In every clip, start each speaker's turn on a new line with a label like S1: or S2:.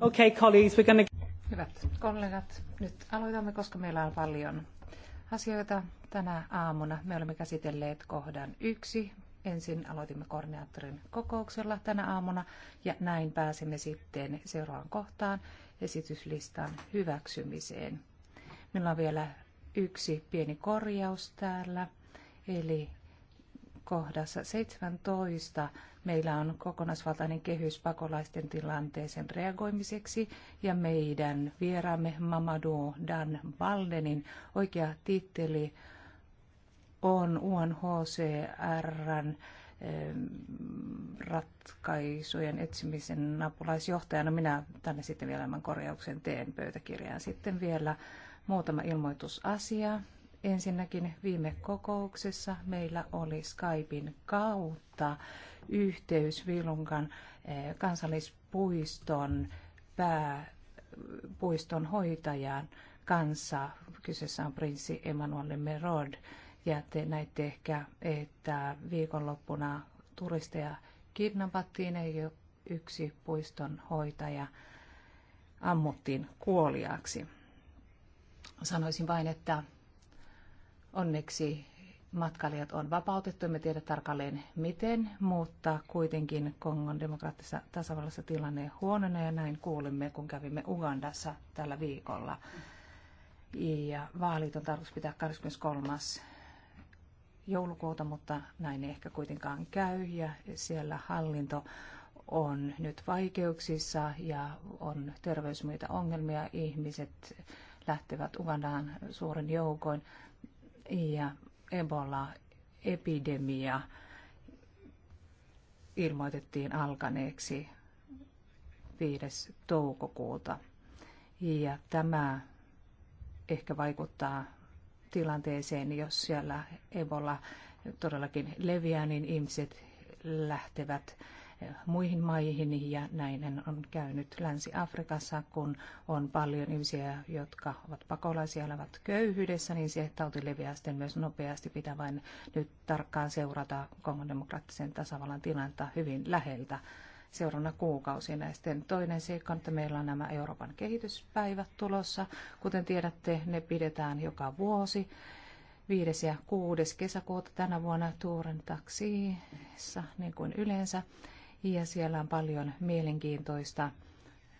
S1: Okay, colleagues, we're gonna... Hyvät kollegat, nyt aloitamme, koska meillä on paljon asioita tänä aamuna. Me olemme käsitelleet kohdan yksi. Ensin aloitimme koordinaattorin kokouksella tänä aamuna ja näin pääsimme sitten seuraavaan kohtaan esityslistan hyväksymiseen. Meillä on vielä yksi pieni korjaus täällä, eli kohdassa 17 Meillä on kokonaisvaltainen kehys pakolaisten tilanteeseen reagoimiseksi ja meidän vieraamme Mamadou Dan Baldenin oikea titteli on UNHCRn ratkaisujen etsimisen apulaisjohtajana. Minä tänne sitten vielä tämän korjauksen teen pöytäkirjaan. Sitten vielä muutama ilmoitusasia. Ensinnäkin viime kokouksessa meillä oli Skypein kautta yhteys Vilunkan eh, kansallispuiston pääpuiston hoitajan kanssa. Kyseessä on prinssi Emmanuel Merod. Ja te näitte ehkä, että viikonloppuna turisteja kidnappattiin, ei yksi puiston hoitaja ammuttiin kuoliaaksi. Sanoisin vain, että Onneksi matkailijat on vapautettu, emme tiedä tarkalleen miten, mutta kuitenkin Kongon demokraattisessa tasavallassa tilanne huonona ja näin kuulimme, kun kävimme Ugandassa tällä viikolla. Ja vaalit on tarkoitus pitää 23. joulukuuta, mutta näin ei ehkä kuitenkaan käy ja siellä hallinto on nyt vaikeuksissa ja on terveysmuita ongelmia. Ihmiset lähtevät Ugandaan suuren joukoin ja Ebola-epidemia ilmoitettiin alkaneeksi 5. toukokuuta. Ja tämä ehkä vaikuttaa tilanteeseen, jos siellä Ebola todellakin leviää, niin ihmiset lähtevät muihin maihin ja näin on käynyt Länsi-Afrikassa, kun on paljon ihmisiä, jotka ovat pakolaisia, ovat köyhyydessä, niin se tauti leviää sitten myös nopeasti. Pitää vain nyt tarkkaan seurata Kongon demokraattisen tasavallan tilannetta hyvin läheltä seuraavana kuukausina. Ja sitten toinen seikka on, että meillä on nämä Euroopan kehityspäivät tulossa. Kuten tiedätte, ne pidetään joka vuosi. 5. ja 6. kesäkuuta tänä vuonna Tuuren taksiissa, niin kuin yleensä ja siellä on paljon mielenkiintoista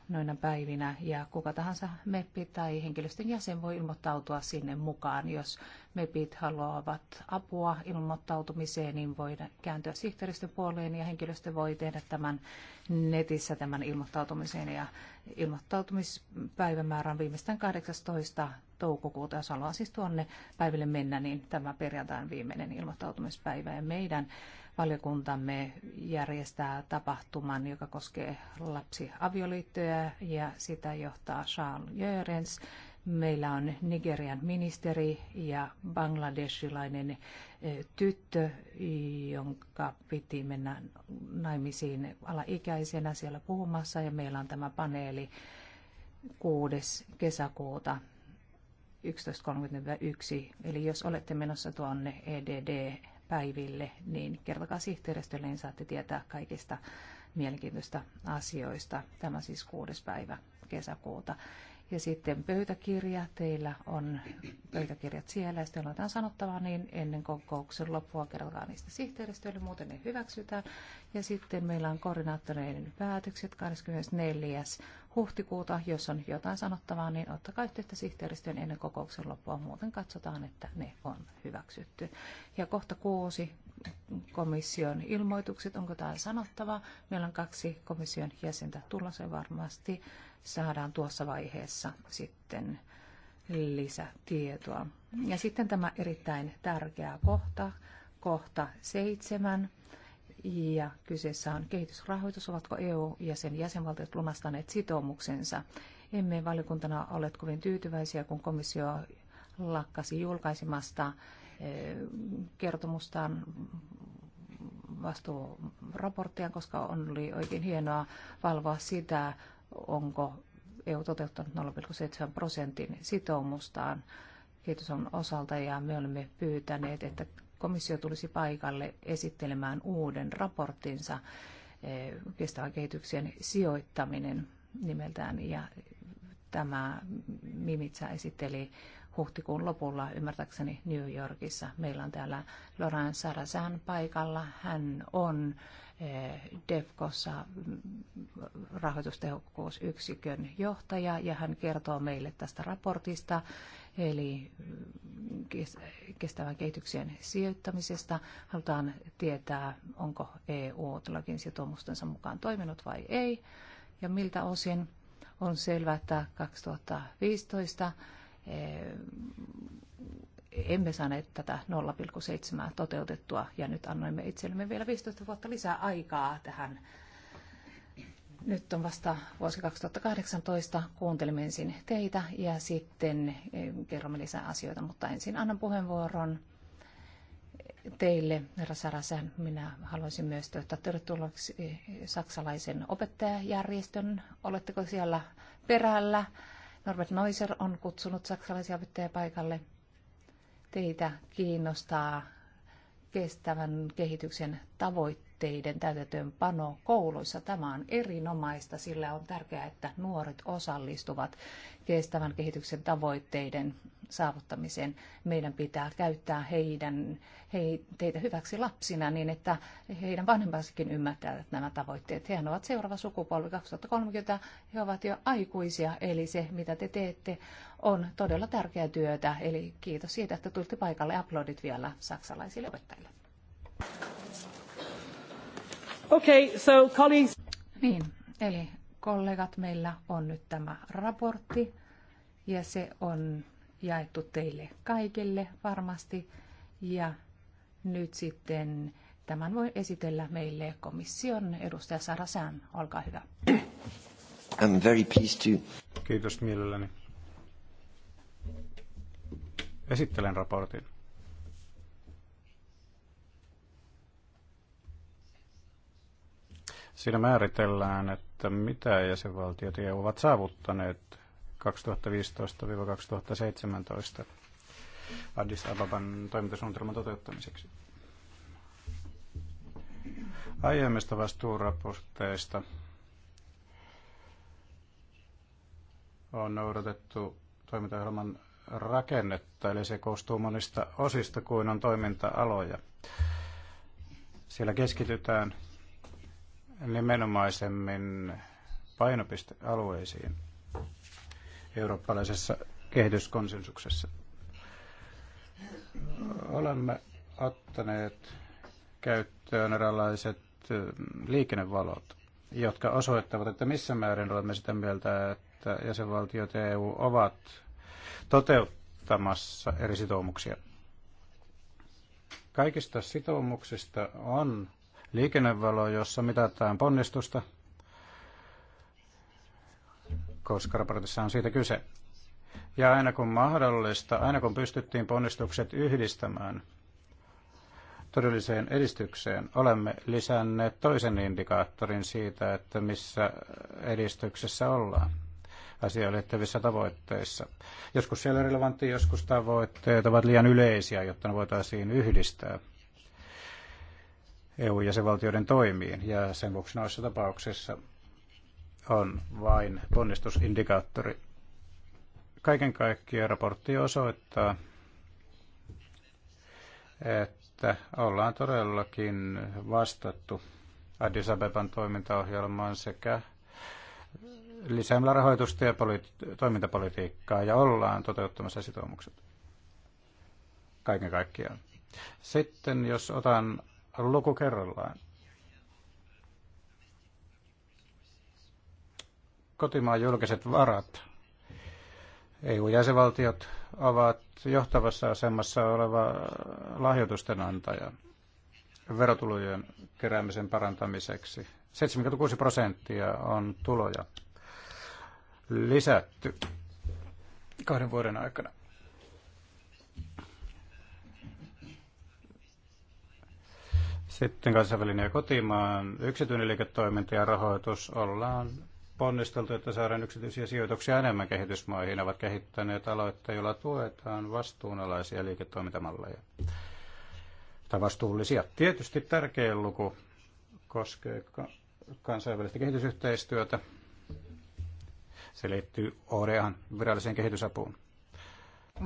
S1: noina päivinä ja kuka tahansa meppi tai henkilöstön jäsen voi ilmoittautua sinne mukaan, jos MEPit haluavat apua ilmoittautumiseen, niin voi kääntyä sihteeristön puoleen ja henkilöstö voi tehdä tämän netissä tämän ilmoittautumisen ja on viimeistään 18 toukokuuta, jos haluaa siis tuonne päiville mennä, niin tämä perjantain viimeinen ilmoittautumispäivä ja meidän valiokuntamme järjestää tapahtuman, joka koskee lapsiavioliittoja ja sitä johtaa Charles Jörens Meillä on Nigerian ministeri ja bangladesilainen eh, tyttö, jonka piti mennä naimisiin alaikäisenä siellä puhumassa. Ja meillä on tämä paneeli 6. kesäkuuta 11.31. Eli jos olette menossa tuonne EDD-päiville, niin kertokaa sihteeristölle, niin saatte tietää kaikista mielenkiintoista asioista. Tämä siis kuudes päivä kesäkuuta. Ja sitten pöytäkirja, teillä on pöytäkirjat siellä, ja sitten jotain sanottavaa, niin ennen kokouksen loppua kerrotaan niistä sihteeristöille, muuten ne hyväksytään. Ja sitten meillä on koordinaattoreiden päätökset 24. huhtikuuta, jos on jotain sanottavaa, niin ottakaa yhteyttä sihteeristöön ennen kokouksen loppua, muuten katsotaan, että ne on hyväksytty. Ja kohta kuusi, komission ilmoitukset, onko täällä sanottava? Meillä on kaksi komission jäsentä tulossa varmasti saadaan tuossa vaiheessa sitten lisätietoa. Ja sitten tämä erittäin tärkeä kohta, kohta seitsemän. Ja kyseessä on kehitysrahoitus, ovatko EU ja sen jäsenvaltiot lunastaneet sitoumuksensa. Emme valiokuntana ole kovin tyytyväisiä, kun komissio lakkasi julkaisemasta eh, kertomustaan vastuuraporttia, koska on, oli oikein hienoa valvoa sitä, onko EU toteuttanut 0,7 prosentin sitoumustaan kehitysavun osalta ja me olemme pyytäneet, että komissio tulisi paikalle esittelemään uuden raporttinsa eh, kestävän kehityksen sijoittaminen nimeltään ja tämä Mimitsa esitteli huhtikuun lopulla ymmärtääkseni New Yorkissa. Meillä on täällä Laurent Sarasan paikalla. Hän on DEFKOssa rahoitustehokkuusyksikön johtaja ja hän kertoo meille tästä raportista eli kestävän kehityksen sijoittamisesta. Halutaan tietää, onko EU todellakin sitoumustensa mukaan toiminut vai ei ja miltä osin on selvää, että 2015 emme saaneet tätä 0,7 toteutettua ja nyt annoimme itsellemme vielä 15 vuotta lisää aikaa tähän. Nyt on vasta vuosi 2018. Kuuntelimme ensin teitä ja sitten eh, kerromme lisää asioita, mutta ensin annan puheenvuoron teille, herra Sarasa. Minä haluaisin myös toivottaa tervetulleeksi eh, saksalaisen opettajajärjestön. Oletteko siellä perällä? Norbert Neuser on kutsunut saksalaisia opettajia paikalle teitä kiinnostaa kestävän kehityksen tavoitteiden täytäntöönpano kouluissa. Tämä on erinomaista, sillä on tärkeää, että nuoret osallistuvat kestävän kehityksen tavoitteiden saavuttamiseen. Meidän pitää käyttää heidän, he, teitä hyväksi lapsina niin, että heidän vanhempansakin ymmärtävät nämä tavoitteet. He ovat seuraava sukupolvi 2030, he ovat jo aikuisia, eli se mitä te teette on todella tärkeää työtä, eli kiitos siitä, että tulitte paikalle. Aplodit vielä saksalaisille opettajille.
S2: Okay, so colleagues...
S1: Niin, eli kollegat, meillä on nyt tämä raportti ja se on jaettu teille kaikille varmasti. Ja nyt sitten tämän voi esitellä meille komission edustaja Sara Sään. Olkaa hyvä. I'm very pleased to...
S3: Kiitos mielelläni Esittelen raportin. Siinä määritellään, että mitä jäsenvaltiot EU ovat saavuttaneet 2015-2017 Addis Ababan toimintasuunnitelman toteuttamiseksi. Aiemmista vastuuraporteista on noudatettu toimintaohjelman rakennetta, eli se koostuu monista osista kuin on toiminta-aloja. Siellä keskitytään nimenomaisemmin painopistealueisiin eurooppalaisessa kehityskonsensuksessa. Olemme ottaneet käyttöön eräänlaiset mm, liikennevalot, jotka osoittavat, että missä määrin olemme sitä mieltä, että jäsenvaltiot ja EU ovat toteuttamassa eri sitoumuksia. Kaikista sitoumuksista on liikennevalo, jossa mitataan ponnistusta, koska raportissa on siitä kyse. Ja aina kun mahdollista, aina kun pystyttiin ponnistukset yhdistämään todelliseen edistykseen, olemme lisänneet toisen indikaattorin siitä, että missä edistyksessä ollaan asioille liittyvissä tavoitteissa. Joskus siellä on relevantti, joskus tavoitteet ovat liian yleisiä, jotta ne voitaisiin yhdistää EU-jäsenvaltioiden toimiin. Ja sen vuoksi noissa tapauksissa on vain ponnistusindikaattori. Kaiken kaikkiaan raportti osoittaa, että ollaan todellakin vastattu Addis Abeban toimintaohjelmaan sekä lisäämällä rahoitusta ja toimintapolitiikkaa ja ollaan toteuttamassa sitoumukset kaiken kaikkiaan. Sitten jos otan luku kerrallaan. Kotimaan julkiset varat. EU-jäsenvaltiot ovat johtavassa asemassa oleva lahjoitusten antaja verotulojen keräämisen parantamiseksi. 76 prosenttia on tuloja lisätty kahden vuoden aikana. Sitten kansainvälinen ja kotimaan yksityinen liiketoiminta ja rahoitus ollaan ponnisteltu, että saadaan yksityisiä sijoituksia enemmän kehitysmaihin. Ovat kehittäneet aloitteita, jolla tuetaan vastuunalaisia liiketoimintamalleja tai vastuullisia. Tietysti tärkein luku koskee kansainvälistä kehitysyhteistyötä. Se liittyy ODAhan, viralliseen kehitysapuun.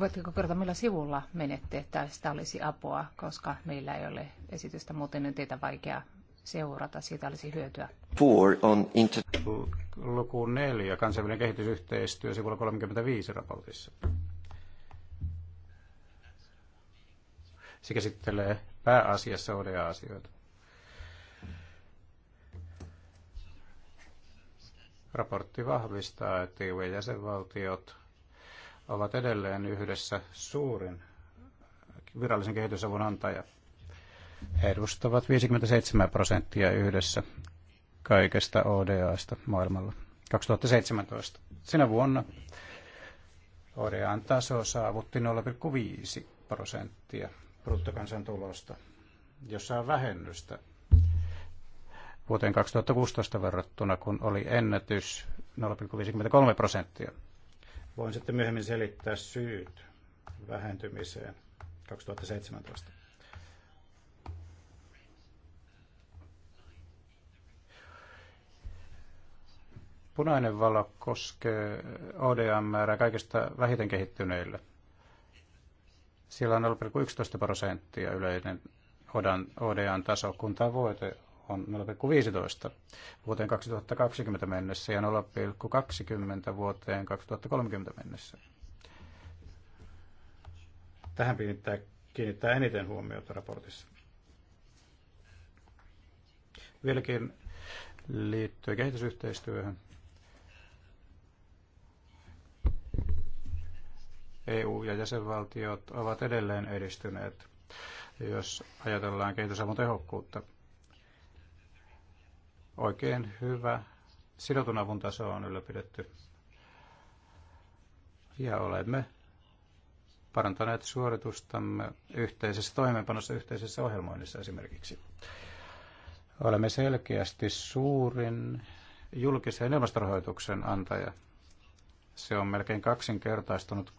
S1: Voitteko kertoa, millä sivulla menette, että sitä olisi apua, koska meillä ei ole esitystä, muuten on teitä vaikea seurata, siitä olisi hyötyä.
S2: Four on
S3: inter- Luku 4, kansainvälinen kehitysyhteistyö, sivulla 35 raportissa. Se käsittelee pääasiassa ODA-asioita. Raportti vahvistaa, että EU- jäsenvaltiot ovat edelleen yhdessä suurin virallisen kehitysavun antaja. He edustavat 57 prosenttia yhdessä kaikesta ODAsta maailmalla 2017. Sinä vuonna ODAn taso saavutti 0,5 prosenttia bruttokansantulosta, jossa on vähennystä vuoteen 2016 verrattuna, kun oli ennätys 0,53 prosenttia. Voin sitten myöhemmin selittää syyt vähentymiseen 2017. Punainen valo koskee ODM-määrää kaikista vähiten kehittyneille. Siellä on 0,11 prosenttia yleinen odm taso, kun tavoite on 0,15 vuoteen 2020 mennessä ja 0,20 vuoteen 2030 mennessä. Tähän kiinnittää, kiinnittää eniten huomiota raportissa. Vieläkin liittyy kehitysyhteistyöhön. EU ja jäsenvaltiot ovat edelleen edistyneet, jos ajatellaan kehitysavun tehokkuutta – Oikein hyvä sidotun avun taso on ylläpidetty. Ja olemme parantaneet suoritustamme yhteisessä toimeenpanossa, yhteisessä ohjelmoinnissa esimerkiksi. Olemme selkeästi suurin julkisen ilmastorahoituksen antaja. Se on melkein kaksinkertaistunut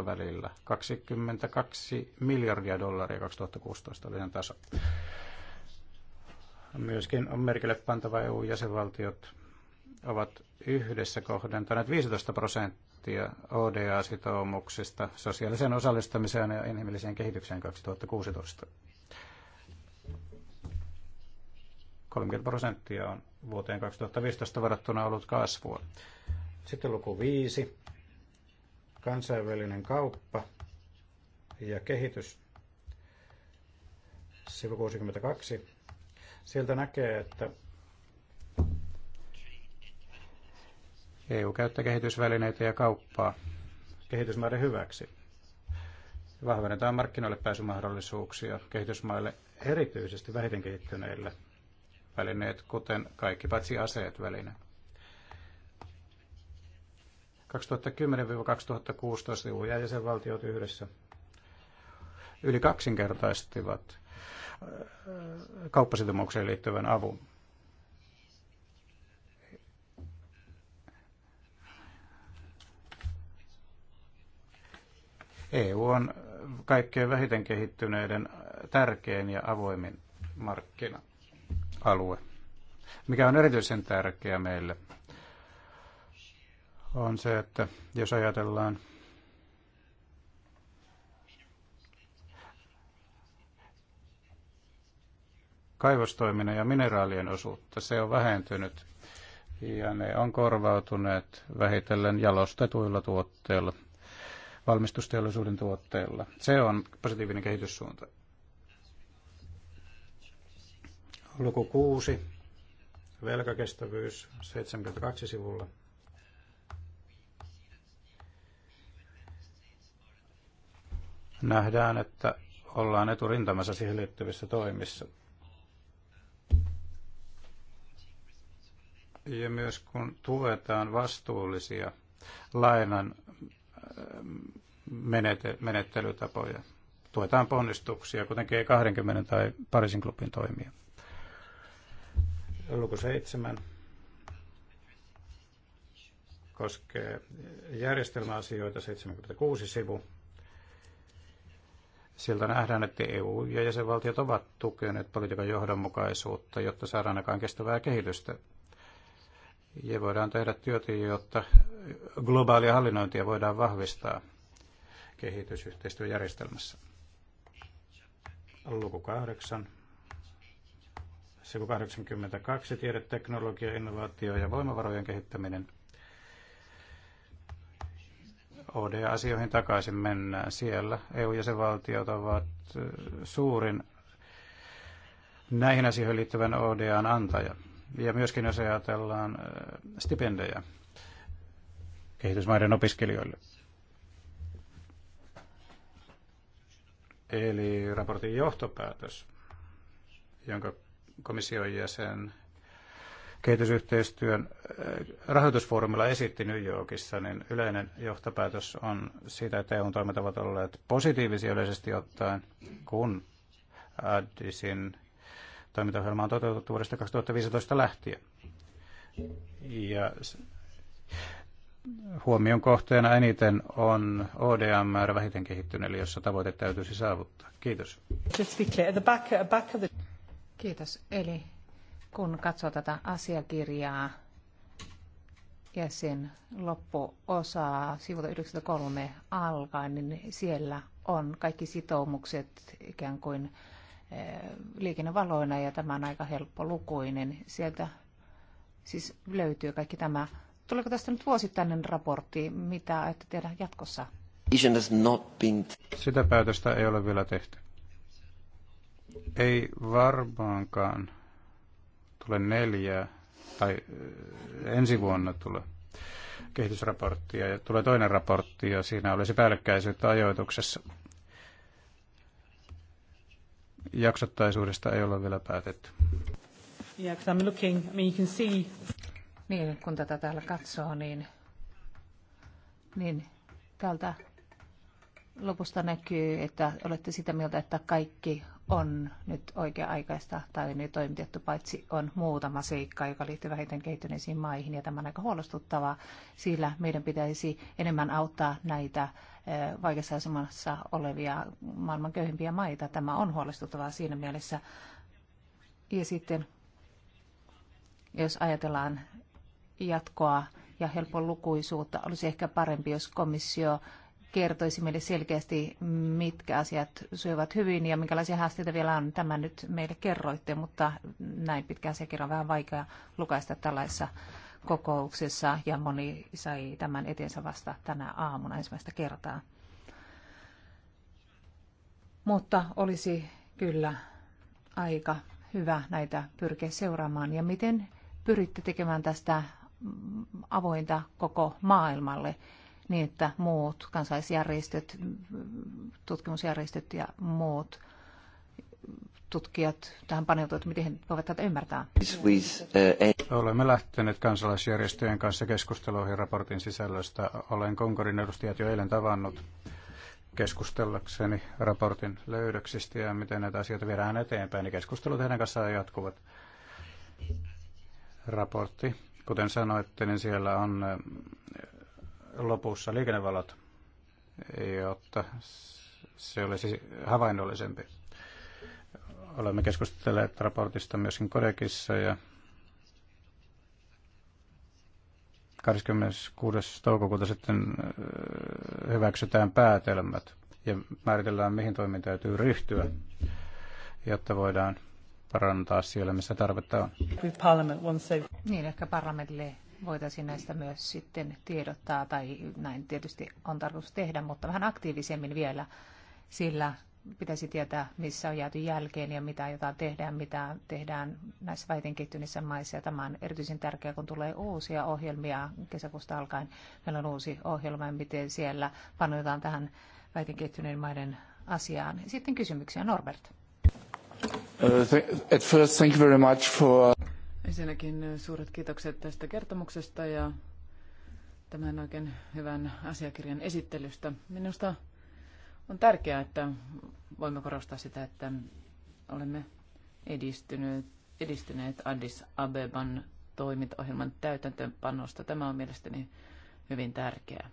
S3: 2013-2016 välillä. 22 miljardia dollaria 2016 oli sen taso. Myöskin on merkille pantava EU-jäsenvaltiot ovat yhdessä kohdentaneet 15 prosenttia ODA-sitoumuksista sosiaaliseen osallistamiseen ja inhimilliseen kehitykseen 2016. 30 prosenttia on vuoteen 2015 verrattuna ollut kasvua. Sitten luku 5. Kansainvälinen kauppa ja kehitys. Sivu 62. Sieltä näkee, että EU käyttää kehitysvälineitä ja kauppaa kehitysmaiden hyväksi. Vahvennetaan markkinoille pääsymahdollisuuksia kehitysmaille, erityisesti vähiten kehittyneille välineet, kuten kaikki paitsi aseet väline. 2010-2016 EU jäsenvaltiot yhdessä yli kaksinkertaistivat kauppasitumukseen liittyvän avun. EU on kaikkein vähiten kehittyneiden tärkein ja avoimin markkina-alue. Mikä on erityisen tärkeää meille, on se, että jos ajatellaan kaivostoiminnan ja mineraalien osuutta. Se on vähentynyt ja ne on korvautuneet vähitellen jalostetuilla tuotteilla, valmistusteollisuuden tuotteilla. Se on positiivinen kehityssuunta. Luku 6, velkakestävyys 72 sivulla. Nähdään, että ollaan eturintamassa siihen liittyvissä toimissa. Ja myös kun tuetaan vastuullisia lainan menete- menettelytapoja, tuetaan ponnistuksia, kuten G20 tai Pariisin klubin toimia. Luku 7 koskee järjestelmäasioita, 76 sivu. Siltä nähdään, että EU ja jäsenvaltiot ovat tukeneet politiikan johdonmukaisuutta, jotta saadaan aikaan kestävää kehitystä ja voidaan tehdä työtä, jotta globaalia hallinnointia voidaan vahvistaa kehitysyhteistyöjärjestelmässä. Luku 8. Sivu 82. Tiede, teknologia, innovaatio ja voimavarojen kehittäminen. ODA-asioihin takaisin mennään. Siellä EU-jäsenvaltiot ovat suurin näihin asioihin liittyvän oda antaja ja myöskin jos ajatellaan stipendejä kehitysmaiden opiskelijoille. Eli raportin johtopäätös, jonka komission jäsen kehitysyhteistyön rahoitusfoorumilla esitti New Yorkissa, niin yleinen johtopäätös on siitä, että EUn toimet ovat olleet positiivisia yleisesti ottaen, kun Addisin Toimintaohjelma on toteutettu vuodesta 2015 lähtien. Ja huomion kohteena eniten on ODM-määrä vähiten kehittynyt, eli jossa tavoite täytyisi saavuttaa. Kiitos.
S2: Uh,
S1: Kiitos. Eli kun katsoo tätä asiakirjaa ja sen loppuosaa sivulta 93 alkaen, niin siellä on kaikki sitoumukset ikään kuin Eh, liikennevaloina ja tämä on aika helppo lukuinen. Sieltä siis löytyy kaikki tämä. Tuleeko tästä nyt vuosittainen raportti, mitä ajatte tehdä jatkossa?
S3: Sitä päätöstä ei ole vielä tehty. Ei varmaankaan tule neljää, tai eh, ensi vuonna tulee kehitysraporttia ja tulee toinen raportti ja siinä olisi päällekkäisyyttä ajoituksessa jaksottaisuudesta ei ole vielä päätetty.
S1: Yeah, I'm looking, I mean, you can see... Niin, kun tätä täällä katsoo, niin, niin täältä lopusta näkyy, että olette sitä mieltä, että kaikki on nyt oikea-aikaista tai nyt toimitettu, paitsi on muutama seikka, joka liittyy vähiten kehittyneisiin maihin, ja tämä on aika huolestuttavaa, sillä meidän pitäisi enemmän auttaa näitä Eh, vaikeassa asemassa olevia maailman köyhimpiä maita. Tämä on huolestuttavaa siinä mielessä. Ja sitten, jos ajatellaan jatkoa ja lukuisuutta, olisi ehkä parempi, jos komissio kertoisi meille selkeästi, mitkä asiat syövät hyvin ja minkälaisia haasteita vielä on. Tämä nyt meille kerroitte, mutta näin pitkään sekin on vähän vaikea lukaista tällaisessa kokouksessa ja moni sai tämän eteensä vasta tänä aamuna ensimmäistä kertaa. Mutta olisi kyllä aika hyvä näitä pyrkiä seuraamaan. Ja miten pyritte tekemään tästä avointa koko maailmalle niin, että muut kansalaisjärjestöt, tutkimusjärjestöt ja muut – tutkijat tähän paneutuvat, miten he voivat tätä ymmärtää?
S3: Olemme lähteneet kansalaisjärjestöjen kanssa keskusteluihin raportin sisällöstä. Olen Konkorin edustajat jo eilen tavannut keskustellakseni raportin löydöksistä ja miten näitä asioita viedään eteenpäin. Niin keskustelut heidän kanssaan jatkuvat. Raportti, kuten sanoitte, niin siellä on eh, lopussa liikennevalot, jotta se olisi havainnollisempi. Olemme keskustelleet raportista myöskin Kodekissa ja 26. toukokuuta sitten hyväksytään päätelmät ja määritellään, mihin toimiin täytyy ryhtyä, jotta voidaan parantaa siellä, missä tarvetta on.
S1: Niin, ehkä parlamentille voitaisiin näistä myös sitten tiedottaa, tai näin tietysti on tarkoitus tehdä, mutta vähän aktiivisemmin vielä, sillä pitäisi tietää, missä on jääty jälkeen ja mitä jotain tehdään, mitä tehdään näissä väiten kehittyneissä maissa. Ja tämä on erityisen tärkeää, kun tulee uusia ohjelmia kesäkuusta alkaen. Meillä on uusi ohjelma, miten siellä panotaan tähän väiten kehittyneiden maiden asiaan. Sitten kysymyksiä, Norbert. Uh, at first, thank you very much for... Uh,
S2: Ensinnäkin uh, suuret kiitokset tästä kertomuksesta ja tämän oikein hyvän asiakirjan esittelystä. Minusta on tärkeää, että voimme korostaa sitä, että olemme edistyneet, edistyneet Addis Abeban toimintaohjelman täytäntöönpanosta. Tämä on mielestäni hyvin tärkeää.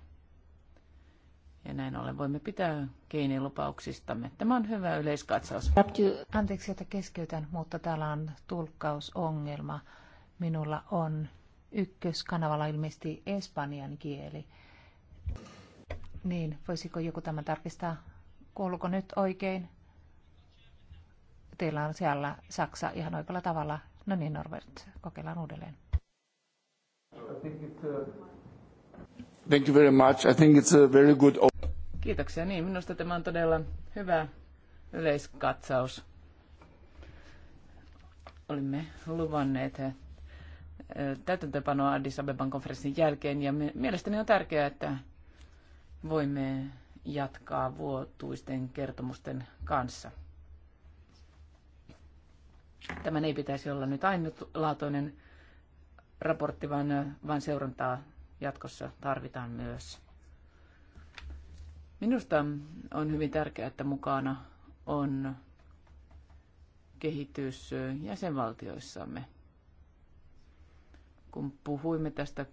S2: Ja näin ollen voimme pitää kiinni lupauksistamme. Tämä on hyvä yleiskatsaus.
S1: Anteeksi, että keskeytän, mutta täällä on tulkkausongelma. Minulla on ykköskanavalla ilmeisesti espanjan kieli. Niin, voisiko joku tämä tarkistaa? Kuuluuko nyt oikein? Teillä on siellä Saksa ihan oikealla tavalla. No niin, Norbert, kokeillaan uudelleen. Thank you very much. I think it's a very good...
S2: Kiitoksia. Niin, minusta tämä on todella hyvä yleiskatsaus. Olimme luvanneet eh, täytäntöpanoa Addis Abeban konferenssin jälkeen ja mielestäni on tärkeää, että voimme jatkaa vuotuisten kertomusten kanssa. Tämän ei pitäisi olla nyt ainutlaatuinen raportti, vaan, vaan seurantaa jatkossa tarvitaan myös. Minusta on hyvin tärkeää, että mukana on kehitys jäsenvaltioissamme. Kun puhuimme tästä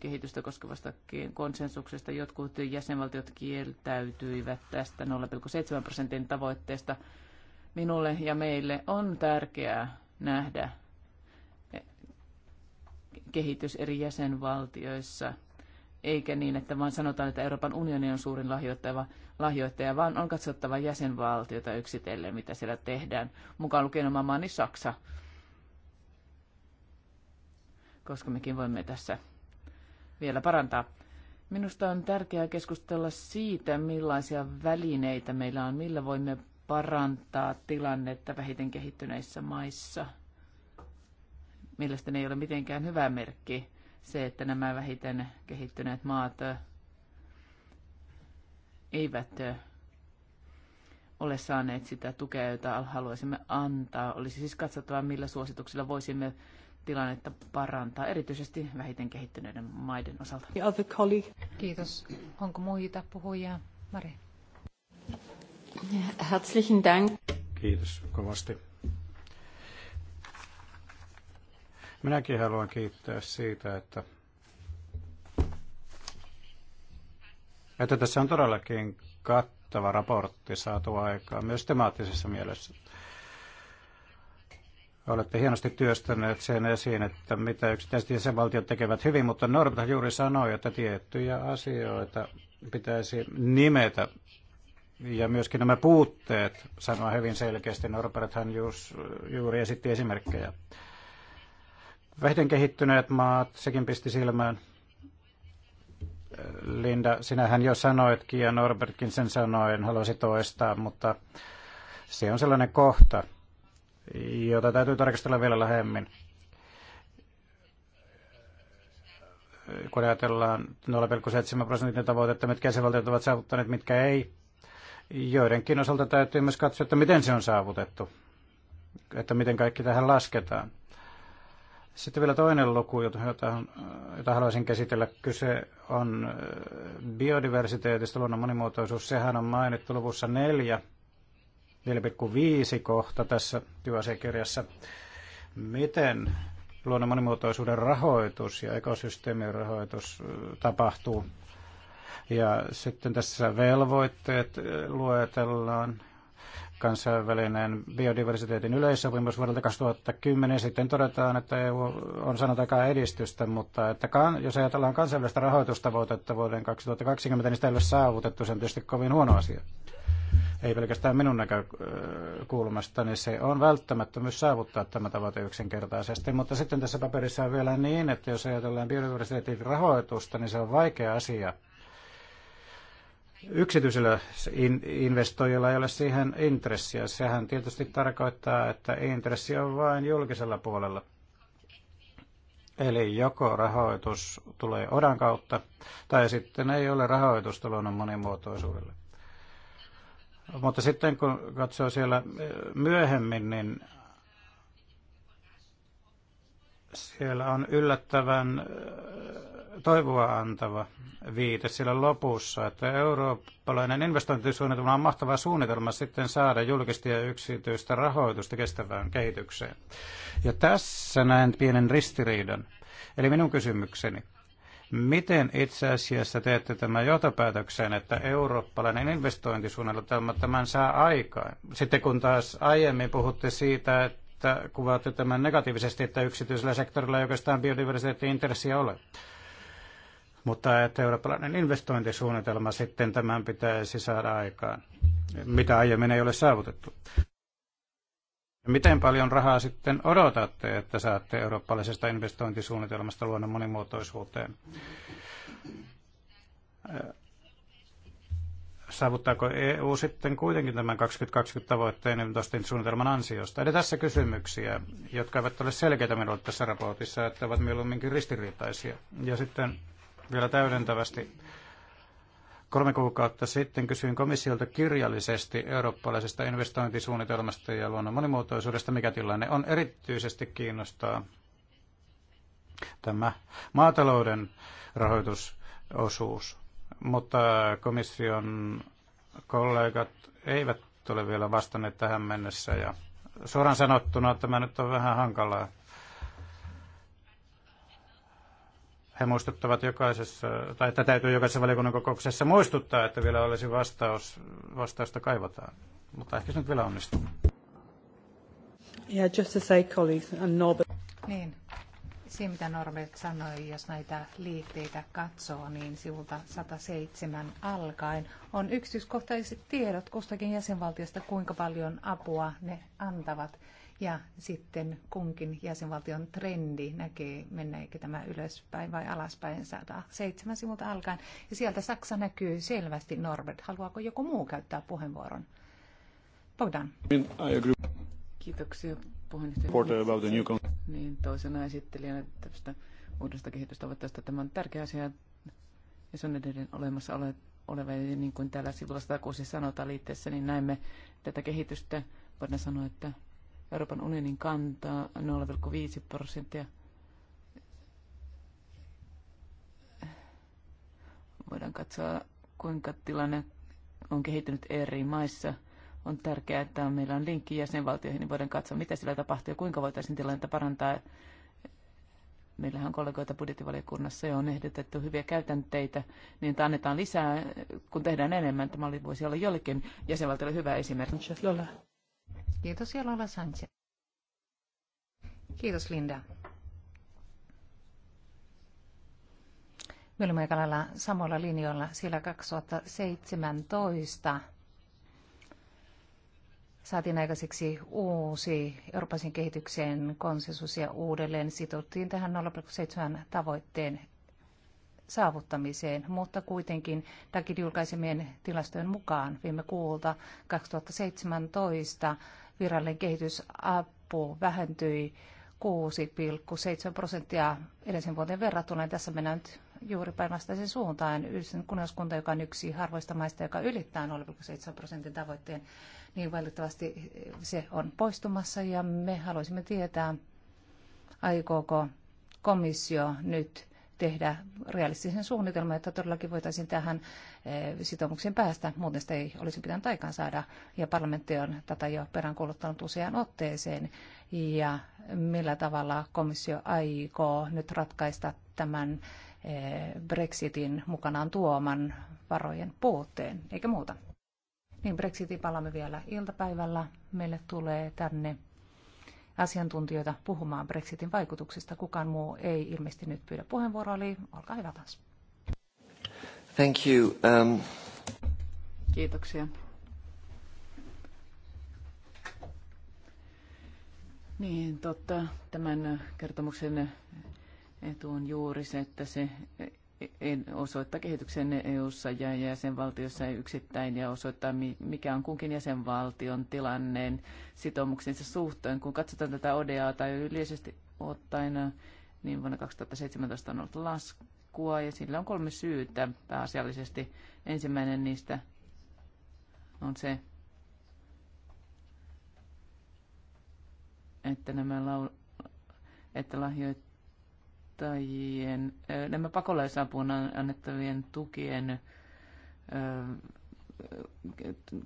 S2: kehitystä koskevasta konsensuksesta. Jotkut jäsenvaltiot kieltäytyivät tästä 0,7 prosentin tavoitteesta. Minulle ja meille on tärkeää nähdä eh, kehitys eri jäsenvaltioissa, eikä niin, että vaan sanotaan, että Euroopan unioni on suurin lahjoittaja, lahjoittaja vaan on katsottava jäsenvaltiota yksitellen, mitä siellä tehdään, mukaan lukien oma maani Saksa, koska mekin voimme tässä vielä parantaa. Minusta on tärkeää keskustella siitä, millaisia välineitä meillä on, millä voimme parantaa tilannetta vähiten kehittyneissä maissa. Mielestäni ei ole mitenkään hyvä merkki se, että nämä vähiten kehittyneet maat eivät ole saaneet sitä tukea, jota haluaisimme antaa. Olisi siis katsottava, millä suosituksilla voisimme tilannetta parantaa, erityisesti vähiten kehittyneiden maiden osalta.
S1: Kiitos. Onko muita puhujia? Mari. Herzlichen Dank.
S3: Kiitos kovasti. Minäkin haluan kiittää siitä, että, että tässä on todellakin kattava raportti saatu aikaan myös temaattisessa mielessä. Olette hienosti työstäneet sen esiin, että mitä yksittäiset jäsenvaltiot tekevät hyvin, mutta Norbert juuri sanoi, että tiettyjä asioita pitäisi nimetä ja myöskin nämä puutteet sanoa hyvin selkeästi. hän juuri esitti esimerkkejä. Vähiten kehittyneet maat, sekin pisti silmään. Linda, sinähän jo sanoitkin ja Norbertkin sen sanoi, en haluaisi toistaa, mutta se on sellainen kohta, jota täytyy tarkastella vielä lähemmin. Kun ajatellaan 0,7 prosentin tavoitetta, mitkä jäsenvaltiot ovat saavuttaneet, mitkä ei, joidenkin osalta täytyy myös katsoa, että miten se on saavutettu, että miten kaikki tähän lasketaan. Sitten vielä toinen luku, jota, jota haluaisin käsitellä. Kyse on biodiversiteetistä, luonnon monimuotoisuus. Sehän on mainittu luvussa neljä – 4,5 kohta tässä työasiakirjassa. Miten luonnon monimuotoisuuden rahoitus ja ekosysteemien rahoitus tapahtuu? Ja sitten tässä velvoitteet luetellaan, kansainvälinen biodiversiteetin yleissopimus vuodelta 2010. Sitten todetaan, että EU on saanut aikaa edistystä, mutta että kan, jos ajatellaan kansainvälistä rahoitustavoitetta vuoden 2020, niin sitä ei ole saavutettu. Se on tietysti kovin huono asia ei pelkästään minun niin se on välttämättömyys saavuttaa tämä tavoite yksinkertaisesti. Mutta sitten tässä paperissa on vielä niin, että jos ajatellaan biodiversiteetin rahoitusta, niin se on vaikea asia. Yksityisillä investoijilla ei ole siihen intressiä. Sehän tietysti tarkoittaa, että intressi on vain julkisella puolella. Eli joko rahoitus tulee odan kautta, tai sitten ei ole rahoitusta luonnon monimuotoisuudelle. Mutta sitten kun katsoo siellä eh, myöhemmin, niin siellä on yllättävän eh, toivoa antava viite siellä lopussa, että eurooppalainen investointisuunnitelma on mahtava suunnitelma sitten saada julkista ja yksityistä rahoitusta kestävään kehitykseen. Ja tässä näen pienen ristiriidan. Eli minun kysymykseni Miten itse asiassa teette tämän johtopäätöksen, että eurooppalainen investointisuunnitelma tämän saa aikaan? Sitten kun taas aiemmin puhutte siitä, että kuvaatte tämän negatiivisesti, että yksityisellä sektorilla ei oikeastaan biodiversiteetti-intressiä ole. Mutta että eurooppalainen investointisuunnitelma sitten tämän pitäisi saada aikaan, mitä aiemmin ei ole saavutettu. Miten paljon rahaa sitten odotatte, että saatte eurooppalaisesta investointisuunnitelmasta luonnon monimuotoisuuteen? Äh, saavuttaako EU sitten kuitenkin tämän 2020-tavoitteen investointisuunnitelman ansiosta? Eli tässä kysymyksiä, jotka eivät ole selkeitä minulle tässä raportissa, että ovat mieluumminkin ristiriitaisia. Ja sitten vielä täydentävästi Kolme kuukautta sitten kysyin komissiolta kirjallisesti eurooppalaisesta investointisuunnitelmasta ja luonnon monimuotoisuudesta, mikä tilanne on erityisesti kiinnostaa tämä maatalouden rahoitusosuus. Mutta komission kollegat eivät ole vielä vastanneet tähän mennessä ja suoraan sanottuna tämä nyt on vähän hankalaa. he muistuttavat jokaisessa, tai että täytyy jokaisessa valiokunnan kokouksessa muistuttaa, että vielä olisi vastaus, vastausta kaivataan. Mutta ehkä se nyt vielä onnistuu.
S1: Yeah, just to
S2: say colleagues and Norbert.
S1: Niin, se mitä Norbert sanoi, jos näitä liitteitä katsoo, niin sivulta 107 alkaen on yksityiskohtaiset tiedot kustakin jäsenvaltiosta, kuinka paljon apua ne antavat ja sitten kunkin jäsenvaltion trendi näkee, mennäänkö tämä ylöspäin vai alaspäin 107 sivulta alkaen. Ja sieltä Saksa näkyy selvästi. Norbert,
S2: haluaako joku muu käyttää puheenvuoron? Bogdan. Kiitoksia puheenjohtaja. Niin, toisena esittelijänä tästä uudesta kehitystavoitteesta. Tämä on tärkeä asia ja se on edelleen olemassa ole, oleva. Ja niin kuin täällä sivulla 106 sanotaan liitteessä, niin näemme tätä kehitystä. Voidaan sanoa, että Euroopan unionin kantaa 0,5 prosenttia. Voidaan katsoa, kuinka tilanne on kehittynyt eri maissa. On tärkeää, että meillä on linkki jäsenvaltioihin, niin voidaan katsoa, mitä sillä tapahtuu ja kuinka voitaisiin tilannetta parantaa. Meillähän on kollegoita budjettivaliokunnassa jo on ehdotettu hyviä käytänteitä, niin että annetaan lisää, kun tehdään enemmän. Tämä voisi olla jollekin jäsenvaltiolle hyvä esimerkki. Kiitos ja Lola Sanchez. Kiitos Linda.
S1: Me olimme aika lailla samoilla linjoilla, siellä 2017 saatiin aikaiseksi uusi Euroopan kehityksen konsensus ja uudelleen sitouttiin tähän 0,7 tavoitteen saavuttamiseen, mutta kuitenkin takin julkaisemien tilastojen mukaan viime kuulta 2017 virallinen kehitysapu vähentyi 6,7 prosenttia edellisen vuoden verrattuna. Ja tässä mennään nyt juuri päinvastaisen suuntaan. Yhdistynyt kunnioskunta, joka on yksi harvoista maista, joka ylittää 0,7 prosentin tavoitteen, niin valitettavasti se on poistumassa ja me haluaisimme tietää, aikooko komissio nyt tehdä realistisen suunnitelman, että todellakin voitaisiin tähän eh, sitoumukseen päästä. Muuten sitä ei olisi pitänyt aikaan saada. Ja parlamentti on tätä jo peräänkuuluttanut useaan otteeseen. Ja millä tavalla komissio aikoo nyt ratkaista tämän eh, Brexitin mukanaan tuoman varojen puutteen, eikä muuta. Niin Brexitin palaamme vielä iltapäivällä. Meille tulee tänne asiantuntijoita puhumaan Brexitin vaikutuksista. Kukaan muu ei ilmeisesti nyt pyydä puheenvuoroa, eli olkaa hyvä taas. Thank you. Um...
S2: Kiitoksia. Niin, totta. Tämän kertomuksen etu on juuri se, että se osoittaa kehityksen EU-ssa ja jäsenvaltiossa yksittäin ja osoittaa, mikä on kunkin jäsenvaltion tilanneen sitoumuksensa suhteen. Kun katsotaan tätä ODAa tai yleisesti ottaen, niin vuonna 2017 on ollut laskua ja sillä on kolme syytä pääasiallisesti. Ensimmäinen niistä on se, että nämä lau- että lahjoit maahanmuuttajien, nämä pakolaisapuun annettavien tukien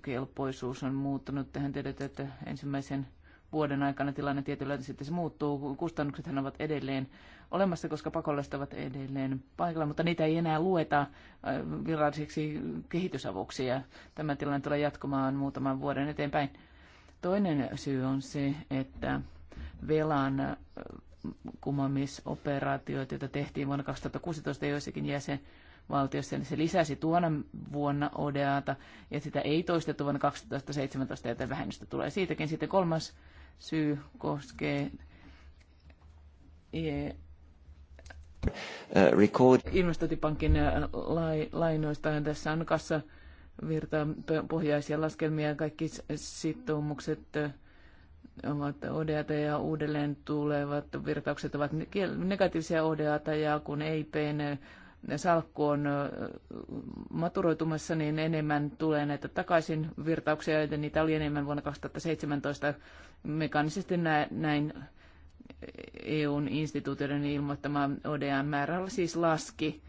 S2: kelpoisuus on muuttunut. Tähän tiedetään, että ensimmäisen vuoden aikana tilanne tietyllä sitten se muuttuu. Kustannuksethan ovat edelleen olemassa, koska pakolaiset ovat edelleen paikalla, mutta niitä ei enää lueta virallisiksi kehitysavuksi ja tämä tilanne tulee jatkumaan muutaman vuoden eteenpäin. Toinen syy on se, että velan kumoamisoperaatioita, joita tehtiin vuonna 2016 joissakin jäsenvaltioissa, niin se lisäsi tuona vuonna ODAta, ja sitä ei toistettu vuonna 2017, joten vähennystä tulee siitäkin. Sitten kolmas syy koskee e, uh, record. investointipankin lainoista. Tässä on pohjaisia laskelmia ja kaikki sitoumukset ovat ODAta ja uudelleen tulevat virtaukset ovat negatiivisia ODAta ja kun EIPn äh, salkku on äh, maturoitumassa, niin enemmän tulee näitä takaisin virtauksia, joten niitä oli enemmän vuonna 2017 mekaanisesti näin EUn instituutioiden ilmoittama ODM-määrä siis laski.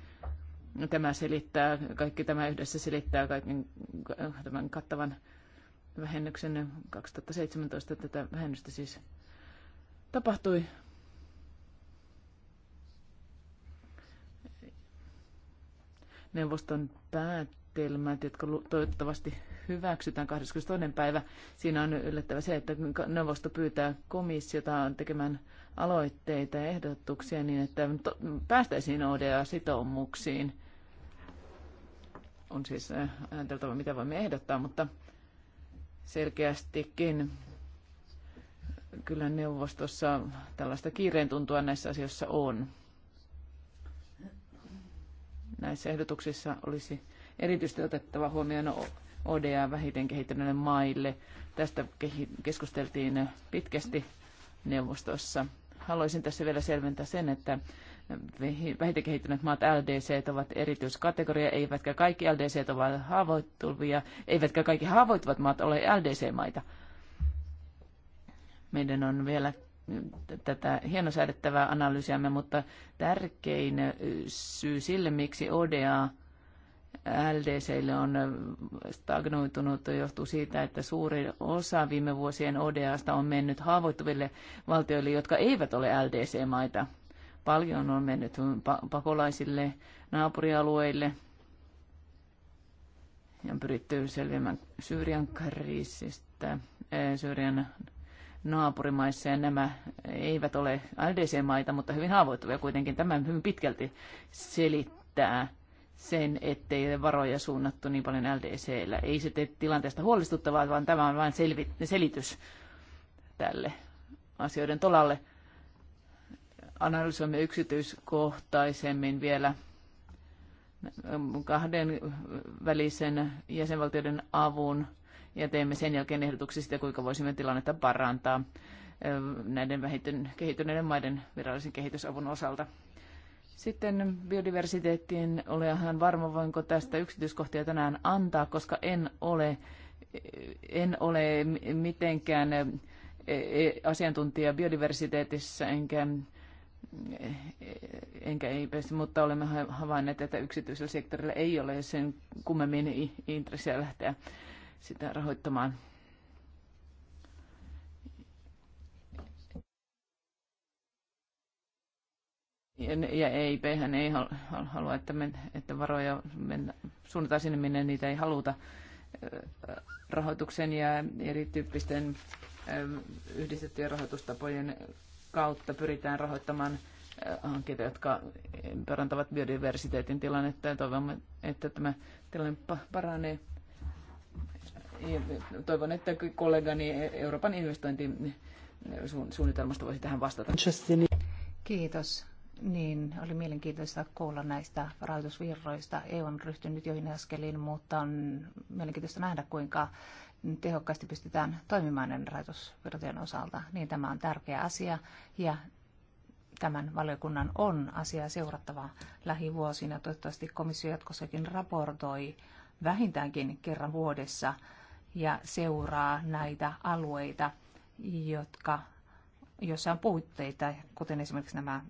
S2: Tämä selittää, kaikki tämä yhdessä selittää kaiken tämän kattavan vähennyksen 2017 tätä vähennystä siis tapahtui. Neuvoston päätelmät, jotka toivottavasti hyväksytään 22. päivä. Siinä on yllättävä se, että neuvosto pyytää komissiota tekemään aloitteita ja ehdotuksia niin, että päästäisiin ODA-sitoumuksiin. On siis äh, ajateltava, mitä voimme ehdottaa, mutta selkeästikin kyllä neuvostossa tällaista kiireen tuntua näissä asioissa on. Näissä ehdotuksissa olisi erityisesti otettava huomioon ODA vähiten kehittyneille maille. Tästä keskusteltiin pitkästi neuvostossa. Haluaisin tässä vielä selventää sen, että vähiten kehittyneet maat LDC ovat erityiskategoria, eivätkä kaikki LDC ovat haavoittuvia, eivätkä kaikki haavoittuvat maat ole LDC-maita. Meidän on vielä tätä hienosäädettävää analyysiamme, mutta tärkein syy sille, miksi ODA LDCille on stagnoitunut johtuu siitä, että suuri osa viime vuosien ODAsta on mennyt haavoittuville valtioille, jotka eivät ole LDC-maita. Paljon on mennyt pakolaisille naapurialueille ja on pyritty selviämään Syyrian kriisistä, eh, Syyrian naapurimaissa ja nämä eivät ole LDC-maita, mutta hyvin haavoittuvia kuitenkin. Tämä hyvin pitkälti selittää sen, ettei varoja suunnattu niin paljon LDC-llä. Ei se tee tilanteesta huolestuttavaa, vaan tämä on vain selitys tälle asioiden tolalle analysoimme yksityiskohtaisemmin vielä kahden välisen jäsenvaltioiden avun ja teemme sen jälkeen ehdotuksia kuinka voisimme tilannetta parantaa näiden vähiten kehittyneiden maiden virallisen kehitysavun osalta. Sitten biodiversiteettiin ole ihan varma, voinko tästä yksityiskohtia tänään antaa, koska en ole, en ole mitenkään e, e, asiantuntija biodiversiteetissä, enkä enkä EIPS, mutta olemme havainneet, että yksityisellä sektorilla ei ole sen kummemmin intressiä lähteä sitä rahoittamaan. ja EIP e hän ei halua, että, men, että varoja men, suunnataan sinne, minne niitä ei haluta rahoituksen ja erityyppisten yhdistettyjen rahoitustapojen kautta pyritään rahoittamaan eh, hankkeita, jotka eh, parantavat biodiversiteetin tilannetta ja toivomme, että tämä tilanne paranee. Toivon, että kollegani Euroopan investointisuunnitelmasta eh, voisi tähän vastata.
S1: Kiitos. Niin, oli mielenkiintoista kuulla näistä rahoitusvirroista. EU on ryhtynyt joihin askeliin, mutta on mielenkiintoista nähdä, kuinka tehokkaasti pystytään toimimaan näiden rahoitusvirtojen osalta, niin tämä on tärkeä asia ja tämän valiokunnan on asiaa seurattava lähivuosina. Toivottavasti komissio jatkossakin raportoi vähintäänkin kerran vuodessa ja seuraa näitä alueita, jotka joissa on puutteita, kuten esimerkiksi nämä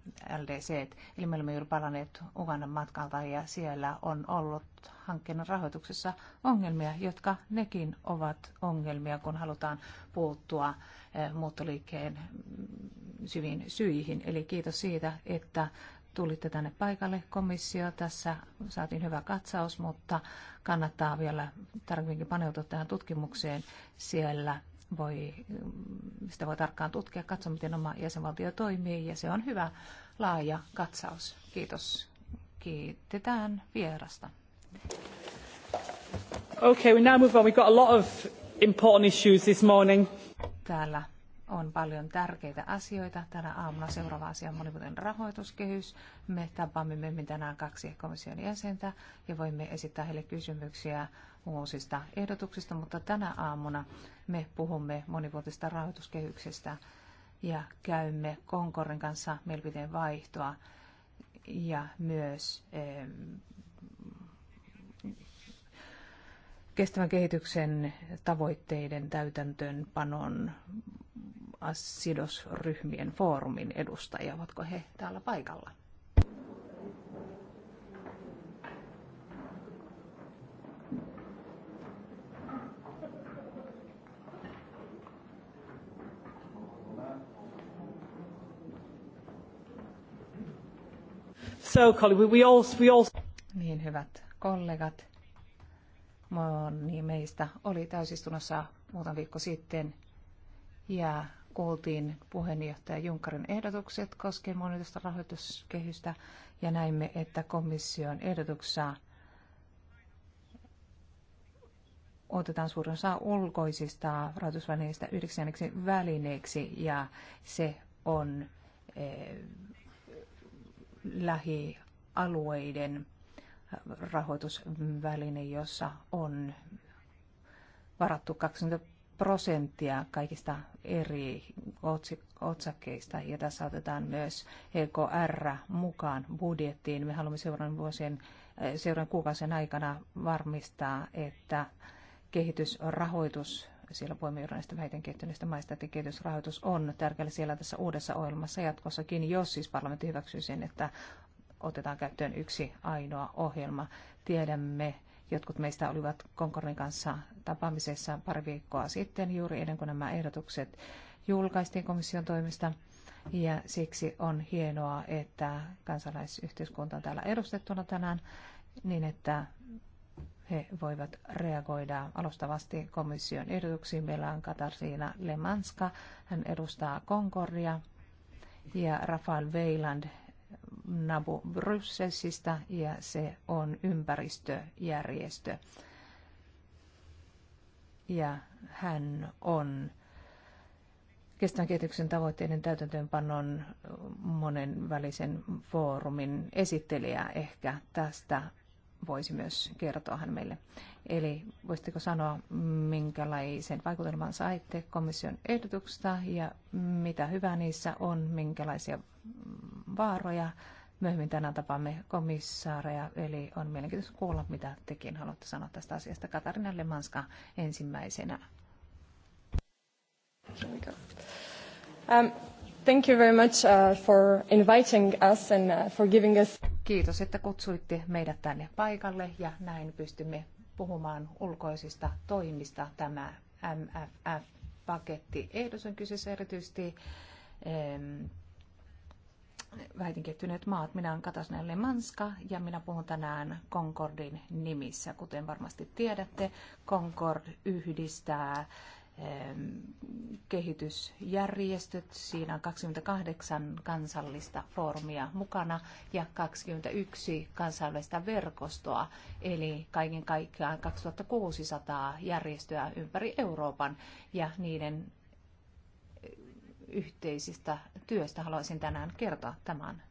S1: LDC. -t. Eli me olemme juuri palanneet Ugandan matkalta ja siellä on ollut hankkeen rahoituksessa ongelmia, jotka nekin ovat ongelmia, kun halutaan puuttua eh, muuttoliikkeen syviin syihin. Eli kiitos siitä, että tulitte tänne paikalle komissio. Tässä saatiin hyvä katsaus, mutta kannattaa vielä tarkemminkin paneutua tähän tutkimukseen. Siellä voi, sitä voi tarkkaan tutkia, katsoa miten oma jäsenvaltio toimii ja se on hyvä laaja katsaus. Kiitos. Kiitetään vierasta. Okay, we now move on. We've got
S2: a lot of important issues this morning.
S1: Täällä on paljon tärkeitä asioita. Tänä aamuna seuraava asia on monivuotinen rahoituskehys. Me tapaamme myöhemmin tänään kaksi komission jäsentä ja voimme esittää heille kysymyksiä uusista ehdotuksista, mutta tänä aamuna me puhumme monivuotisesta rahoituskehyksestä ja käymme Konkorin kanssa mielipiteen vaihtoa ja myös kestävän kehityksen tavoitteiden täytäntöönpanon sidosryhmien foorumin edustajia. Ovatko he täällä paikalla? So,
S2: we all, we all...
S1: Niin hyvät kollegat, moni meistä oli täysistunnossa muutama viikko sitten ja kuultiin puheenjohtaja Junkarin ehdotukset koskien monivuotista rahoituskehystä ja näimme, että komission ehdotuksessa otetaan suurin osa ulkoisista rahoitusvälineistä yhdeksänneksi välineeksi ja se on eh, lähialueiden rahoitusväline, jossa on varattu 20 prosenttia kaikista eri otsakkeista. Ja tässä otetaan myös EKR mukaan budjettiin. Me haluamme seuraavan vuosien, eh, seuraavan kuukausien aikana varmistaa, että kehitysrahoitus siellä näistä vähiten kehittyneistä maista, että kehitysrahoitus on tärkeällä siellä tässä uudessa ohjelmassa jatkossakin, jos siis parlamentti hyväksyy sen, että otetaan käyttöön yksi ainoa ohjelma. Tiedämme, Jotkut meistä olivat Konkornin kanssa tapaamisessa pari viikkoa sitten, juuri ennen kuin nämä ehdotukset julkaistiin komission toimesta. Ja siksi on hienoa, että kansalaisyhteiskunta on täällä edustettuna tänään niin, että he voivat reagoida alustavasti komission ehdotuksiin. Meillä on Katarina Lemanska, hän edustaa Concordia, ja Rafael Weiland, Nabu Brysselsistä ja se on ympäristöjärjestö. Ja hän on kestävän kehityksen tavoitteiden täytäntöönpannon monen välisen foorumin esittelijä ehkä tästä voisi myös kertoa hän meille. Eli voisitteko sanoa, minkälaisen vaikutelman saitte komission ehdotuksesta ja mitä hyvää niissä on, minkälaisia vaaroja. Myöhemmin tänään tapaamme komissaareja, eli on mielenkiintoista kuulla, mitä tekin haluatte sanoa tästä asiasta. Katarina Lemanska ensimmäisenä.
S3: Um,
S1: thank you very much uh, for inviting us and uh, for giving us... Kiitos, että kutsuitte meidät tänne paikalle ja näin pystymme puhumaan ulkoisista toimista. Tämä MFF-paketti ehdotus on kyseessä erityisesti vähiten maat. Minä olen Katasna Lemanska ja minä puhun tänään Concordin nimissä. Kuten varmasti tiedätte, Concord yhdistää kehitysjärjestöt. Siinä on 28 kansallista foorumia mukana ja 21 kansainvälistä verkostoa, eli kaiken kaikkiaan 2600 järjestöä ympäri Euroopan ja niiden yhteisistä työstä haluaisin tänään kertoa tämän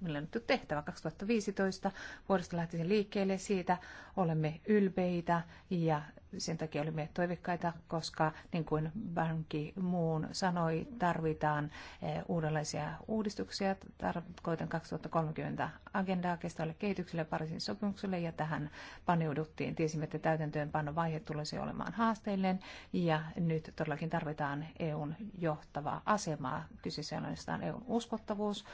S1: millä nyt on tehtävä 2015. Vuodesta lähtisin liikkeelle siitä olemme ylpeitä ja sen takia olimme toivekkaita, koska niin kuin Banki Muun sanoi, tarvitaan eh, uudenlaisia uudistuksia. Tarkoitan 2030 agendaa kestävälle kehitykselle ja Pariisin sopimukselle ja tähän paneuduttiin. Tiesimme, että täytäntöönpanon vaihe tulisi olemaan haasteellinen ja nyt todellakin tarvitaan EUn johtavaa asemaa. Kyseessä on EUn uskottavuus,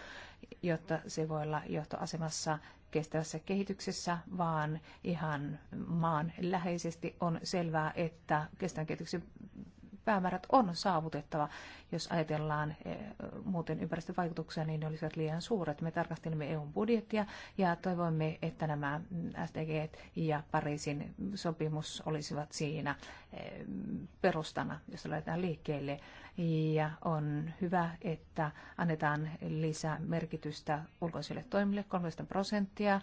S1: jotta se voi olla johtoasemassa kestävässä kehityksessä, vaan ihan maan läheisesti on selvää, että kestävän kehityksen päämäärät on saavutettava. Jos ajatellaan eh, muuten ympäristövaikutuksia, niin ne olisivat liian suuret. Me tarkastelimme EUn budjettia ja toivoimme, että nämä SDG ja Pariisin sopimus olisivat siinä eh, perustana, jos lähdetään liikkeelle. Ja on hyvä, että annetaan lisää merkitystä ulkoisille toimille 13 prosenttia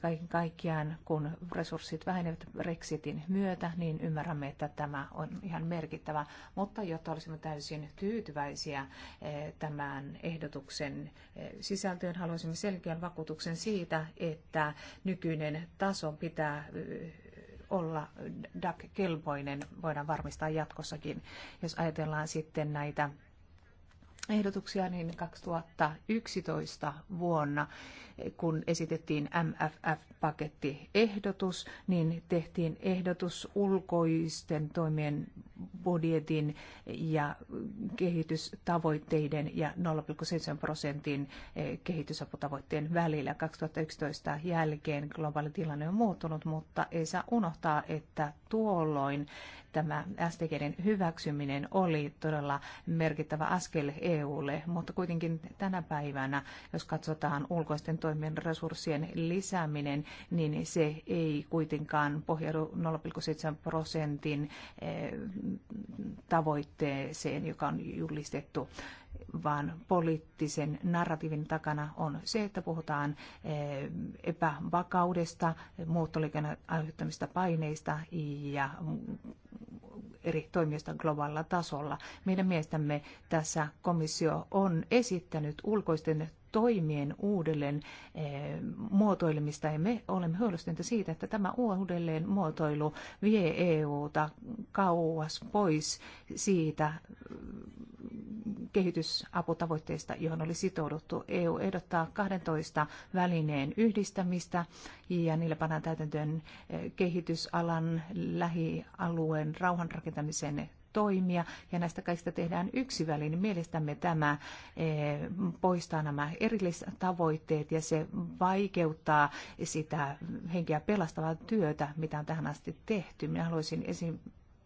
S1: kaiken kaikkiaan, kun resurssit vähenevät Brexitin myötä, niin ymmärrämme, että tämä on ihan merkittävä. Mutta jotta olisimme täysin tyytyväisiä eh, tämän ehdotuksen eh, sisältöön, haluaisimme selkeän vakuutuksen siitä, että nykyinen taso pitää eh, olla DAC-kelpoinen, voidaan varmistaa jatkossakin. Jos ajatellaan sitten näitä ehdotuksia, niin 2011 vuonna, kun esitettiin MFF-pakettiehdotus, niin tehtiin ehdotus ulkoisten toimien budjetin ja kehitystavoitteiden ja 0,7 prosentin eh, kehitysaputavoitteen välillä. 2011 jälkeen globaali tilanne on muuttunut, mutta ei saa unohtaa, että tuolloin tämä STGden hyväksyminen oli todella merkittävä askel EUlle, mutta kuitenkin tänä päivänä, jos katsotaan ulkoisten toimien resurssien lisääminen, niin se ei kuitenkaan pohjaudu 0,7 prosentin eh, tavoitteeseen, joka on julistettu, vaan poliittisen narratiivin takana on se, että puhutaan eh, epävakaudesta, muuttoliikkeen aiheuttamista paineista ja eri toimijoista globaalilla tasolla. Meidän mielestämme tässä komissio on esittänyt ulkoisten toimien uudelleen eh, muotoilemista ja me olemme huolestuneita siitä, että tämä uudelleen muotoilu vie EUta kauas pois siitä mm, kehitysaputavoitteista, johon oli sitouduttu. EU ehdottaa 12 välineen yhdistämistä ja niillä pannaan täytäntöön eh, kehitysalan, lähialueen, rauhanrakentamisen toimia ja näistä kaikista tehdään yksi väli, niin mielestämme tämä eh, poistaa nämä erillistavoitteet ja se vaikeuttaa sitä henkeä pelastavaa työtä, mitä on tähän asti tehty. Minä haluaisin esim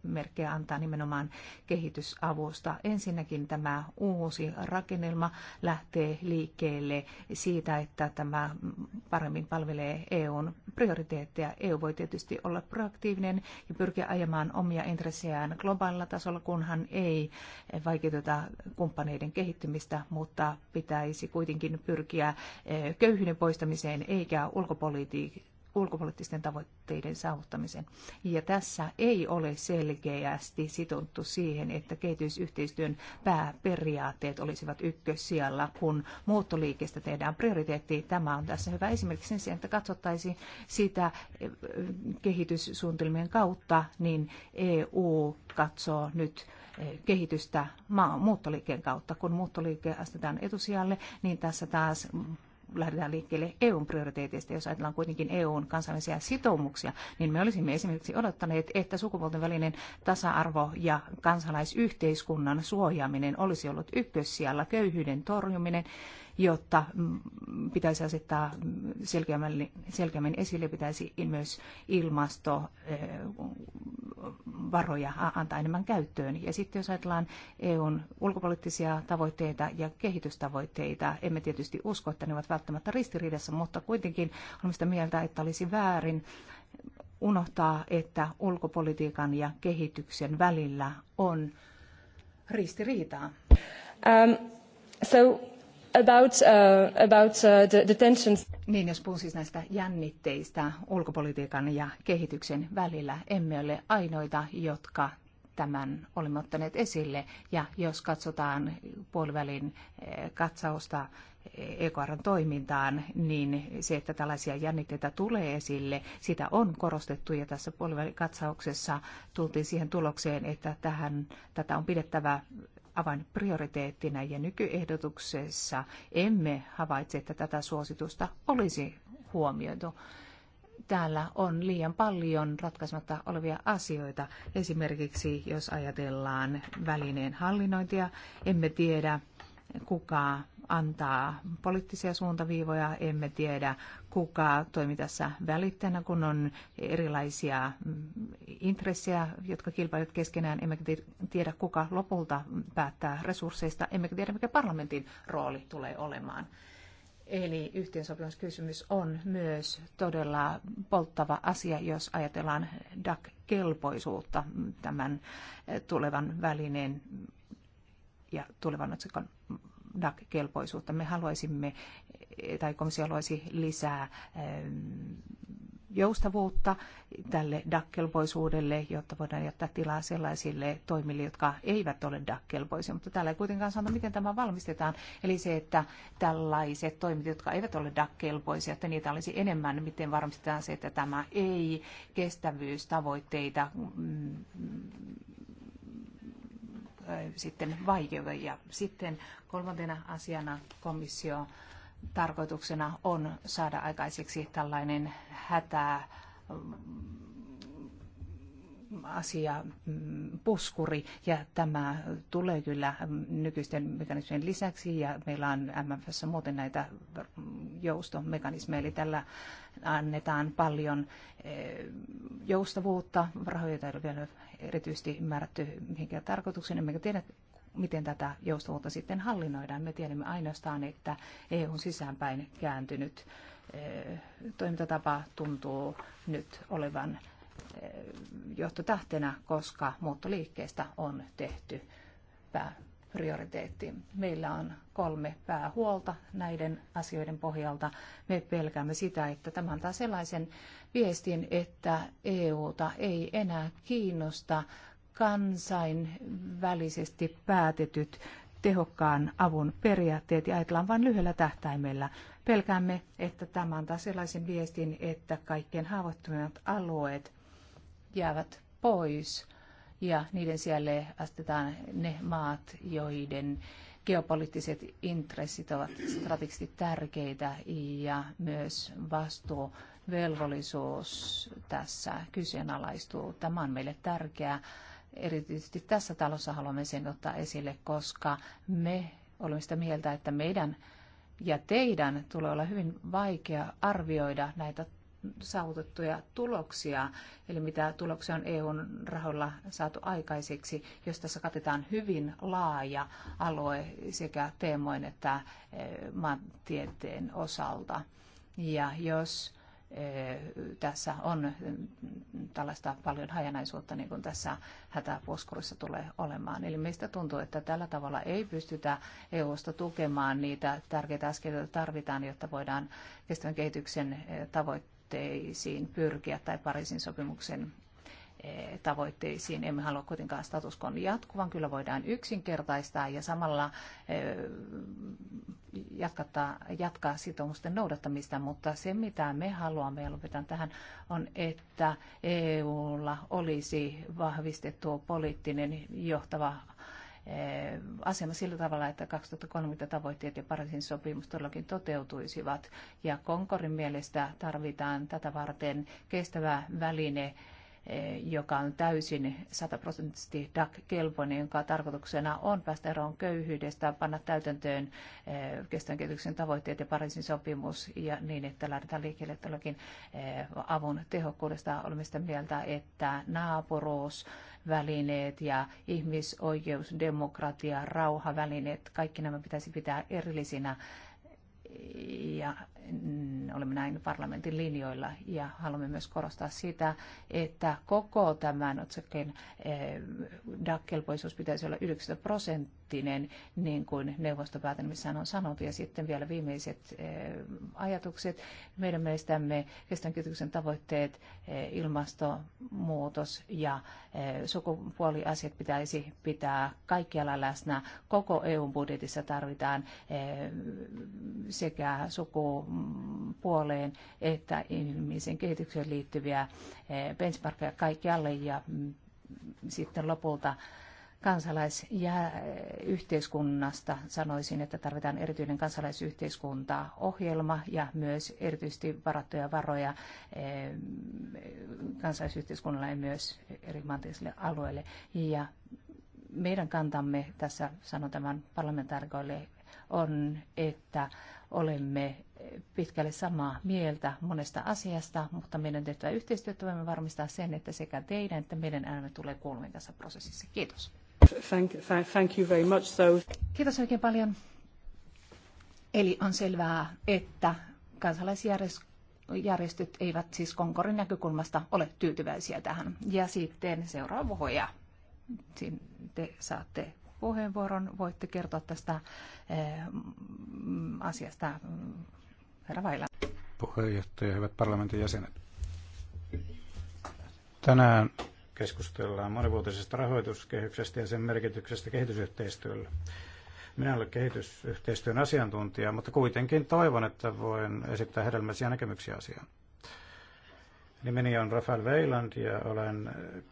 S1: merkkejä antaa nimenomaan kehitysavusta. Ensinnäkin tämä uusi rakennelma lähtee liikkeelle siitä, että tämä paremmin palvelee EUn prioriteetteja. EU voi tietysti olla proaktiivinen ja pyrkiä ajamaan omia intressejään globaalilla tasolla, kunhan ei vaikeuteta kumppaneiden kehittymistä, mutta pitäisi kuitenkin pyrkiä eh, köyhyyden poistamiseen eikä ulkopolitiikkaan ulkopoliittisten tavoitteiden saavuttamisen Ja tässä ei ole selkeästi sitouttu siihen, että kehitysyhteistyön pääperiaatteet olisivat ykkössijalla, kun muuttoliikkeestä tehdään prioriteetti. Tämä on tässä hyvä esimerkki sen sijaan, että katsottaisiin sitä eh, kehityssuunnitelmien kautta, niin EU katsoo nyt eh, kehitystä muuttoliikkeen kautta. Kun muuttoliike astetaan etusijalle, niin tässä taas lähdetään liikkeelle EUn prioriteeteista, jos ajatellaan kuitenkin EUn kansainvälisiä sitoumuksia, niin me olisimme esimerkiksi odottaneet, että sukupuolten välinen tasa-arvo ja kansalaisyhteiskunnan suojaaminen olisi ollut ykkössijalla, köyhyyden torjuminen jotta mm, pitäisi asettaa selkeämmin, selkeämmin esille, pitäisi myös ilmastovaroja eh, antaa enemmän käyttöön. Ja sitten jos ajatellaan EUn ulkopoliittisia tavoitteita ja kehitystavoitteita, emme tietysti usko, että ne ovat välttämättä ristiriidassa, mutta kuitenkin on sitä mieltä, että olisi väärin unohtaa, että ulkopolitiikan ja kehityksen välillä on ristiriitaa. Um, so about, uh, about uh, the, the tensions. Niin, jos puhun siis näistä jännitteistä ulkopolitiikan ja kehityksen välillä, emme ole ainoita, jotka tämän olemme ottaneet esille. Ja jos katsotaan puolivälin eh, katsausta EKRn eh, e toimintaan, niin se, että tällaisia jännitteitä tulee esille, sitä on korostettu ja tässä puolivälikatsauksessa tultiin siihen tulokseen, että tähän, tätä on pidettävä prioriteettina ja nykyehdotuksessa emme havaitse, että tätä suositusta olisi huomioitu. Täällä on liian paljon ratkaisematta olevia asioita. Esimerkiksi jos ajatellaan välineen hallinnointia, emme tiedä kuka antaa poliittisia suuntaviivoja, emme tiedä kuka toimi tässä välittäjänä, kun on erilaisia mm, intressejä, jotka kilpailevat keskenään, emmekä tiedä kuka lopulta päättää resursseista, emmekä tiedä mikä parlamentin rooli tulee olemaan. Eli yhteensopimuskysymys on myös todella polttava asia, jos ajatellaan DAC-kelpoisuutta mm, tämän eh, tulevan välineen ja tulevan otsikon DAC-kelpoisuutta. Me haluaisimme, tai komissio haluaisi lisää joustavuutta tälle DAC-kelpoisuudelle, jotta voidaan jättää tilaa sellaisille toimille, jotka eivät ole DAC-kelpoisia. Mutta täällä ei kuitenkaan sanota, miten tämä valmistetaan. Eli se, että tällaiset toimet, jotka eivät ole DAC-kelpoisia, että niitä olisi enemmän, miten varmistetaan se, että tämä ei kestävyystavoitteita mm, sitten ja Sitten kolmantena asiana komissio tarkoituksena on saada aikaiseksi tällainen hätää asia mm, puskuri ja tämä tulee kyllä nykyisten mekanismien lisäksi ja meillä on MFS muuten näitä mm, joustomekanismeja, eli tällä annetaan paljon eh, joustavuutta, rahoja, ei ole vielä erityisesti määrätty mihinkään tarkoitukseen, emmekä tiedä, miten tätä joustavuutta sitten hallinnoidaan. Me tiedämme ainoastaan, että EUn sisäänpäin kääntynyt eh, toimintatapa tuntuu nyt olevan johtotähtenä, koska muuttoliikkeestä on tehty pääprioriteetti. Meillä on kolme päähuolta näiden asioiden pohjalta. Me pelkäämme sitä, että tämä antaa sellaisen viestin, että EUta ei enää kiinnosta kansainvälisesti päätetyt tehokkaan avun periaatteet ja ajatellaan vain lyhyellä tähtäimellä. Pelkäämme, että tämä antaa sellaisen viestin, että kaikkien haavoittuneet alueet – jäävät pois ja niiden sijalle astetaan ne maat, joiden geopoliittiset intressit ovat strategisesti tärkeitä ja myös vastuuvelvollisuus tässä kyseenalaistuu. Tämä on meille tärkeää. Erityisesti tässä talossa haluamme sen ottaa esille, koska me olemme sitä mieltä, että meidän ja teidän tulee olla hyvin vaikea arvioida näitä saavutettuja tuloksia, eli mitä tuloksia on EUn rahoilla saatu aikaiseksi, jos tässä katetaan hyvin laaja alue sekä teemoin että eh, maantieteen osalta. Ja jos eh, tässä on mm, tällaista paljon hajanaisuutta, niin kuin tässä hätäposkurissa tulee olemaan. Eli meistä tuntuu, että tällä tavalla ei pystytä EU-sta tukemaan niitä tärkeitä askeleita, joita tarvitaan, jotta voidaan kestävän kehityksen eh, tavoitteita tavoitteisiin pyrkiä tai Pariisin sopimuksen eh, tavoitteisiin. Emme halua kuitenkaan statuskon jatkuvan, kyllä voidaan yksinkertaistaa ja samalla eh, jatkata, jatkaa sitoumusten noudattamista, mutta se mitä me haluamme ja lopetan tähän on, että EUlla olisi vahvistettu poliittinen johtava Eh, asema sillä tavalla, että 2030 tavoitteet ja Pariisin sopimus todellakin toteutuisivat. Ja Konkorin mielestä tarvitaan tätä varten kestävä väline, eh, joka on täysin sataprosenttisesti DAC-kelpoinen, jonka tarkoituksena on päästä eroon köyhyydestä, panna täytäntöön eh, kestävän kehityksen tavoitteet ja Pariisin sopimus ja niin, että lähdetään liikkeelle todellakin avun tehokkuudesta. Olemme sitä mieltä, että naapuruus, välineet ja ihmisoikeus, demokratia, rauhavälineet, kaikki nämä pitäisi pitää erillisinä ja Mm, olemme näin parlamentin linjoilla ja haluamme myös korostaa sitä, että koko tämän otsakkeen eh, DAC-kelpoisuus pitäisi olla 90 prosenttinen, niin kuin neuvostopäätelmissään on sanottu. Ja sitten vielä viimeiset eh, ajatukset. Meidän mielestämme kestävän kehityksen tavoitteet, eh, ilmastonmuutos ja sukupuoliasiat pitäisi pitää kaikkialla läsnä. Koko EU-budjetissa tarvitaan sekä sukupuoliasiat puoleen että ihmisen kehitykseen liittyviä eh, benchmarkkeja kaikkialle ja sitten lopulta kansalaisyhteiskunnasta sanoisin, että tarvitaan erityinen kansalaisyhteiskuntaa ohjelma ja myös erityisesti varattuja varoja eh, kansalaisyhteiskunnalle ja myös eri maantieteellisille alueille. Ja meidän kantamme tässä, sanon tämän parlamentaarikoille, on, että olemme pitkälle samaa mieltä monesta asiasta, mutta meidän on tehtävä yhteistyötä voimme varmistaa sen, että sekä teidän että meidän äänemme tulee kuulumaan tässä prosessissa. Kiitos. Thank, thank, thank you very much. So... Kiitos oikein paljon. Eli on selvää, että kansalaisjärjestöt eivät siis Konkorin näkökulmasta ole tyytyväisiä tähän. Ja sitten seuraava hoja. te saatte puheenvuoron. Voitte kertoa tästä eh, asiasta mm, herra Vaila.
S3: Puheenjohtaja, hyvät parlamentin jäsenet. Tänään keskustellaan monivuotisesta rahoituskehyksestä ja sen merkityksestä kehitysyhteistyölle. Minä olen kehitysyhteistyön asiantuntija, mutta kuitenkin toivon, että voin esittää hedelmällisiä näkemyksiä asiaan. Nimeni on Rafael Weiland ja olen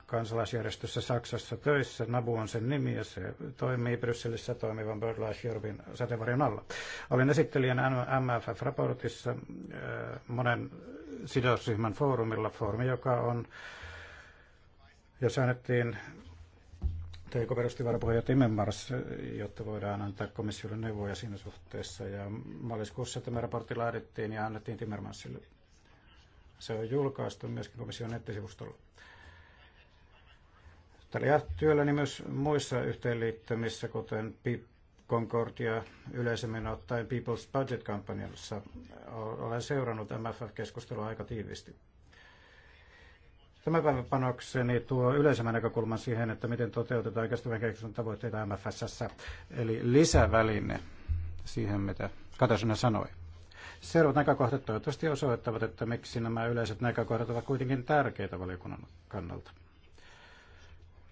S3: kansalaisjärjestössä Saksassa töissä. Nabu on sen nimi ja se toimii Brysselissä toimivan BirdLife Europein sateenvarjon alla. Olin esittelijän MFF-raportissa äh, monen sidosryhmän foorumilla, foorumi, joka on, ja annettiin Teiko perusti varapuheenjohtaja Timmermans, jotta voidaan antaa komissiolle neuvoja siinä suhteessa. Ja maaliskuussa tämä raportti laadittiin ja annettiin Timmermansille se on julkaistu myöskin komission nettisivustolla. Tällä työlläni niin myös muissa yhteenliittymissä, kuten PIP, yleisemmin ottaen People's Budget-kampanjassa olen seurannut MFF-keskustelua aika tiiviisti. Tämä päivän panokseni tuo yleisemmän näkökulman siihen, että miten toteutetaan kestävän kehityksen tavoitteita MFSS, eli lisäväline siihen, mitä Katasena sanoi seuraavat näkökohdat toivottavasti osoittavat, että miksi nämä yleiset näkökohdat ovat kuitenkin tärkeitä valiokunnan kannalta.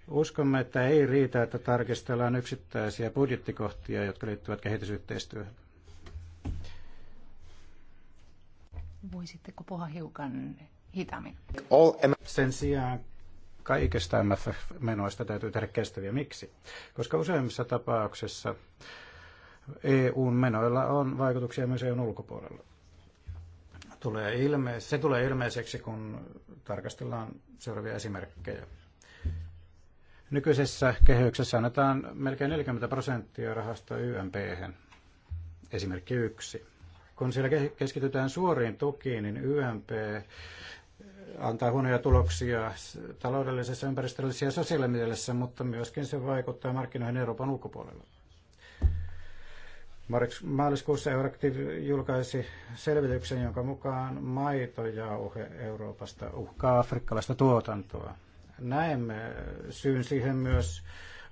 S3: Uskomme, että ei riitä, että tarkistellaan yksittäisiä budjettikohtia, jotka liittyvät kehitysyhteistyöhön.
S1: Voisitteko puhua hiukan hitaammin?
S3: Sen sijaan kaikista MFF-menoista täytyy tehdä kestäviä. Miksi? Koska useimmissa tapauksissa EUn menoilla on vaikutuksia myös EUn ulkopuolella. Tulee ilme- se tulee ilmeiseksi, kun tarkastellaan seuraavia esimerkkejä. Nykyisessä kehyksessä annetaan melkein 40 prosenttia rahasta YMP. -hän. Esimerkki yksi. Kun siellä keskitytään suoriin tukiin, niin YMP antaa huonoja tuloksia taloudellisessa, ympäristöllisessä ja sosiaalimielessä, mutta myöskin se vaikuttaa markkinoihin Euroopan ulkopuolella Maaliskuussa Euractiv julkaisi selvityksen, jonka mukaan maitojauhe Euroopasta uhkaa afrikkalaista tuotantoa. Näemme syyn siihen myös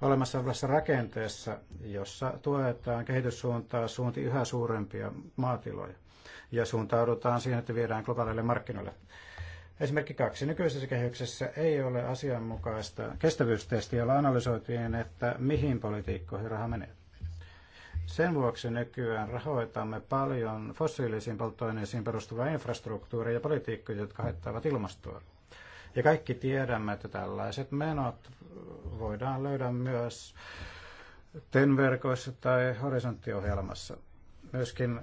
S3: olemassa olevassa rakenteessa, jossa tuetaan kehityssuuntaa suunti yhä suurempia maatiloja ja suuntaudutaan siihen, että viedään globaaleille markkinoille. Esimerkki kaksi. Nykyisessä kehyksessä ei ole asianmukaista kestävyystestiä, jolla analysoitiin, että mihin politiikkoihin raha menee. Sen vuoksi nykyään rahoitamme paljon fossiilisiin polttoaineisiin perustuvaa infrastruktuuria ja politiikkoja, jotka haittaavat ilmastoa. Ja kaikki tiedämme, että tällaiset menot voidaan löydä myös TEN-verkoissa tai horisonttiohjelmassa. Myöskin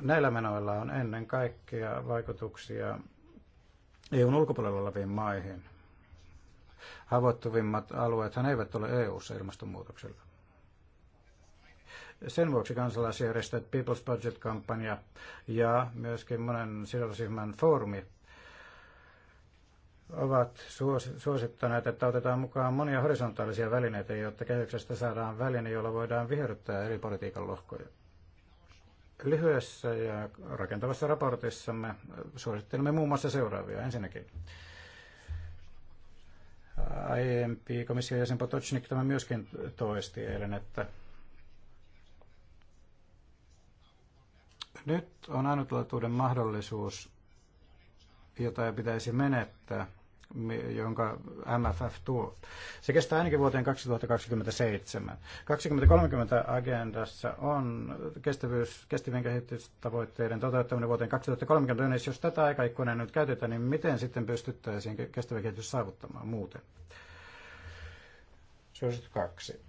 S3: näillä menoilla on ennen kaikkea vaikutuksia EUn ulkopuolella oleviin maihin. Havoittuvimmat alueethan eivät ole EU-ssa ilmastonmuutoksella. Sen vuoksi kansalaisjärjestöt People's Budget-kampanja ja myöskin monen sidosryhmän foorumi ovat suosittaneet, että otetaan mukaan monia horisontaalisia välineitä, jotta kehyksestä saadaan väline, jolla voidaan viherryttää eri politiikan lohkoja. Lyhyessä ja rakentavassa raportissamme suosittelemme muun muassa seuraavia. Ensinnäkin aiempi komission jäsen Potocnik tämä myöskin toisti eilen, että Nyt on ainutlaatuinen mahdollisuus, jota ei pitäisi menettää, jonka MFF tuo. Se kestää ainakin vuoteen 2027. 2030 agendassa on kestävyys, kestävien kehitystavoitteiden toteuttaminen vuoteen 2030. Jos tätä aikaikkunaa nyt käytetään, niin miten sitten pystyttäisiin kestävä kehitys saavuttamaan muuten? Suositus kaksi.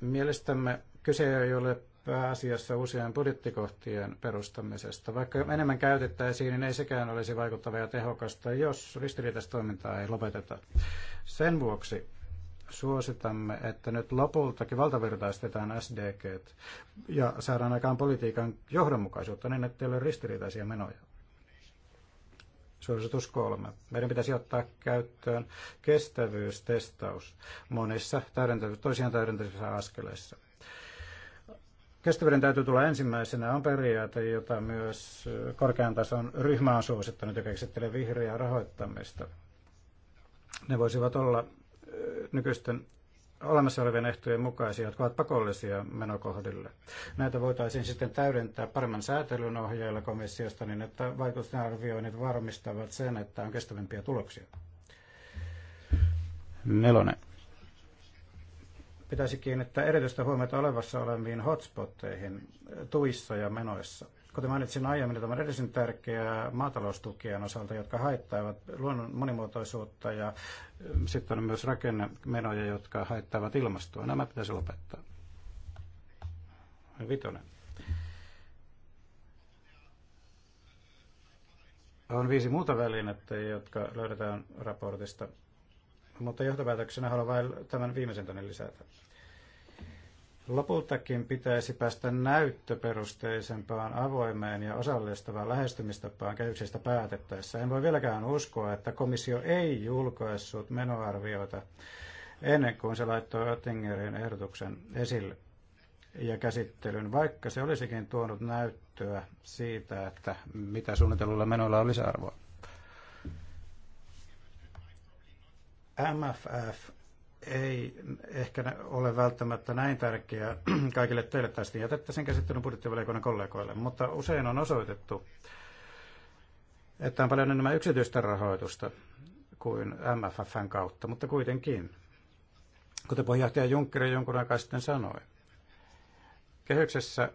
S3: Mielestämme kyse ei ole pääasiassa usean budjettikohtien perustamisesta. Vaikka enemmän käytettäisiin, niin ei sekään olisi vaikuttava ja tehokasta, jos toimintaa ei lopeteta. Sen vuoksi suositamme, että nyt lopultakin valtavirtaistetaan SDG ja saadaan aikaan politiikan johdonmukaisuutta niin, ettei ole ristiriitaisia menoja. Suositus kolme. Meidän pitäisi ottaa käyttöön kestävyystestaus monissa täydentävissä, toisiaan täydentävissä askeleissa. Kestävyyden täytyy tulla ensimmäisenä on periaate, jota myös korkean tason ryhmä on suosittanut, joka käsittelee vihreää rahoittamista. Ne voisivat olla nykyisten olemassa olevien ehtojen mukaisia, jotka ovat pakollisia menokohdille. Näitä voitaisiin sitten täydentää paremman säätelyn ohjeilla komissiosta niin, että vaikutusten arvioinnit varmistavat sen, että on kestävämpiä tuloksia. Nelonen pitäisi kiinnittää erityistä huomiota olevassa oleviin hotspotteihin tuissa ja menoissa. Kuten mainitsin aiemmin, tämä on erityisen tärkeää maataloustukien osalta, jotka haittaavat luonnon monimuotoisuutta ja sitten on myös rakennemenoja, jotka haittaavat ilmastoa. Nämä pitäisi lopettaa. Vitonen. On viisi muuta välinettä, jotka löydetään raportista mutta johtopäätöksenä haluan vain tämän viimeisen tänne lisätä. Lopultakin pitäisi päästä näyttöperusteisempaan, avoimeen ja osallistavaan lähestymistapaan kehyksistä päätettäessä. En voi vieläkään uskoa, että komissio ei julkaissut menoarviota ennen kuin se laittoi Oettingerin ehdotuksen esille ja käsittelyn, vaikka se olisikin tuonut näyttöä siitä, että mitä suunnitelulla menolla on lisäarvoa. MFF ei ehkä ole välttämättä näin tärkeää kaikille teille, tästä sitten jätettä sen käsittelyn budjettivaliokunnan kollegoille, mutta usein on osoitettu, että on paljon enemmän yksityistä rahoitusta kuin MFFn kautta, mutta kuitenkin, kuten puheenjohtaja Junckeri jonkun aikaa sitten sanoi, kehyksessä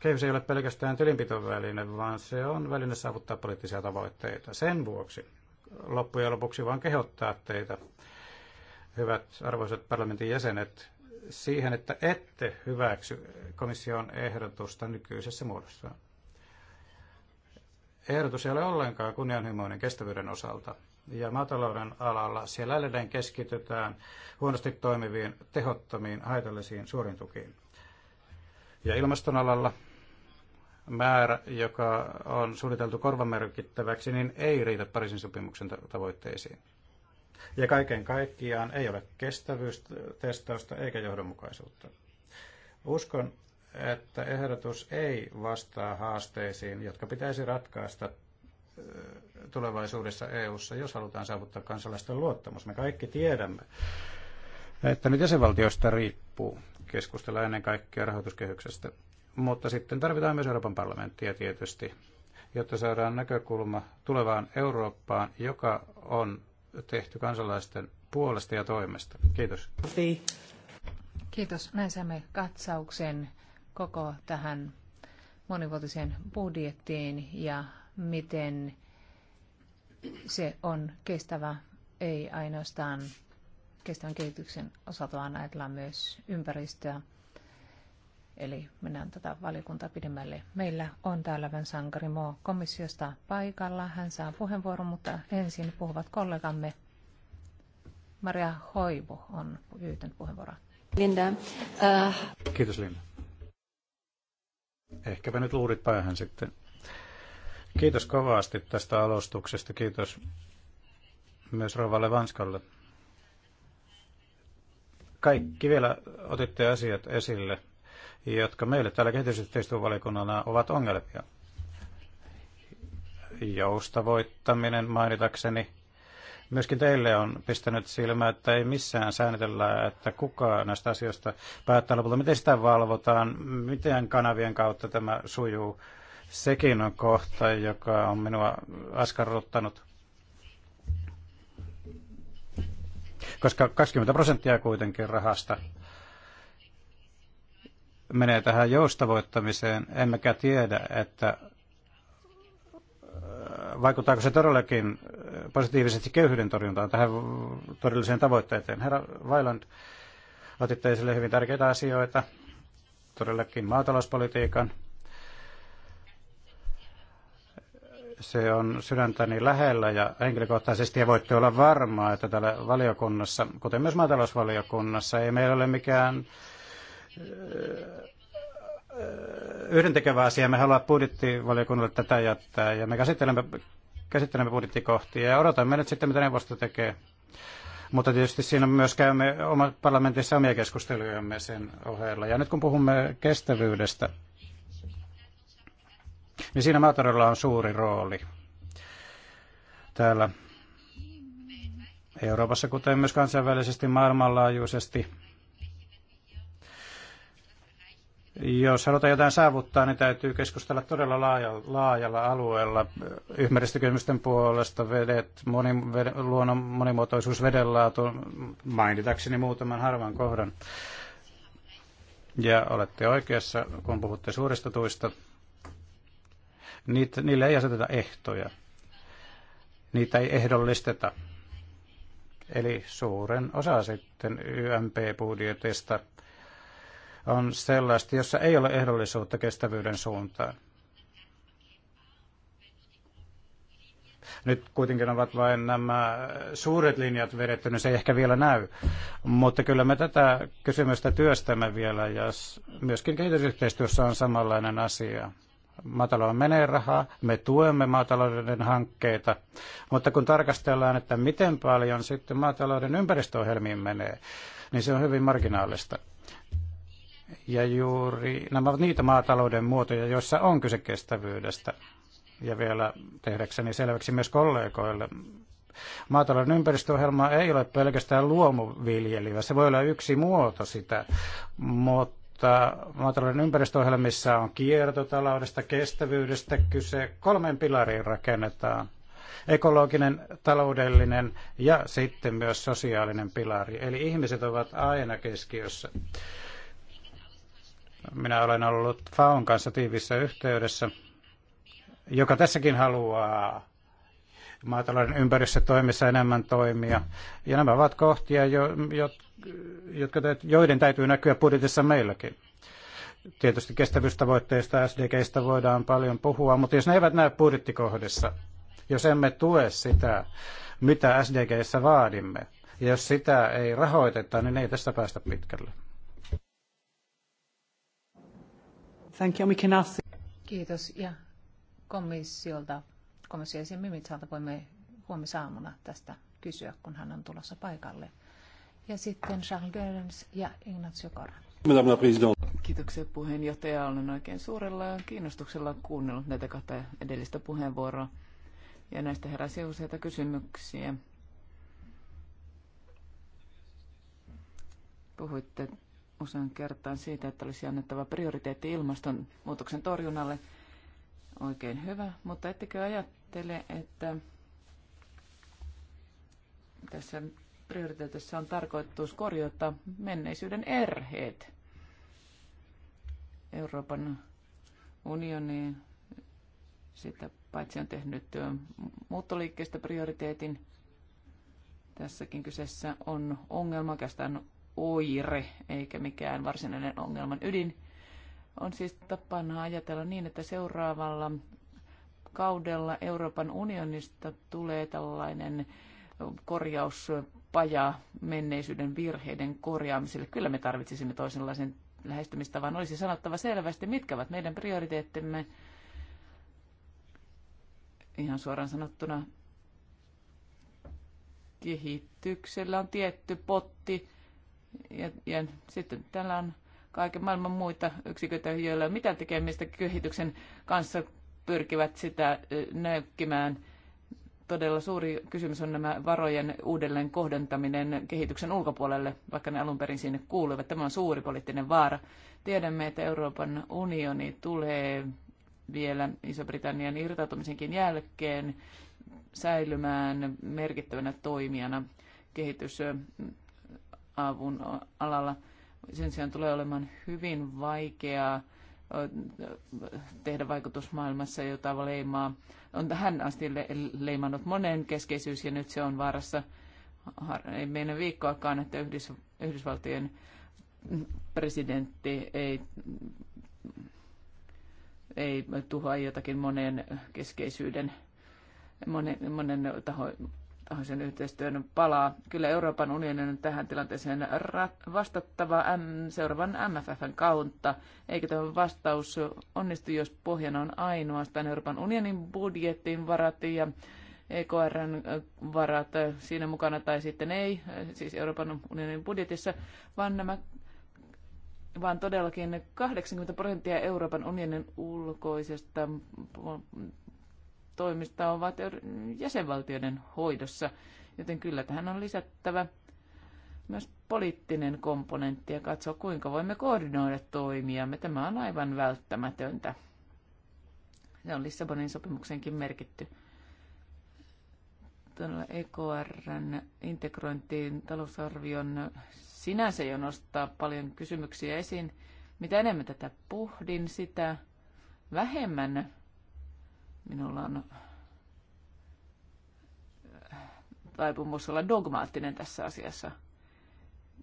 S3: kehys ei ole pelkästään tilinpitoväline, vaan se on väline saavuttaa poliittisia tavoitteita. Sen vuoksi loppujen lopuksi vaan kehottaa teitä hyvät arvoisat parlamentin jäsenet, siihen, että ette hyväksy komission ehdotusta nykyisessä muodossa. Ehdotus ei ole ollenkaan kunnianhimoinen kestävyyden osalta. Ja maatalouden alalla siellä edelleen keskitytään huonosti toimiviin, tehottomiin, haitallisiin tukiin. Ja ilmaston alalla määrä, joka on suunniteltu korvamerkittäväksi, niin ei riitä Pariisin sopimuksen tavoitteisiin. Ja kaiken kaikkiaan ei ole kestävyystestausta eikä johdonmukaisuutta. Uskon, että ehdotus ei vastaa haasteisiin, jotka pitäisi ratkaista tulevaisuudessa EU:ssa, jos halutaan saavuttaa kansalaisten luottamus. Me kaikki tiedämme, että nyt jäsenvaltioista riippuu keskustella ennen kaikkea rahoituskehyksestä. Mutta sitten tarvitaan myös Euroopan parlamenttia tietysti, jotta saadaan näkökulma tulevaan Eurooppaan, joka on tehty kansalaisten puolesta ja toimesta. Kiitos.
S1: Kiitos. Näin saamme katsauksen koko tähän monivuotiseen budjettiin ja miten se on kestävä, ei ainoastaan kestävän kehityksen osalta, vaan ajatellaan myös ympäristöä Eli mennään tätä valiokuntaa pidemmälle. Meillä on täällä Sankari Moo komissiosta paikalla. Hän saa puheenvuoron, mutta ensin puhuvat kollegamme. Maria Hoivu on pyytänyt puheenvuoroa. Linda. Uh...
S3: Kiitos Linda. Ehkäpä nyt luurit päähän sitten. Kiitos kovasti tästä alustuksesta. Kiitos myös Rovalle Vanskalle. Kaikki vielä otitte asiat esille jotka meille täällä kehitysyhteistyövaliokunnalla ovat ongelmia. Joustavoittaminen mainitakseni. Myöskin teille on pistänyt silmää, että ei missään säännitellä, että kuka näistä asioista päättää lopulta. Miten sitä valvotaan, miten kanavien kautta tämä sujuu. Sekin on kohta, joka on minua askarruttanut. Koska 20 prosenttia kuitenkin rahasta menee tähän joustavoittamiseen, emmekä tiedä, että äh, vaikuttaako se todellakin äh, positiivisesti köyhyyden torjuntaan tähän todelliseen tavoitteeseen. Herra Vailand, otitte esille hyvin tärkeitä asioita, todellakin maatalouspolitiikan. Se on sydäntäni lähellä ja henkilökohtaisesti ja voitte olla varmaa, että täällä valiokunnassa, kuten myös maatalousvaliokunnassa, ei meillä ole mikään yhdentekevä asia. Me haluamme budjettivaliokunnalle tätä jättää ja me käsittelemme, käsittelemme budjettikohtia ja odotamme nyt sitten, mitä neuvosto tekee. Mutta tietysti siinä myös käymme oma parlamentissa omia keskustelujamme sen ohella. Ja nyt kun puhumme kestävyydestä, niin siinä maataloudella on suuri rooli täällä Euroopassa, kuten myös kansainvälisesti maailmanlaajuisesti Jos halutaan jotain saavuttaa, niin täytyy keskustella todella laaja, laajalla alueella. Ympäristökysymysten puolesta vedet, moni, ved, luonnon monimuotoisuus, vedenlaatu, mainitakseni muutaman harvan kohdan. Ja olette oikeassa, kun puhutte suurista tuista. Niitä, niille ei aseteta ehtoja. Niitä ei ehdollisteta. Eli suuren osa sitten YMP-budjetista – on sellaista, jossa ei ole ehdollisuutta kestävyyden suuntaan. Nyt kuitenkin ovat vain nämä suuret linjat vedetty, niin se ei ehkä vielä näy. Mutta kyllä me tätä kysymystä työstämme vielä ja myöskin kehitysyhteistyössä on samanlainen asia maatalouden menee rahaa, me tuemme maatalouden hankkeita, mutta kun tarkastellaan, että miten paljon sitten maatalouden ympäristöohjelmiin menee, niin se on hyvin marginaalista. Ja juuri nämä ovat niitä maatalouden muotoja, joissa on kyse kestävyydestä. Ja vielä tehdäkseni selväksi myös kollegoille, maatalouden ympäristöohjelma ei ole pelkästään luomuviljelyä. Se voi olla yksi muoto sitä, mutta maatalouden ympäristöohjelmissa on kiertotaloudesta, kestävyydestä kyse. Kolmen pilariin rakennetaan ekologinen, taloudellinen ja sitten myös sosiaalinen pilari. Eli ihmiset ovat aina keskiössä. Minä olen ollut FAON kanssa tiivissä yhteydessä, joka tässäkin haluaa maatalouden toimissa enemmän toimia. Ja nämä ovat kohtia, jo, jotka, joiden täytyy näkyä budjetissa meilläkin. Tietysti kestävyystavoitteista, SDGistä voidaan paljon puhua, mutta jos ne eivät näy budjettikohdissa, jos emme tue sitä, mitä SDGissä vaadimme, ja jos sitä ei rahoiteta, niin ei tästä päästä pitkälle.
S1: Thank you. We can ask... Kiitos. Ja komissiolta, komissiosin Mimitsalta voimme huomisaamuna tästä kysyä, kun hän on tulossa paikalle. Ja sitten Charles Görens ja Ignazio Koran.
S2: Madame Kiitoksia puheenjohtaja. Olen oikein suurella kiinnostuksella kuunnellut näitä kahta edellistä puheenvuoroa. Ja näistä heräsi useita kysymyksiä. Puhuitte usean kertaan siitä, että olisi annettava prioriteetti ilmastonmuutoksen torjunnalle. Oikein hyvä, mutta ettekö ajattele, että tässä prioriteetissa on tarkoitus korjata menneisyyden erheet. Euroopan unioni sitä paitsi on tehnyt muuttoliikkeestä prioriteetin. Tässäkin kyseessä on ongelma, oikeastaan oire eikä mikään varsinainen ongelman ydin. On siis tapana ajatella niin, että seuraavalla kaudella Euroopan unionista tulee tällainen korjauspaja menneisyyden virheiden korjaamiselle. Kyllä me tarvitsisimme toisenlaisen lähestymistavan. Olisi sanottava selvästi, mitkä ovat meidän prioriteettimme. Ihan suoraan sanottuna kehityksellä on tietty potti, ja, ja sitten täällä on kaiken maailman muita yksiköitä, joilla on mitään tekemistä kehityksen kanssa, pyrkivät sitä nökkimään. Todella suuri kysymys on nämä varojen uudelleen kohdentaminen kehityksen ulkopuolelle, vaikka ne alun perin sinne kuuluivat. Tämä on suuri poliittinen vaara. Tiedämme, että Euroopan unioni tulee vielä Iso-Britannian irtautumisenkin jälkeen säilymään merkittävänä toimijana kehitys avun alalla. Sen sijaan tulee olemaan hyvin vaikeaa tehdä vaikutusmaailmassa, jota leimaa. On tähän asti le- leimannut monen keskeisyys ja nyt se on vaarassa. Ei mene viikkoakaan, että Yhdys- Yhdysvaltojen presidentti ei, ei tuhoa jotakin monen keskeisyyden, monen, monen taho, sen yhteistyön palaa. Kyllä Euroopan unionin on tähän tilanteeseen vastattava M, seuraavan MFFn kautta, eikä tämä vastaus onnistu, jos pohjana on ainoastaan Euroopan unionin budjettiin varat ja EKRn varat siinä mukana tai sitten ei, siis Euroopan unionin budjetissa, vaan nämä vaan todellakin 80 prosenttia Euroopan unionin ulkoisesta toimista ovat jäsenvaltioiden hoidossa, joten kyllä tähän on lisättävä myös poliittinen komponentti ja katsoa, kuinka voimme koordinoida toimia, Tämä on aivan välttämätöntä. Se on Lissabonin sopimuksenkin merkitty. tuolla EKRn integrointiin talousarvion sinänsä jo nostaa paljon kysymyksiä esiin. Mitä enemmän tätä pohdin, sitä vähemmän Minulla on äh, taipumus olla dogmaattinen tässä asiassa.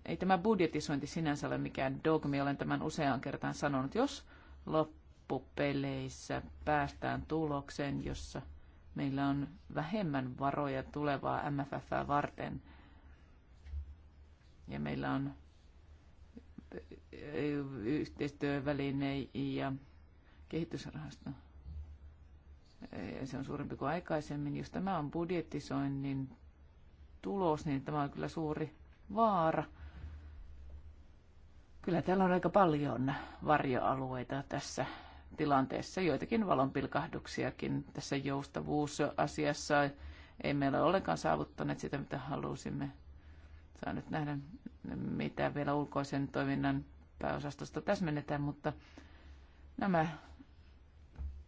S2: Ei tämä budjetisointi sinänsä ole mikään dogmi, olen tämän useaan kertaan sanonut. Jos loppupeleissä päästään tulokseen, jossa meillä on vähemmän varoja tulevaa MFF varten, ja meillä on äh, yhteistyöväline ja kehitysrahasto se on suurempi kuin aikaisemmin. Jos tämä on budjettisoinnin tulos, niin tämä on kyllä suuri vaara. Kyllä täällä on aika paljon varjoalueita tässä tilanteessa, joitakin valonpilkahduksiakin tässä joustavuusasiassa. Ei meillä ole ollenkaan saavuttaneet sitä, mitä halusimme. Saa nyt nähdä, mitä vielä ulkoisen toiminnan pääosastosta täsmennetään, mutta nämä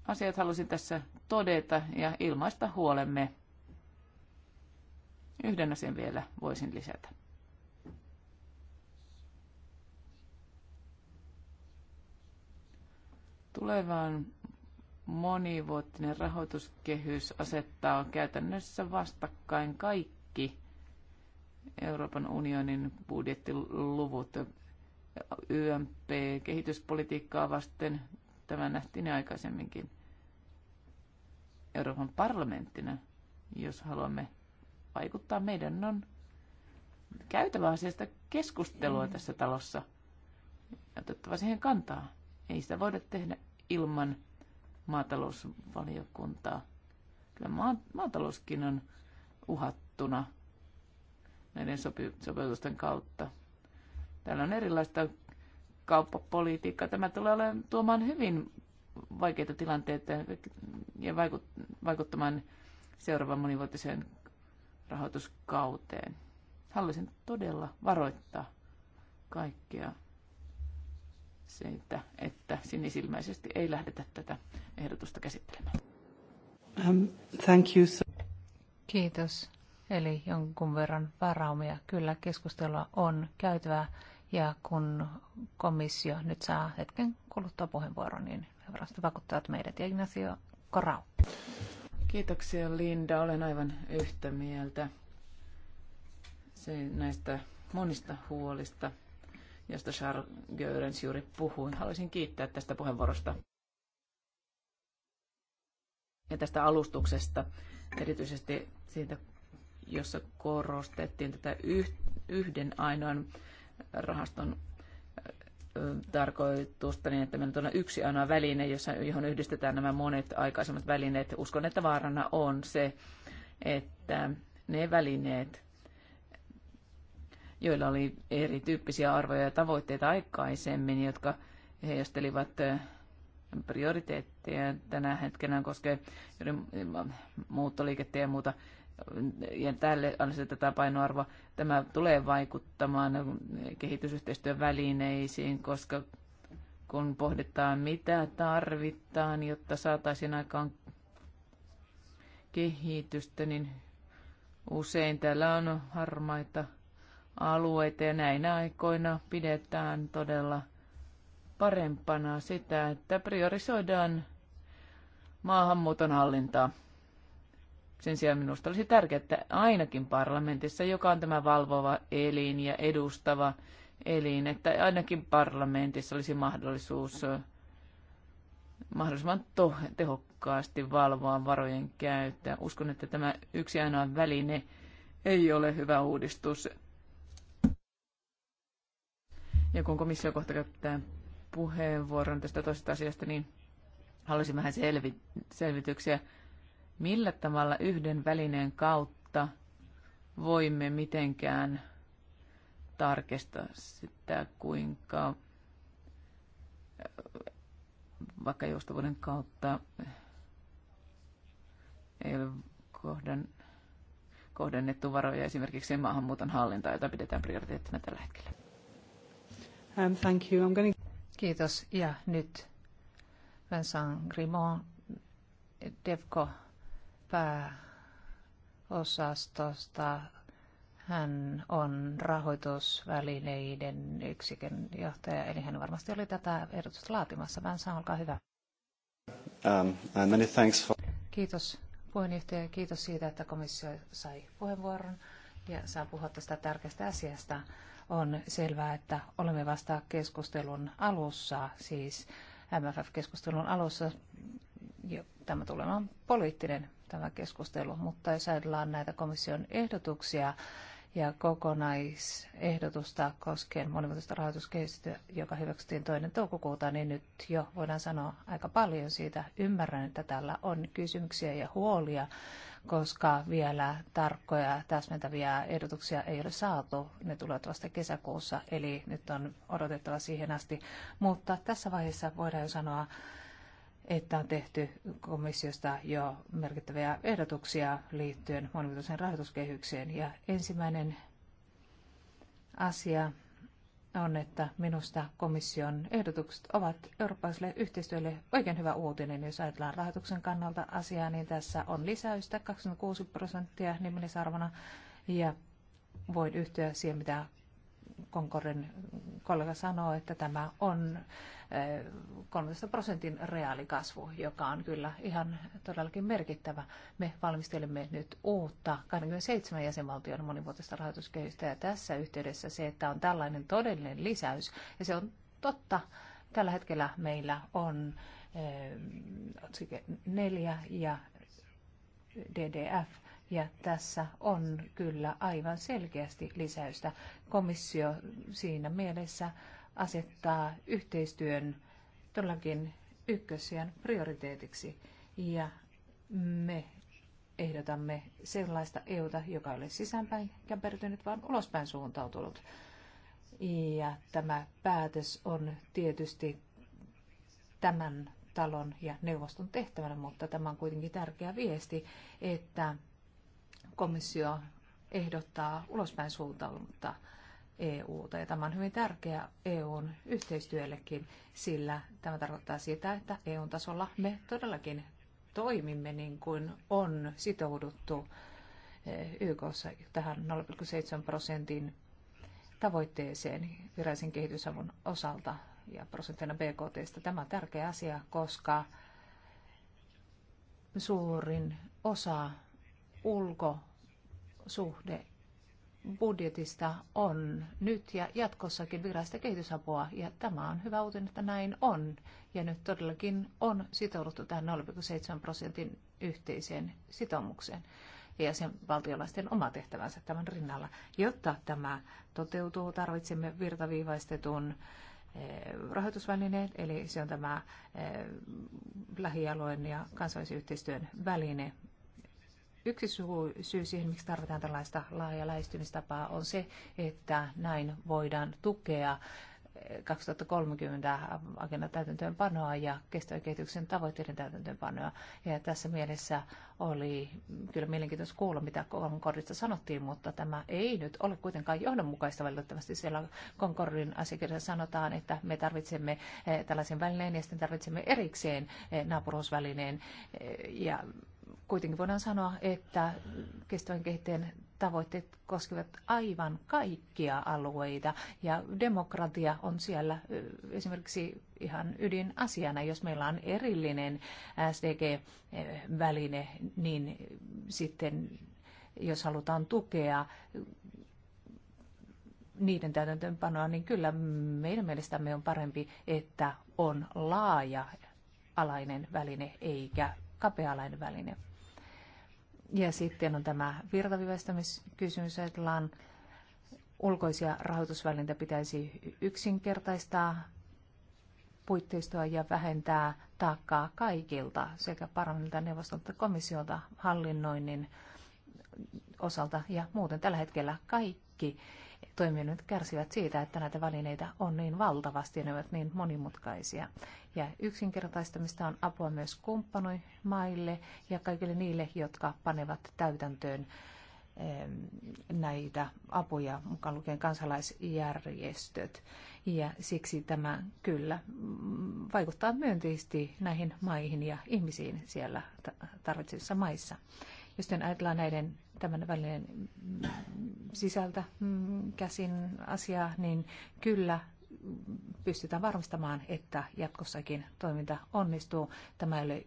S2: asiat halusin tässä todeta ja ilmaista huolemme. Yhden asian vielä voisin lisätä. Tulevaan monivuotinen rahoituskehys asettaa käytännössä vastakkain kaikki Euroopan unionin budjettiluvut YMP kehityspolitiikkaa vasten, Tämä nähtiin aikaisemminkin Euroopan parlamenttina, jos haluamme vaikuttaa. Meidän on käytävä asiasta keskustelua mm. tässä talossa ja otettava siihen kantaa. Ei sitä voida tehdä ilman maatalousvaliokuntaa. Kyllä ma- maatalouskin on uhattuna näiden sopi- sopeutusten kautta. Täällä on erilaista kauppapolitiikka. Tämä tulee olemaan tuomaan hyvin vaikeita tilanteita ja vaikuttamaan seuraavan monivuotiseen rahoituskauteen. Haluaisin todella varoittaa kaikkia siitä, että sinisilmäisesti ei lähdetä tätä ehdotusta käsittelemään.
S1: Um, thank you. Kiitos. Eli jonkun verran varaumia. Kyllä keskustelua on käytävää ja kun komissio nyt saa hetken kuluttua puheenvuoron, niin
S2: he varmasti vakuuttavat meidät. Ja Ignacio Corau. Kiitoksia Linda, olen aivan yhtä mieltä se, näistä monista huolista, josta Charles Görens juuri puhui. Haluaisin kiittää tästä puheenvuorosta ja tästä alustuksesta, erityisesti siitä, jossa korostettiin tätä yhden ainoan rahaston tarkoitusta niin, että meillä on yksi aina väline, jossa, johon yhdistetään nämä monet aikaisemmat välineet. Uskon, että vaarana on se, että ne välineet, joilla oli erityyppisiä arvoja ja tavoitteita aikaisemmin, jotka heijastelivat prioriteetteja tänä hetkenä koskee muuttoliikettä ja muuta ja tälle asetetaan painoarvo. Tämä tulee vaikuttamaan kehitysyhteistyön välineisiin, koska kun pohditaan, mitä tarvitaan, jotta saataisiin aikaan kehitystä, niin usein täällä on harmaita alueita ja näinä aikoina pidetään todella parempana sitä, että priorisoidaan maahanmuuton hallintaa. Sen sijaan minusta olisi tärkeää, että ainakin parlamentissa, joka on tämä valvova elin ja edustava elin, että ainakin parlamentissa olisi mahdollisuus mahdollisimman to- tehokkaasti valvoa varojen käyttöä. Uskon, että tämä yksi ainoa väline ei ole hyvä uudistus. Ja kun komissio kohta käyttää puheenvuoron tästä toisesta asiasta, niin haluaisin vähän selvi- selvityksiä Millä tavalla yhden välineen kautta voimme mitenkään tarkistaa sitä, kuinka vaikka joustavuuden kautta ei ole kohdan, kohdennettu varoja esimerkiksi maahanmuuton hallinta jota pidetään prioriteettina tällä hetkellä.
S1: Um, thank you. I'm gonna... Kiitos. Ja nyt Vincent Grimaud, Devco pääosastosta. Hän on rahoitusvälineiden yksikön johtaja, eli hän varmasti oli tätä ehdotusta laatimassa. Vänsä, olkaa hyvä.
S3: Um, and many thanks for...
S1: Kiitos puheenjohtaja, kiitos siitä, että komissio sai puheenvuoron ja saa puhua tästä tärkeästä asiasta. On selvää, että olemme vasta keskustelun alussa, siis MFF-keskustelun alussa. tämä tulee on poliittinen tämä keskustelu, mutta jos ajatellaan näitä komission ehdotuksia ja kokonaisehdotusta koskien monimuotoista rahoituskehitystä, joka hyväksyttiin toinen toukokuuta, niin nyt jo voidaan sanoa aika paljon siitä. Ymmärrän, että täällä on kysymyksiä ja huolia, koska vielä tarkkoja täsmentäviä ehdotuksia ei ole saatu. Ne tulevat vasta kesäkuussa, eli nyt on odotettava siihen asti. Mutta tässä vaiheessa voidaan jo sanoa, että on tehty komissiosta jo merkittäviä ehdotuksia liittyen monimuotoiseen rahoituskehykseen. Ja ensimmäinen asia on, että minusta komission ehdotukset ovat eurooppalaiselle yhteistyölle oikein hyvä uutinen. Jos ajatellaan rahoituksen kannalta asiaa, niin tässä on lisäystä 26 prosenttia nimellisarvona ja voin yhtyä siihen, mitä Konkorin kollega sanoo, että tämä on 13 eh, prosentin reaalikasvu, joka on kyllä ihan todellakin merkittävä. Me valmistelemme nyt uutta 27 jäsenvaltion monivuotista rahoituskehystä ja tässä yhteydessä se, että on tällainen todellinen lisäys ja se on totta. Tällä hetkellä meillä on eh, otsike 4 ja DDF ja tässä on kyllä aivan selkeästi lisäystä. Komissio siinä mielessä asettaa yhteistyön todellakin ykkösiän prioriteetiksi. Ja me ehdotamme sellaista EUta, joka ei ole sisäänpäin käpertynyt, vaan ulospäin suuntautunut. Ja tämä päätös on tietysti tämän talon ja neuvoston tehtävänä, mutta tämä on kuitenkin tärkeä viesti, että komissio ehdottaa ulospäin suuntautunutta EUta. Ja tämä on hyvin tärkeä EUn yhteistyöllekin, sillä tämä tarkoittaa sitä, että EUn tasolla me todellakin toimimme niin kuin on sitouduttu eh, YKssa tähän 0,7 prosentin tavoitteeseen virallisen kehitysavun osalta ja prosenttina BKTstä. Tämä on tärkeä asia, koska suurin osa ulkosuhde budjetista on nyt ja jatkossakin virallista kehitysapua. Ja tämä on hyvä uutinen, että näin on. Ja nyt todellakin on sitouduttu tähän 0,7 prosentin yhteiseen sitoumukseen ja valtiolaisten oma tehtävänsä tämän rinnalla. Jotta tämä toteutuu, tarvitsemme virtaviivaistetun eh, rahoitusvälineet, eli se on tämä eh, lähialueen ja kansainvälisen yhteistyön väline, Yksi syy siihen, miksi tarvitaan tällaista laaja lähestymistapaa, on se, että näin voidaan tukea 2030 eh, agenda täytäntöönpanoa ja kestävän kehityksen tavoitteiden täytäntöönpanoa. Ja tässä mielessä oli kyllä mielenkiintoista kuulla, mitä Concordista sanottiin, mutta tämä ei nyt ole kuitenkaan johdonmukaista valitettavasti. Siellä Concordin asiakirjassa sanotaan, että me tarvitsemme eh, tällaisen välineen ja sitten tarvitsemme erikseen eh, naapuruusvälineen ja Kuitenkin voidaan sanoa, että kestävän kehitteen tavoitteet koskevat aivan kaikkia alueita ja demokratia on siellä esimerkiksi ihan ydinasiana. Jos meillä on erillinen SDG-väline, niin sitten jos halutaan tukea niiden täytäntöönpanoa, niin kyllä meidän mielestämme on parempi, että on laaja alainen väline eikä kapealainen väline. Ja sitten on tämä virtaviväistämiskysymys, ajatellaan ulkoisia rahoitusvälineitä pitäisi yksinkertaistaa puitteistoa ja vähentää taakkaa kaikilta sekä parlamentilta, neuvostolta, komissiolta, hallinnoinnin osalta ja muuten tällä hetkellä kaikki toiminnot kärsivät siitä, että näitä välineitä on niin valtavasti ja ne ovat niin monimutkaisia. Ja yksinkertaistamista on apua myös kumppanoimaille ja kaikille niille, jotka panevat täytäntöön näitä apuja, mukaan lukien kansalaisjärjestöt. Ja siksi tämä kyllä vaikuttaa myönteisesti näihin maihin ja ihmisiin siellä tarvitsevissa maissa. Jos ajatellaan näiden tämän välinen sisältä mm, käsin asia, niin kyllä pystytään varmistamaan, että jatkossakin toiminta onnistuu. Tämä ei ole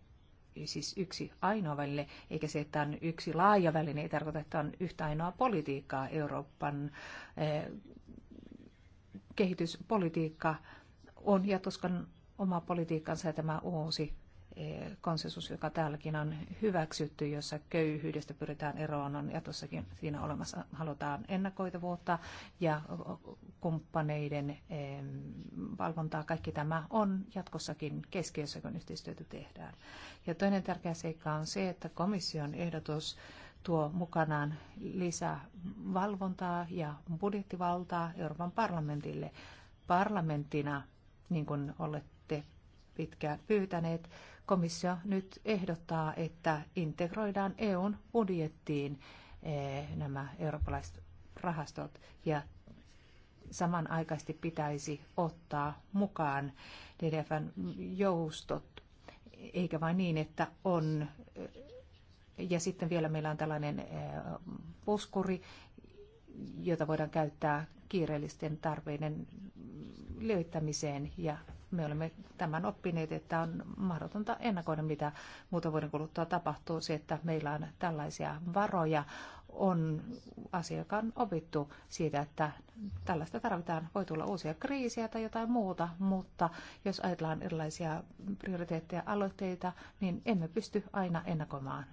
S1: siis yksi ainoa väline, eikä se, että on yksi laaja väline, ei tarkoita, että on yhtä ainoa politiikkaa. Euroopan eh, kehityspolitiikka on jatkoskan oma politiikkansa ja tämä uusi konsensus, joka täälläkin on hyväksytty, jossa köyhyydestä pyritään eroon, on jatossakin siinä olemassa, halutaan ennakoitavuutta ja kumppaneiden valvontaa. Kaikki tämä on jatkossakin keskiössä, kun yhteistyötä tehdään. Ja toinen tärkeä seikka on se, että komission ehdotus tuo mukanaan lisää valvontaa ja budjettivaltaa Euroopan parlamentille. Parlamenttina, niin kuin olette pitkään pyytäneet, komissio nyt ehdottaa, että integroidaan EUn budjettiin eh, nämä eurooppalaiset rahastot ja samanaikaisesti pitäisi ottaa mukaan DDFn joustot, eikä vain niin, että on. Eh, ja sitten vielä meillä on tällainen eh, puskuri, jota voidaan käyttää kiireellisten tarpeiden löytämiseen ja me olemme tämän oppineet, että on mahdotonta ennakoida, mitä muuta vuoden kuluttua tapahtuu. Se, että meillä on tällaisia varoja, on asia, joka on opittu siitä, että tällaista tarvitaan. Voi tulla uusia kriisiä tai jotain muuta, mutta jos ajatellaan erilaisia prioriteetteja aloitteita, niin emme pysty aina ennakoimaan,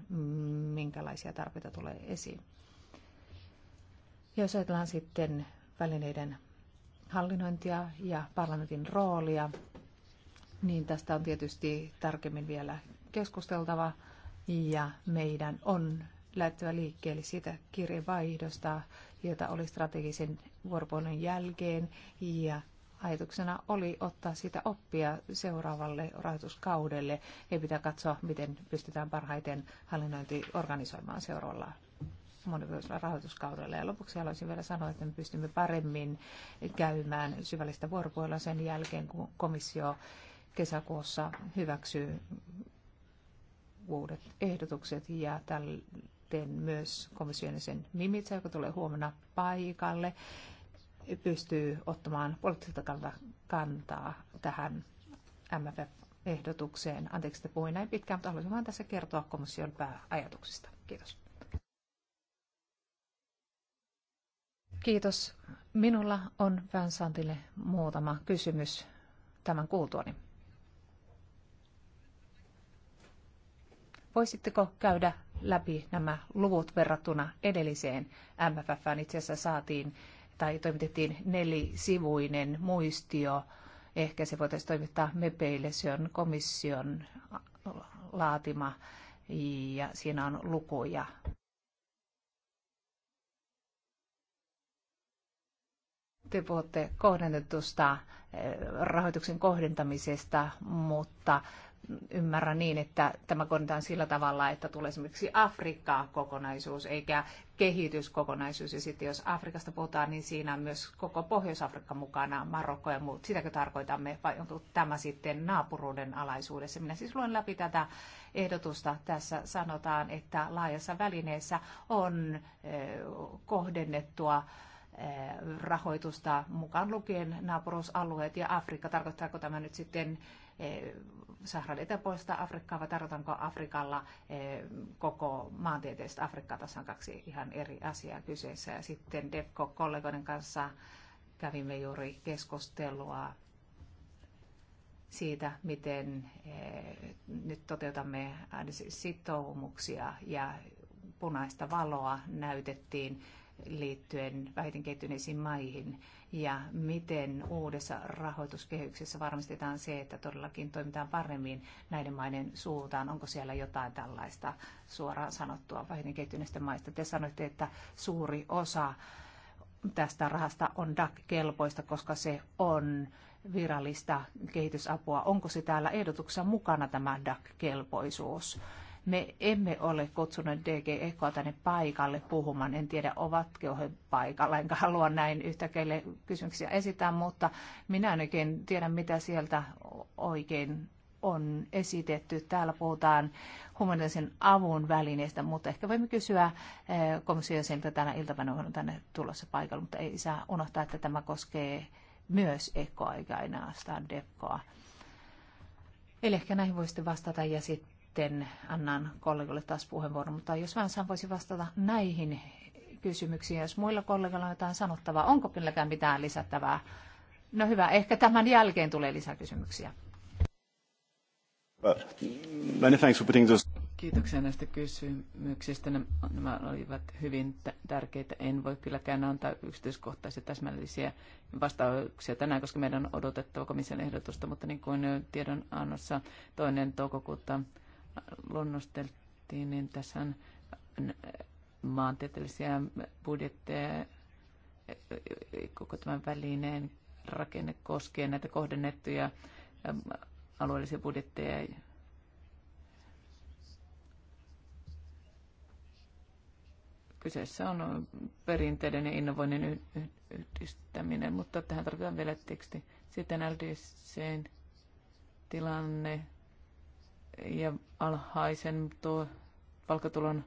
S1: minkälaisia tarpeita tulee esiin. Jos ajatellaan sitten välineiden hallinnointia ja parlamentin roolia, niin tästä on tietysti tarkemmin vielä keskusteltava ja meidän on lähtevä liikkeelle siitä kirjevaihdosta, jota oli strategisen vuoropuolen jälkeen ja ajatuksena oli ottaa sitä oppia seuraavalle rahoituskaudelle. Ei pitää katsoa, miten pystytään parhaiten hallinnointi organisoimaan seuraavalla monivuotisella rahoituskaudella. Ja lopuksi haluaisin vielä sanoa, että me pystymme paremmin käymään syvällistä vuoropuhelua sen jälkeen, kun komissio kesäkuussa hyväksyy uudet ehdotukset ja tälten myös komission sen Mimitsa, joka tulee huomenna paikalle, pystyy ottamaan poliittiselta kantaa tähän MFF-ehdotukseen. Anteeksi, että puhuin näin pitkään, mutta haluaisin vain tässä kertoa komission pääajatuksista. Kiitos. Kiitos. Minulla on Vänsantille muutama kysymys tämän kuultuani. Voisitteko käydä läpi nämä luvut verrattuna edelliseen MFFään? Itse asiassa saatiin tai toimitettiin nelisivuinen muistio. Ehkä se voitaisiin toimittaa MEPEille, se on komission laatima ja siinä on lukuja Te puhutte kohdennetusta eh, rahoituksen kohdentamisesta, mutta ymmärrän niin, että tämä kohdentaan sillä tavalla, että tulee esimerkiksi Afrikkaa kokonaisuus eikä kehityskokonaisuus. Ja sitten jos Afrikasta puhutaan, niin siinä on myös koko Pohjois-Afrikka mukana, Marokko ja muut. Sitäkö tarkoitamme vai onko tämä sitten naapuruuden alaisuudessa? Minä siis luen läpi tätä ehdotusta. Tässä sanotaan, että laajassa välineessä on eh, kohdennettua Eh, rahoitusta mukaan lukien naapuruusalueet ja Afrikka. Tarkoittaako tämä nyt sitten eh, Saharan eteläpuolista Afrikkaa vai tarkoitanko Afrikalla eh, koko maantieteestä Afrikkaa? Tässä on kaksi ihan eri asiaa kyseessä. Ja sitten DEFCO-kollegoiden kanssa kävimme juuri keskustelua siitä, miten nyt toteutamme sitoumuksia ja punaista valoa näytettiin liittyen vähiten kehittyneisiin maihin ja miten uudessa rahoituskehyksessä varmistetaan se, että todellakin toimitaan paremmin näiden maiden suuntaan. Onko siellä jotain tällaista suoraan sanottua vähiten kehittyneistä maista? Te sanoitte, että suuri osa tästä rahasta on DAC-kelpoista, koska se on virallista kehitysapua. Onko se täällä ehdotuksessa mukana tämä DAC-kelpoisuus? Me emme ole kutsuneet DG Ekoa tänne paikalle puhumaan. En tiedä, ovatko he paikalla. Enkä halua näin yhtäkkiä kysymyksiä esittää, mutta minä ainakin tiedän, mitä sieltä oikein on esitetty. Täällä puhutaan humanitaarisen avun välineistä, mutta ehkä voimme kysyä eh, komissiosilta tänä iltapäivänä, on tänne tulossa paikalla, mutta ei saa unohtaa, että tämä koskee myös ekoa, eikä ainoastaan depkoa. Eli ehkä näihin voisitte vastata ja sitten sitten annan kollegalle taas puheenvuoron, mutta jos saan voisi vastata näihin kysymyksiin, jos muilla kollegoilla on jotain sanottavaa, onko kylläkään mitään lisättävää? No hyvä, ehkä tämän jälkeen tulee lisäkysymyksiä.
S2: Kiitoksia näistä kysymyksistä. Nämä olivat hyvin tärkeitä. En voi kylläkään antaa yksityiskohtaisia täsmällisiä vastauksia tänään, koska meidän on odotettava komission ehdotusta, mutta niin kuin tiedon annossa toinen toukokuuta luonnosteltiin, niin tässä on maantieteellisiä budjetteja koko tämän välineen rakenne koskee näitä kohdennettuja ähm, alueellisia budjetteja. Kyseessä on perinteiden ja innovoinnin yhdistäminen, mutta tähän tarvitaan vielä teksti. Sitten LDCn tilanne ja alhaisen tuo palkkatulon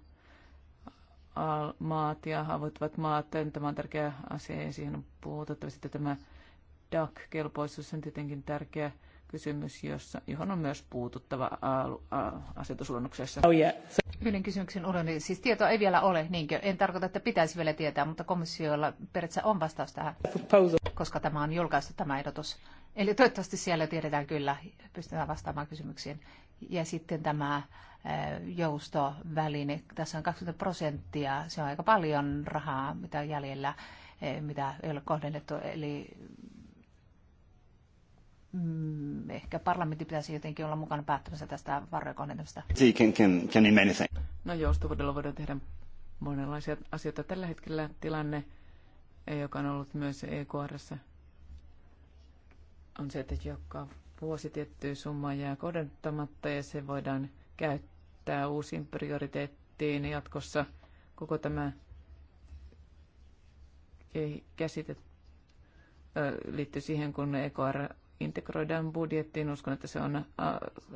S2: maat ja haavoittuvat maat. Tämä on tärkeä asia ja siihen on puututtava. Sitten tämä DAC-kelpoisuus on tietenkin tärkeä kysymys, jossa, johon on myös puututtava asetusluonnoksessa. Oh yeah. Yhden kysymyksen unohdin. Siis
S1: tietoa ei vielä ole, niinkö? En tarkoita, että pitäisi vielä tietää, mutta komissiolla periaatteessa on vastaus tähän, koska tämä on julkaistu tämä ehdotus. Eli toivottavasti siellä tiedetään kyllä, pystytään vastaamaan kysymyksiin. Ja sitten tämä joustoväline, tässä on 20 prosenttia, se on aika paljon rahaa, mitä on jäljellä, mitä ei ole kohdennettu. Eli mm, ehkä parlamentti pitäisi jotenkin
S2: olla mukana päättämässä tästä varojen kohdentamista. No joustavuudella voidaan tehdä monenlaisia asioita. Tällä hetkellä tilanne, eh, joka on ollut myös EKRssä, on se, että joka vuosi tiettyä summa jää kohdentamatta ja se voidaan käyttää uusiin prioriteettiin jatkossa. Koko tämä käsite liittyy siihen, kun EKR integroidaan budjettiin. Uskon, että se on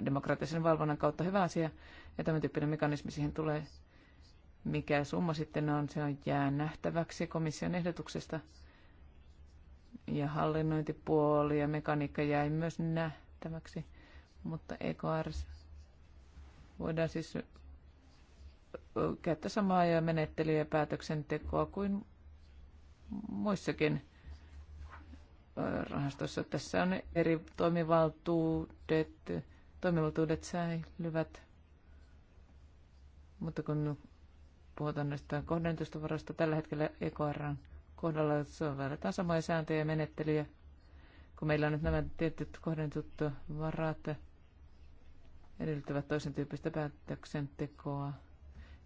S2: demokraattisen valvonnan kautta hyvä asia ja tämän tyyppinen mekanismi siihen tulee. Mikä summa sitten on, se on jää nähtäväksi komission ehdotuksesta ja hallinnointipuoli ja mekaniikka jäi myös nähtäväksi, mutta EKRs voidaan siis käyttää samaa ja menettelyä ja päätöksentekoa kuin muissakin rahastossa. Tässä on eri toimivaltuudet, toimivaltuudet säilyvät, mutta kun puhutaan näistä kohdennetusta varasta, tällä hetkellä EKR on kohdalla sovelletaan samoja sääntöjä ja menettelyjä. Kun meillä on nyt nämä tietyt kohdentut varat, edellyttävät toisen tyyppistä päätöksentekoa.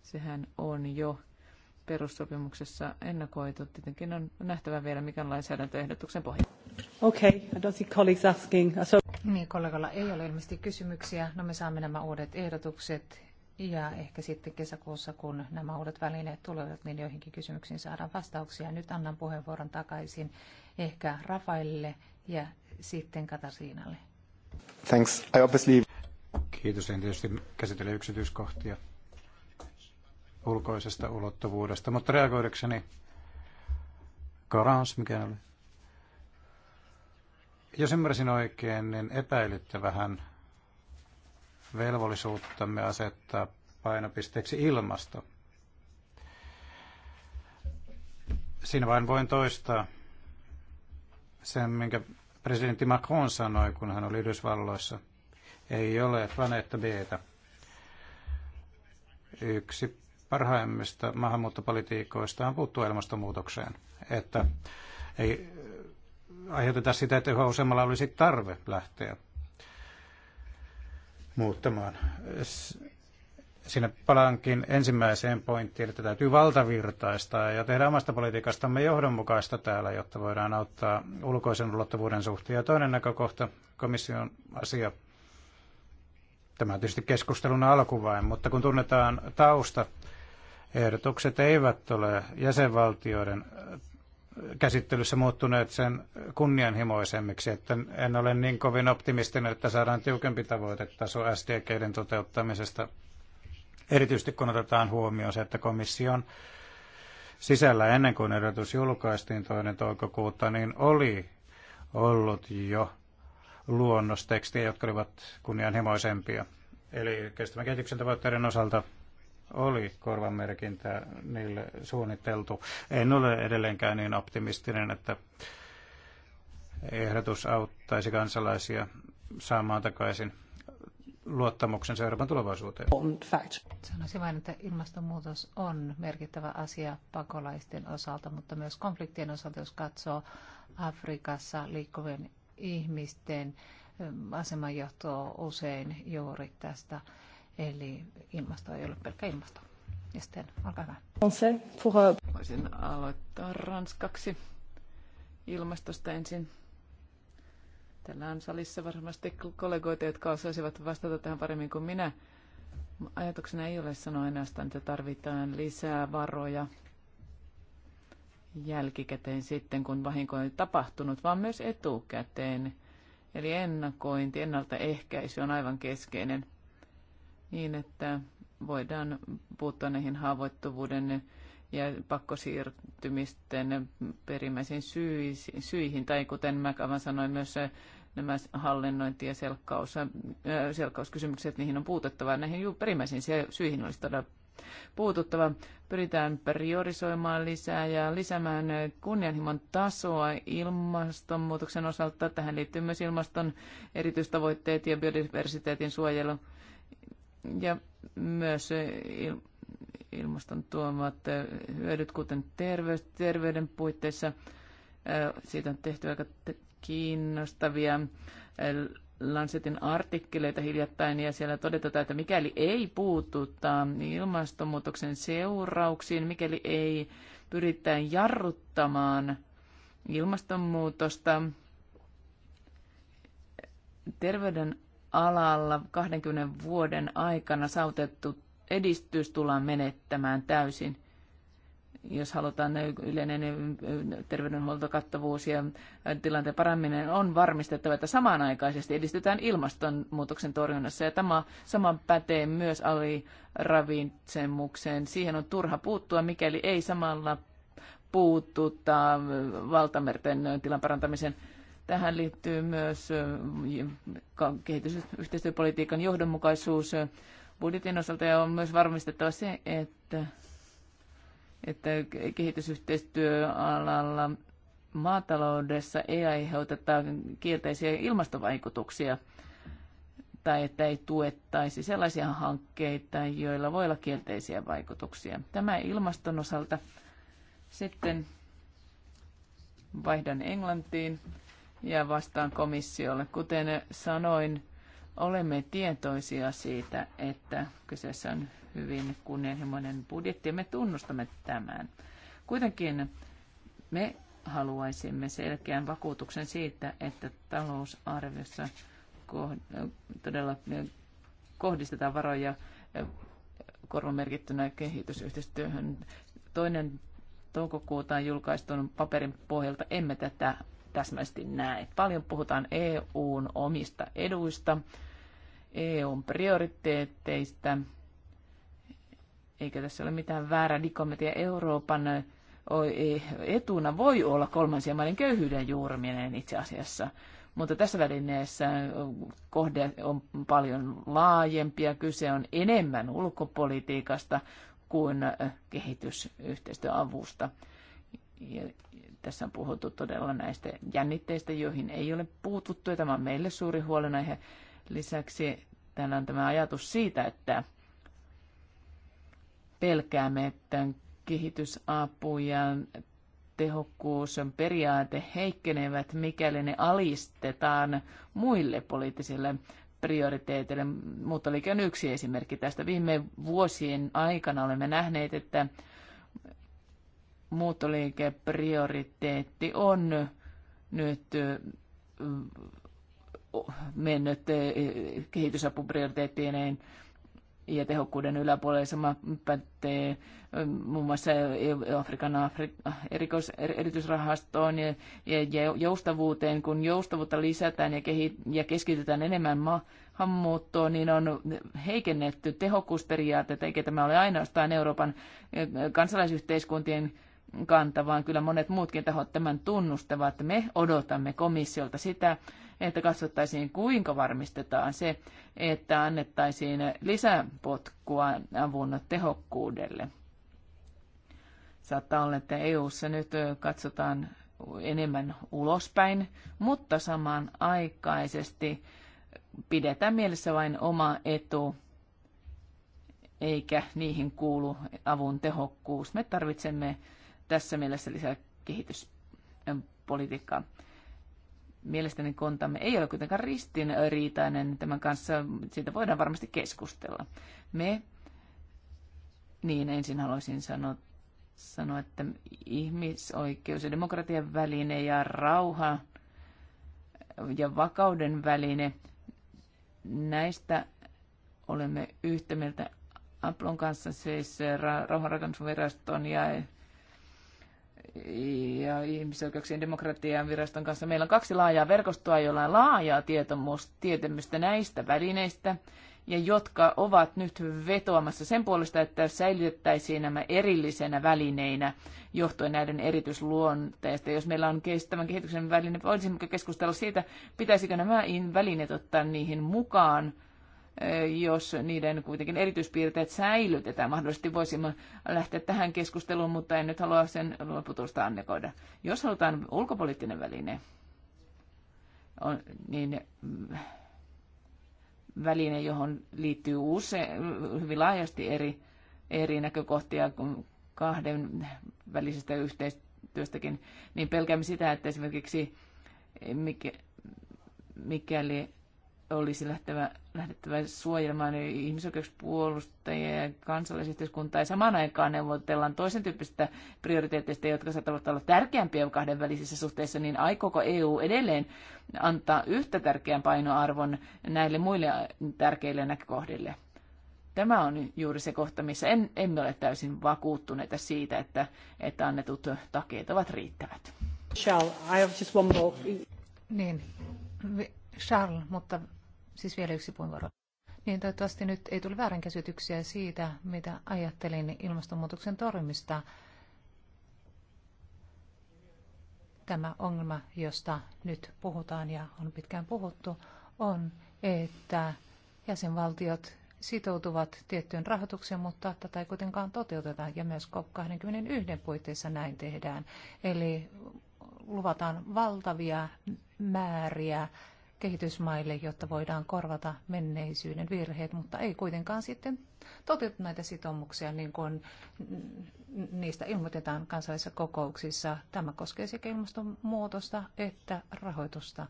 S2: Sehän on jo perussopimuksessa ennakoitu. Tietenkin on nähtävä vielä, mikä on lainsäädäntöehdotuksen pohja. Okei, okay.
S1: I don't see colleagues asking. So... Niin, kollegalla ei ole ilmeisesti kysymyksiä. No me saamme nämä uudet ehdotukset ja ehkä sitten kesäkuussa, kun nämä uudet välineet tulevat, niin joihinkin kysymyksiin saadaan vastauksia. Nyt annan puheenvuoron takaisin ehkä Rafaelille ja sitten Katasiinalle.
S3: Thanks. I obviously... Kiitos. En tietysti käsitellä yksityiskohtia ulkoisesta ulottuvuudesta, mutta reagoidakseni Karans mikä oli? Jos ymmärsin oikein, niin epäilitte vähän velvollisuuttamme asettaa painopisteeksi ilmasto. Siinä vain voin toistaa sen, minkä presidentti Macron sanoi, kun hän oli Yhdysvalloissa. Ei ole planeetta Btä. Yksi parhaimmista maahanmuuttopolitiikoista on puuttua ilmastonmuutokseen, että ei aiheuteta sitä, että yhä useammalla olisi tarve lähteä muuttamaan. Siinä palaankin ensimmäiseen pointtiin, että täytyy valtavirtaistaa ja tehdä omasta politiikastamme johdonmukaista täällä, jotta voidaan auttaa ulkoisen ulottuvuuden suhteen. Ja toinen näkökohta, komission asia, tämä on tietysti keskustelun alkuvain, mutta kun tunnetaan tausta, ehdotukset eivät ole jäsenvaltioiden käsittelyssä muuttuneet sen kunnianhimoisemmiksi, että en ole niin kovin optimistinen, että saadaan tiukempi tavoitetaso SDGiden toteuttamisesta, erityisesti kun otetaan huomioon se, että komission sisällä ennen kuin ehdotus julkaistiin toinen toukokuuta, niin oli ollut jo luonnostekstiä, jotka olivat kunnianhimoisempia. Eli kestävän kehityksen tavoitteiden osalta oli korvamerkintä niille suunniteltu. En ole edelleenkään niin optimistinen, että ehdotus auttaisi kansalaisia saamaan takaisin luottamuksen seuraavan tulevaisuuteen.
S1: Sanoisin vain, että ilmastonmuutos on merkittävä asia pakolaisten osalta, mutta myös konfliktien osalta, jos katsoo Afrikassa liikkuvien ihmisten asema johtuu usein juuri tästä Eli ilmasto ei ole pelkkä ilmasto. Ja sitten,
S2: alkaa hyvä. Euh, Voisin aloittaa ranskaksi ilmastosta ensin. Tällä on salissa varmasti kollegoita, jotka osaisivat vastata tähän paremmin kuin minä. Ajatuksena ei ole sanoa ainoastaan, että tarvitaan lisää varoja jälkikäteen sitten, kun vahinko on tapahtunut, vaan myös etukäteen. Eli ennakointi, ennaltaehkäisy on aivan keskeinen niin, että voidaan puuttua näihin haavoittuvuuden ja pakkosiirtymisten perimmäisiin syihin, tai kuten Mäkavan sanoi, myös nämä hallinnointi- ja selkkaus, äh, selkkauskysymykset, niihin on puutettava. Näihin perimmäisiin syihin olisi todella puututtava. Pyritään priorisoimaan lisää ja lisäämään kunnianhimon tasoa ilmastonmuutoksen osalta. Tähän liittyy myös ilmaston erityistavoitteet ja biodiversiteetin suojelu ja myös ilmaston tuomat hyödyt, kuten terveys, terveyden puitteissa. Siitä on tehty aika kiinnostavia Lancetin artikkeleita hiljattain, ja siellä todetaan, että mikäli ei puututa ilmastonmuutoksen seurauksiin, mikäli ei pyritä jarruttamaan ilmastonmuutosta, terveyden alalla 20 vuoden aikana saavutettu edistys tullaan menettämään täysin. Jos halutaan yleinen terveydenhuoltokattavuus ja tilanteen paraminen, on varmistettava, että samanaikaisesti edistetään ilmastonmuutoksen torjunnassa. Ja tämä sama pätee myös aliravitsemukseen. Siihen on turha puuttua, mikäli ei samalla puututa valtamerten tilan parantamisen Tähän liittyy myös kehitysyhteistyöpolitiikan johdonmukaisuus budjetin osalta ja on myös varmistettava se, että, että kehitysyhteistyöalalla maataloudessa ei aiheuteta kielteisiä ilmastovaikutuksia tai että ei tuettaisi sellaisia hankkeita, joilla voi olla kielteisiä vaikutuksia. Tämä ilmaston osalta sitten vaihdan Englantiin ja vastaan komissiolle. Kuten sanoin, olemme tietoisia siitä, että kyseessä on hyvin kunnianhimoinen budjetti ja me tunnustamme tämän. Kuitenkin me haluaisimme selkeän vakuutuksen siitä, että talousarviossa todella kohdistetaan varoja korvamerkittynä kehitysyhteistyöhön. Toinen toukokuuta julkaistun paperin pohjalta emme tätä Täsmästi näe. Paljon puhutaan EUn omista eduista, EUn prioriteetteista, eikä tässä ole mitään väärää dikometia Euroopan e, etuna voi olla kolmansien maiden köyhyyden juurminen itse asiassa. Mutta tässä välineessä kohde on paljon laajempia. Kyse on enemmän ulkopolitiikasta kuin kehitysyhteistyöavusta. Tässä on puhuttu todella näistä jännitteistä, joihin ei ole puututtu, ja tämä on meille suuri huolenaihe. Lisäksi täällä on tämä ajatus siitä, että pelkäämme, että kehitysapu ja tehokkuus on periaate heikkenevät, mikäli ne alistetaan muille poliittisille prioriteeteille. mutta oli yksi esimerkki tästä. Viime vuosien aikana olemme nähneet, että muuttoliikeprioriteetti on nyt mennyt kehitysapuprioriteettien ja tehokkuuden yläpuolelle. Sama pätee muun muassa Afrikan Afri- erikois- er-, erityisrahastoon ja, ja joustavuuteen. Kun joustavuutta lisätään ja, kehi- ja keskitytään enemmän maahanmuuttoon, niin on heikennetty tehokkuusperiaatteet, eikä tämä ole ainoastaan Euroopan kansalaisyhteiskuntien kanta, vaan kyllä monet muutkin tahot tämän tunnustavat. Me odotamme komissiolta sitä, että katsottaisiin kuinka varmistetaan se, että annettaisiin lisäpotkua avun tehokkuudelle. Saattaa olla, että EU:ssa nyt katsotaan enemmän ulospäin, mutta samanaikaisesti pidetään mielessä vain oma etu eikä niihin kuulu avun tehokkuus. Me tarvitsemme tässä mielessä lisää kehityspolitiikkaa. Mielestäni kontamme ei ole kuitenkaan ristinriitainen tämän kanssa. Siitä voidaan varmasti keskustella. Me, niin ensin haluaisin sanoa, sanoa että ihmisoikeus ja demokratian väline ja rauha ja vakauden väline, näistä olemme yhtä mieltä Aplon kanssa, siis rauhanrakennusviraston ja ja ihmisoikeuksien demokratian viraston kanssa. Meillä on kaksi laajaa verkostoa, joilla on laajaa tietämystä näistä välineistä ja jotka ovat nyt vetoamassa sen puolesta, että säilytettäisiin nämä erillisenä välineinä johtuen näiden erityisluonteista. Jos meillä on kestävän kehityksen väline, voisimmeko keskustella siitä, pitäisikö nämä välineet ottaa niihin mukaan – jos niiden kuitenkin erityispiirteet säilytetään. Mahdollisesti voisimme lähteä tähän keskusteluun, mutta en nyt halua sen lopputulosta annekoida. Jos halutaan ulkopoliittinen väline, on, niin väline, johon liittyy use, hyvin laajasti eri, eri näkökohtia kuin kahden välisestä yhteistyöstäkin, niin pelkäämme sitä, että esimerkiksi mikä, mikäli olisi lähtevä, lähdettävä suojelemaan ihmisoikeuspuolustajia ja kansallisyhteiskuntaa. Ja samaan aikaan neuvotellaan toisen tyyppisistä prioriteetteista, jotka saattavat olla tärkeämpiä kahdenvälisissä suhteissa, niin aikooko EU edelleen antaa yhtä tärkeän painoarvon näille muille tärkeille näkökohdille? Tämä on juuri se kohta, missä en, emme ole täysin vakuuttuneita siitä, että, että annetut takeet ovat riittävät. Charles, I have just one more?
S1: Niin. Charles, mutta Siis vielä yksi puheenvuoro. Niin toivottavasti nyt ei tule väärinkäsityksiä siitä, mitä ajattelin ilmastonmuutoksen torjumista. Tämä ongelma, josta nyt puhutaan ja on pitkään puhuttu, on, että jäsenvaltiot sitoutuvat tiettyyn rahoitukseen, mutta tätä ei kuitenkaan toteuteta. Ja myös COP21 puitteissa näin tehdään. Eli luvataan valtavia määriä kehitysmaille, jotta voidaan korvata menneisyyden virheet, mutta ei kuitenkaan sitten toteutu näitä sitoumuksia niin kuin niistä ilmoitetaan kansallisissa kokouksissa. Tämä koskee sekä ilmastonmuutosta että rahoitusta.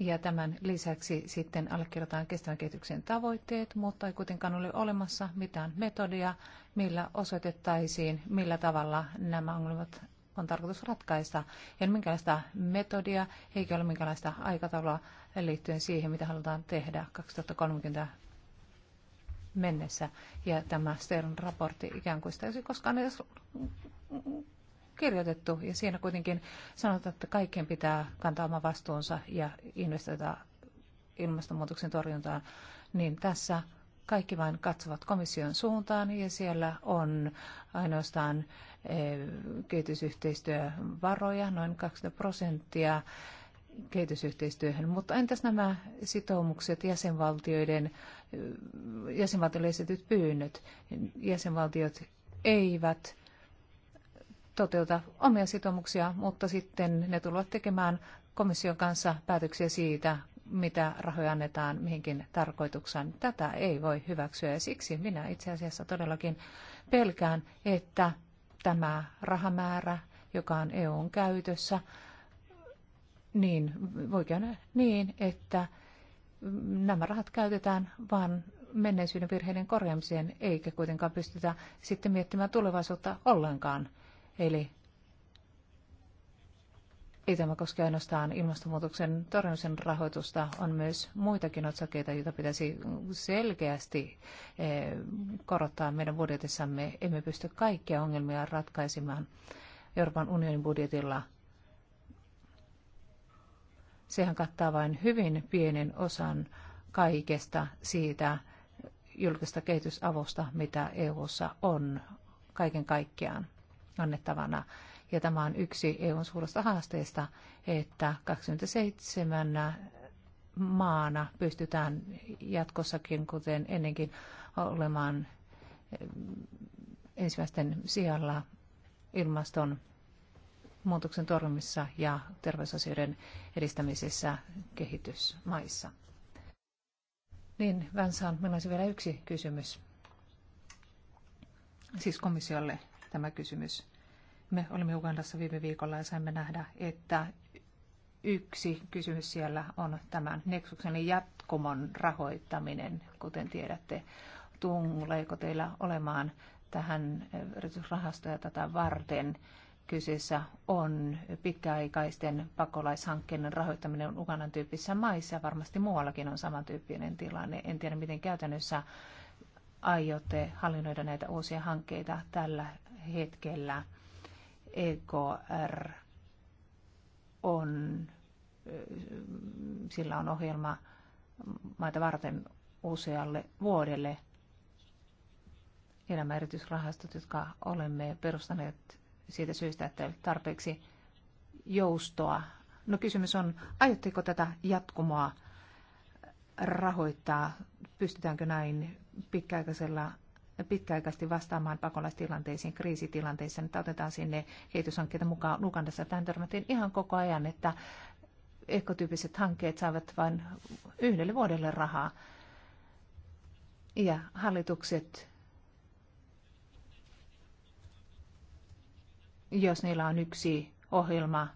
S1: Ja tämän lisäksi sitten allekirjoitetaan kestävän kehityksen tavoitteet, mutta ei kuitenkaan ole olemassa mitään metodia, millä osoitettaisiin, millä tavalla nämä ongelmat on tarkoitus ratkaista. Ei ole minkäänlaista metodia eikä ole minkäänlaista aikataulua liittyen siihen, mitä halutaan tehdä 2030 mennessä. Ja tämä Stern raportti ikään kuin sitä ei koskaan edes kirjoitettu. Ja siinä kuitenkin sanotaan, että kaikkien pitää kantaa oma vastuunsa ja investoida ilmastonmuutoksen torjuntaan. Niin tässä kaikki vain katsovat komission suuntaan ja siellä on ainoastaan eh, kehitysyhteistyövaroja, noin 20 prosenttia kehitysyhteistyöhön. Mutta entäs nämä sitoumukset, jäsenvaltioiden, eh, jäsenvaltioille esityt pyynnöt? Jäsenvaltiot eivät toteuta omia sitoumuksia, mutta sitten ne tulevat tekemään komission kanssa päätöksiä siitä, mitä rahoja annetaan mihinkin tarkoitukseen. Tätä ei voi hyväksyä ja siksi minä itse asiassa todellakin pelkään, että tämä rahamäärä, joka on EUn käytössä, niin voi käydä niin, että nämä rahat käytetään vain menneisyyden virheiden korjaamiseen, eikä kuitenkaan pystytä sitten miettimään tulevaisuutta ollenkaan. Eli ei tämä koske ainoastaan ilmastonmuutoksen torjumisen rahoitusta, on myös muitakin otsakeita, joita pitäisi selkeästi eh, korottaa meidän budjetissamme. Emme pysty kaikkia ongelmia ratkaisemaan Euroopan unionin budjetilla. Sehän kattaa vain hyvin pienen osan kaikesta siitä julkista kehitysavusta, mitä EU:ssa on kaiken kaikkiaan annettavana. Ja tämä on yksi EUn suurista haasteista, että 27 maana pystytään jatkossakin, kuten ennenkin, olemaan eh, ensimmäisten sijalla ilmaston muutoksen torjumissa ja terveysasioiden edistämisessä kehitysmaissa. Niin, Vänsaan, meillä olisi vielä yksi kysymys. Siis komissiolle tämä kysymys. Me olimme Ugandassa viime viikolla ja saimme nähdä, että yksi kysymys siellä on tämän Nexuksen jatkumon rahoittaminen, kuten tiedätte. Tuleeko teillä olemaan tähän yritysrahastoja tätä varten? Kyseessä on pitkäaikaisten pakolaishankkeiden rahoittaminen Ugandan tyyppisissä maissa ja varmasti muuallakin on samantyyppinen tilanne. En tiedä, miten käytännössä aiotte hallinnoida näitä uusia hankkeita tällä hetkellä EKR on, sillä on ohjelma maita varten usealle vuodelle. Ja jotka olemme perustaneet siitä syystä, että tarpeeksi joustoa. No kysymys on, aiotteko tätä jatkumoa rahoittaa? Pystytäänkö näin pitkäaikaisella pitkäaikaisesti vastaamaan pakolaistilanteisiin, kriisitilanteisiin, että otetaan sinne kehityshankkeita mukaan. Lukandassa tähän törmättiin ihan koko ajan, että ekotyyppiset hankkeet saavat vain yhdelle vuodelle rahaa. Ja hallitukset, jos niillä on yksi ohjelma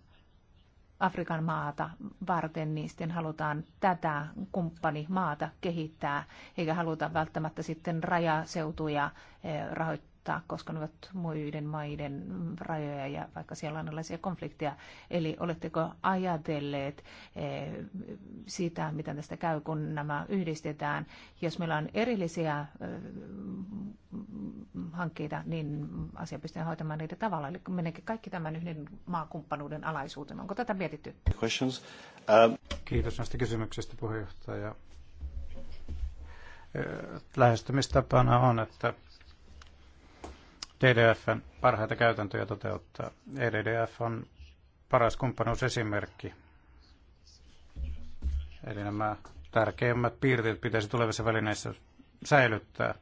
S1: Afrikan maata varten, niin sitten halutaan tätä kumppanimaata kehittää, eikä haluta välttämättä sitten rajaseutuja eh, rahoittaa, koska ne ovat muiden maiden rajoja ja vaikka siellä on erilaisia konflikteja. Eli oletteko ajatelleet eh, sitä, mitä tästä käy, kun nämä yhdistetään? Jos meillä on erillisiä eh, hankkeita, niin asia pystytään hoitamaan niitä tavalla. Eli meneekö kaikki tämän yhden maakumppanuuden alaisuuteen? Onko tätä mietitty?
S3: Questions. Um... Kiitos näistä kysymyksistä puheenjohtaja. Lähestymistapana on, että DDFn parhaita käytäntöjä toteuttaa. EDDF on paras kumppanuusesimerkki. Eli nämä tärkeimmät piirteet pitäisi tulevissa välineissä säilyttää.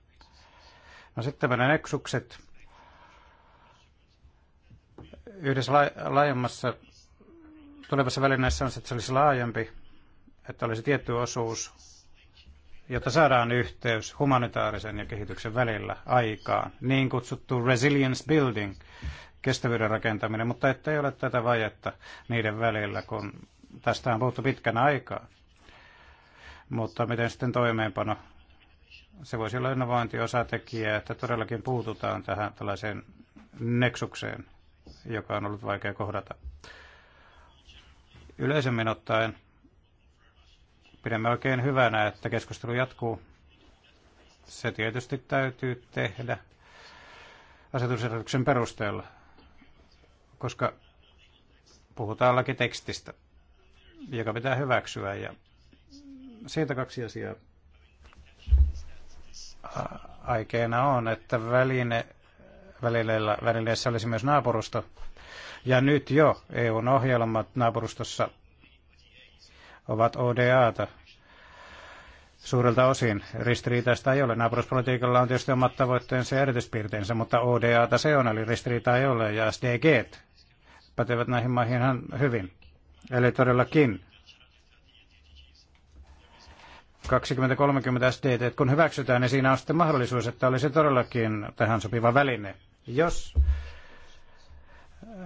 S3: No sitten meillä Nexukset. Yhdessä laajemmassa tulevassa välineessä on, se, että se olisi laajempi, että olisi tietty osuus, jotta saadaan yhteys humanitaarisen ja kehityksen välillä aikaan. Niin kutsuttu resilience building, kestävyyden rakentaminen, mutta ettei ole tätä vajetta niiden välillä, kun tästä on puhuttu pitkän aikaa. Mutta miten sitten toimeenpano se voisi olla innovointiosatekijä, että todellakin puututaan tähän tällaiseen neksukseen, joka on ollut vaikea kohdata. Yleisemmin ottaen pidämme oikein hyvänä, että keskustelu jatkuu. Se tietysti täytyy tehdä asetusehdotuksen perusteella, koska puhutaan lakitekstistä, joka pitää hyväksyä. Ja siitä kaksi asiaa aikeena on, että väline, välineillä, välineessä olisi myös naapurusto. Ja nyt jo EUn ohjelmat naapurustossa ovat ODAta suurelta osin. Ristiriitaista ei ole. Naapuruspolitiikalla on tietysti omat tavoitteensa ja erityispiirteensä, mutta ODAta se on, eli ristiriitaa ei ole, ja SDGt pätevät näihin maihin hyvin. Eli todellakin 2030 SDT, kun hyväksytään, niin siinä on sitten mahdollisuus, että olisi todellakin tähän sopiva väline. Jos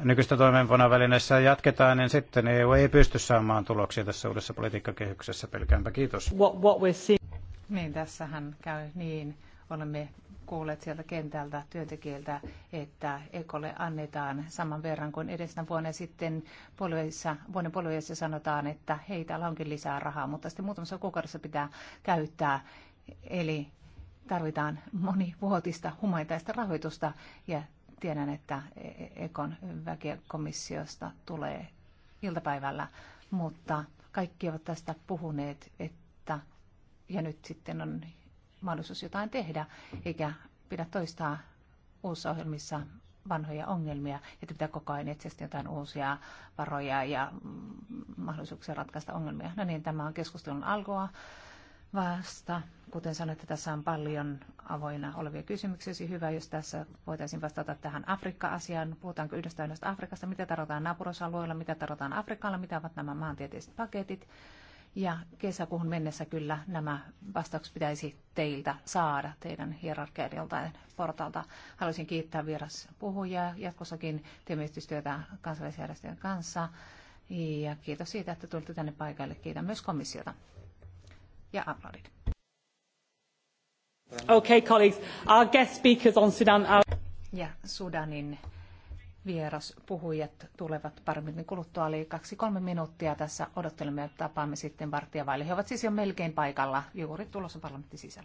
S3: nykyistä välineessä jatketaan, niin sitten EU ei pysty saamaan tuloksia tässä uudessa politiikkakehyksessä. Pelkäänpä kiitos. What, what we're seeing...
S1: Niin, tässähän käy niin. Olemme kuulleet sieltä kentältä työntekijöiltä, että Ekolle annetaan saman verran kuin edessä vuonna. sitten polveissa, vuoden polveissa sanotaan, että hei, täällä onkin lisää rahaa, mutta sitten muutamassa kuukaudessa pitää käyttää. Eli tarvitaan monivuotista humanitaista rahoitusta ja tiedän, että Ekon väkekomissiosta tulee iltapäivällä, mutta kaikki ovat tästä puhuneet, että ja nyt sitten on mahdollisuus jotain tehdä, eikä pidä toistaa uusissa ohjelmissa vanhoja ongelmia, että pitää koko ajan etsiä jotain uusia varoja ja mm, mahdollisuuksia ratkaista ongelmia. No niin, tämä on keskustelun alkoa vasta. Kuten että tässä on paljon avoina olevia kysymyksiä. Olisi hyvä, jos tässä voitaisiin vastata tähän Afrikka-asiaan. Puhutaanko yhdestä yhdestä Afrikasta? Mitä tarvitaan naapurusalueella? Mitä tarvitaan Afrikalla? Mitä ovat nämä maantieteelliset paketit? Ja kesäkuun mennessä kyllä nämä vastaukset pitäisi teiltä saada, teidän hierarkian joltain portalta. Haluaisin kiittää vieras puhujaa. Jatkossakin teemme kansallisjärjestöjen kanssa. Ja kiitos siitä, että tulitte tänne paikalle. Kiitän myös komissiota. Ja aplodit.
S2: Okay, colleagues. Our guest
S1: speakers on Sudan. Ja Sudanin vieraspuhujat tulevat paremmin kuluttua, oli kaksi-kolme minuuttia tässä odottelemme ja tapaamme sitten vartijavaille. He ovat siis jo melkein paikalla, juuri tulossa parlamentti sisälle.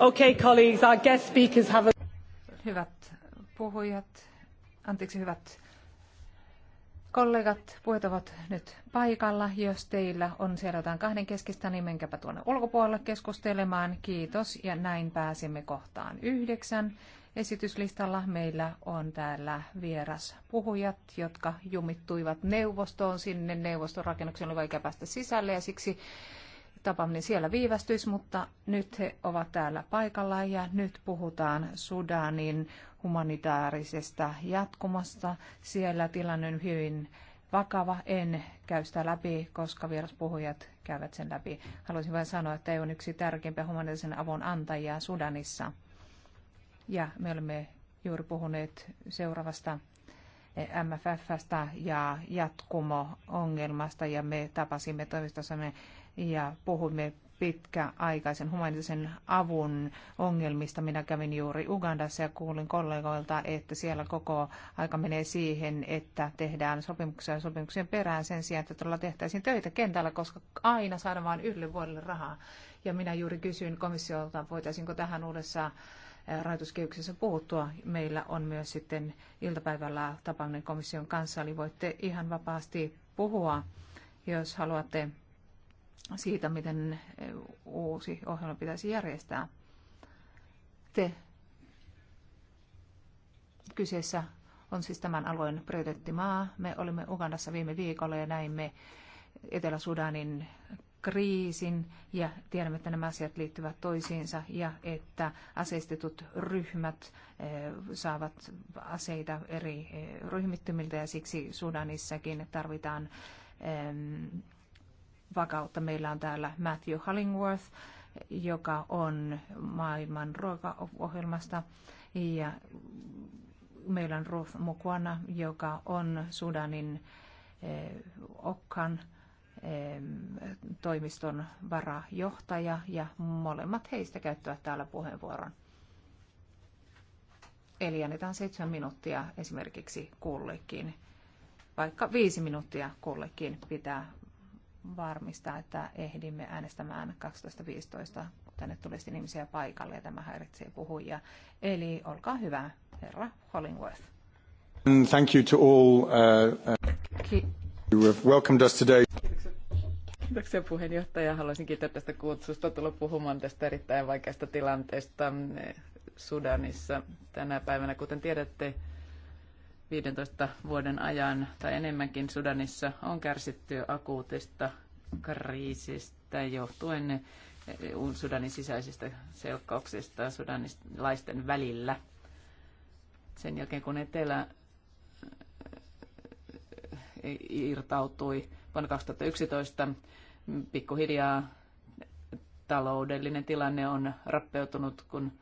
S1: Okay, colleagues, our guest speakers have a... Hyvät puhujat, anteeksi hyvät kollegat, puhet ovat nyt paikalla. Jos teillä on siellä jotain kahden keskistä, niin menkääpä tuonne ulkopuolelle keskustelemaan. Kiitos ja näin pääsemme kohtaan yhdeksän. Esityslistalla meillä on täällä vieras puhujat, jotka jumittuivat neuvostoon sinne. Neuvostorakennuksen oli vaikea päästä sisälle ja siksi tapaaminen niin siellä viivästyisi, mutta nyt he ovat täällä paikalla ja nyt puhutaan Sudanin humanitaarisesta jatkumasta. Siellä tilanne on hyvin vakava. En käy sitä läpi, koska vieraspuhujat käyvät sen läpi. Haluaisin vain sanoa, että EU on yksi tärkeimpiä humanitaarisen avun antajia Sudanissa. Ja me olemme juuri puhuneet seuraavasta eh, MFFstä ja jatkumo-ongelmasta ja me tapasimme toimistossamme ja puhumme pitkäaikaisen humanitaarisen avun ongelmista. Minä kävin juuri Ugandassa ja kuulin kollegoilta, että siellä koko aika menee siihen, että tehdään sopimuksia sopimuksien perään sen sijaan, että todella tehtäisiin töitä kentällä, koska aina saadaan vain yhdelle vuodelle rahaa. Ja minä juuri kysyin komissiolta, voitaisiinko tähän uudessa eh, rahoituskehyksessä puuttua. Meillä on myös sitten iltapäivällä tapaaminen komission kanssa, eli voitte ihan vapaasti puhua, jos haluatte siitä, miten e, uusi ohjelma pitäisi järjestää. Te kyseessä on siis tämän alueen prioriteettimaa. Me olimme Ugandassa viime viikolla ja näimme Etelä-Sudanin kriisin ja tiedämme, että nämä asiat liittyvät toisiinsa ja että aseistetut ryhmät e, saavat aseita eri e, ryhmittymiltä ja siksi Sudanissakin tarvitaan vakautta. Meillä on täällä Matthew Hallingworth, joka on maailman ruokaohjelmasta ja meillä on Ruth Mukwana, joka on Sudanin eh, Okkan eh, toimiston varajohtaja ja molemmat heistä käyttävät täällä puheenvuoron. Eli annetaan seitsemän minuuttia esimerkiksi kullekin, vaikka viisi minuuttia kullekin pitää varmistaa, että ehdimme äänestämään 12.15, kun tänne tulisi ihmisiä paikalle ja tämä häiritsee puhujia. Eli olkaa hyvä, herra
S2: Hollingworth.
S3: Thank you to all uh, uh, who have welcomed
S2: us today. Kiitoksia puheenjohtaja. Haluaisin kiittää tästä kutsusta tulla puhumaan tästä erittäin vaikeasta tilanteesta Sudanissa tänä päivänä. Kuten tiedätte, 15 vuoden ajan tai enemmänkin Sudanissa on kärsitty akuutista kriisistä johtuen Sudanin sisäisistä selkkauksista sudanilaisten välillä. Sen jälkeen kun Etelä eh, irtautui vuonna 2011, pikkuhiljaa taloudellinen tilanne on rappeutunut, kun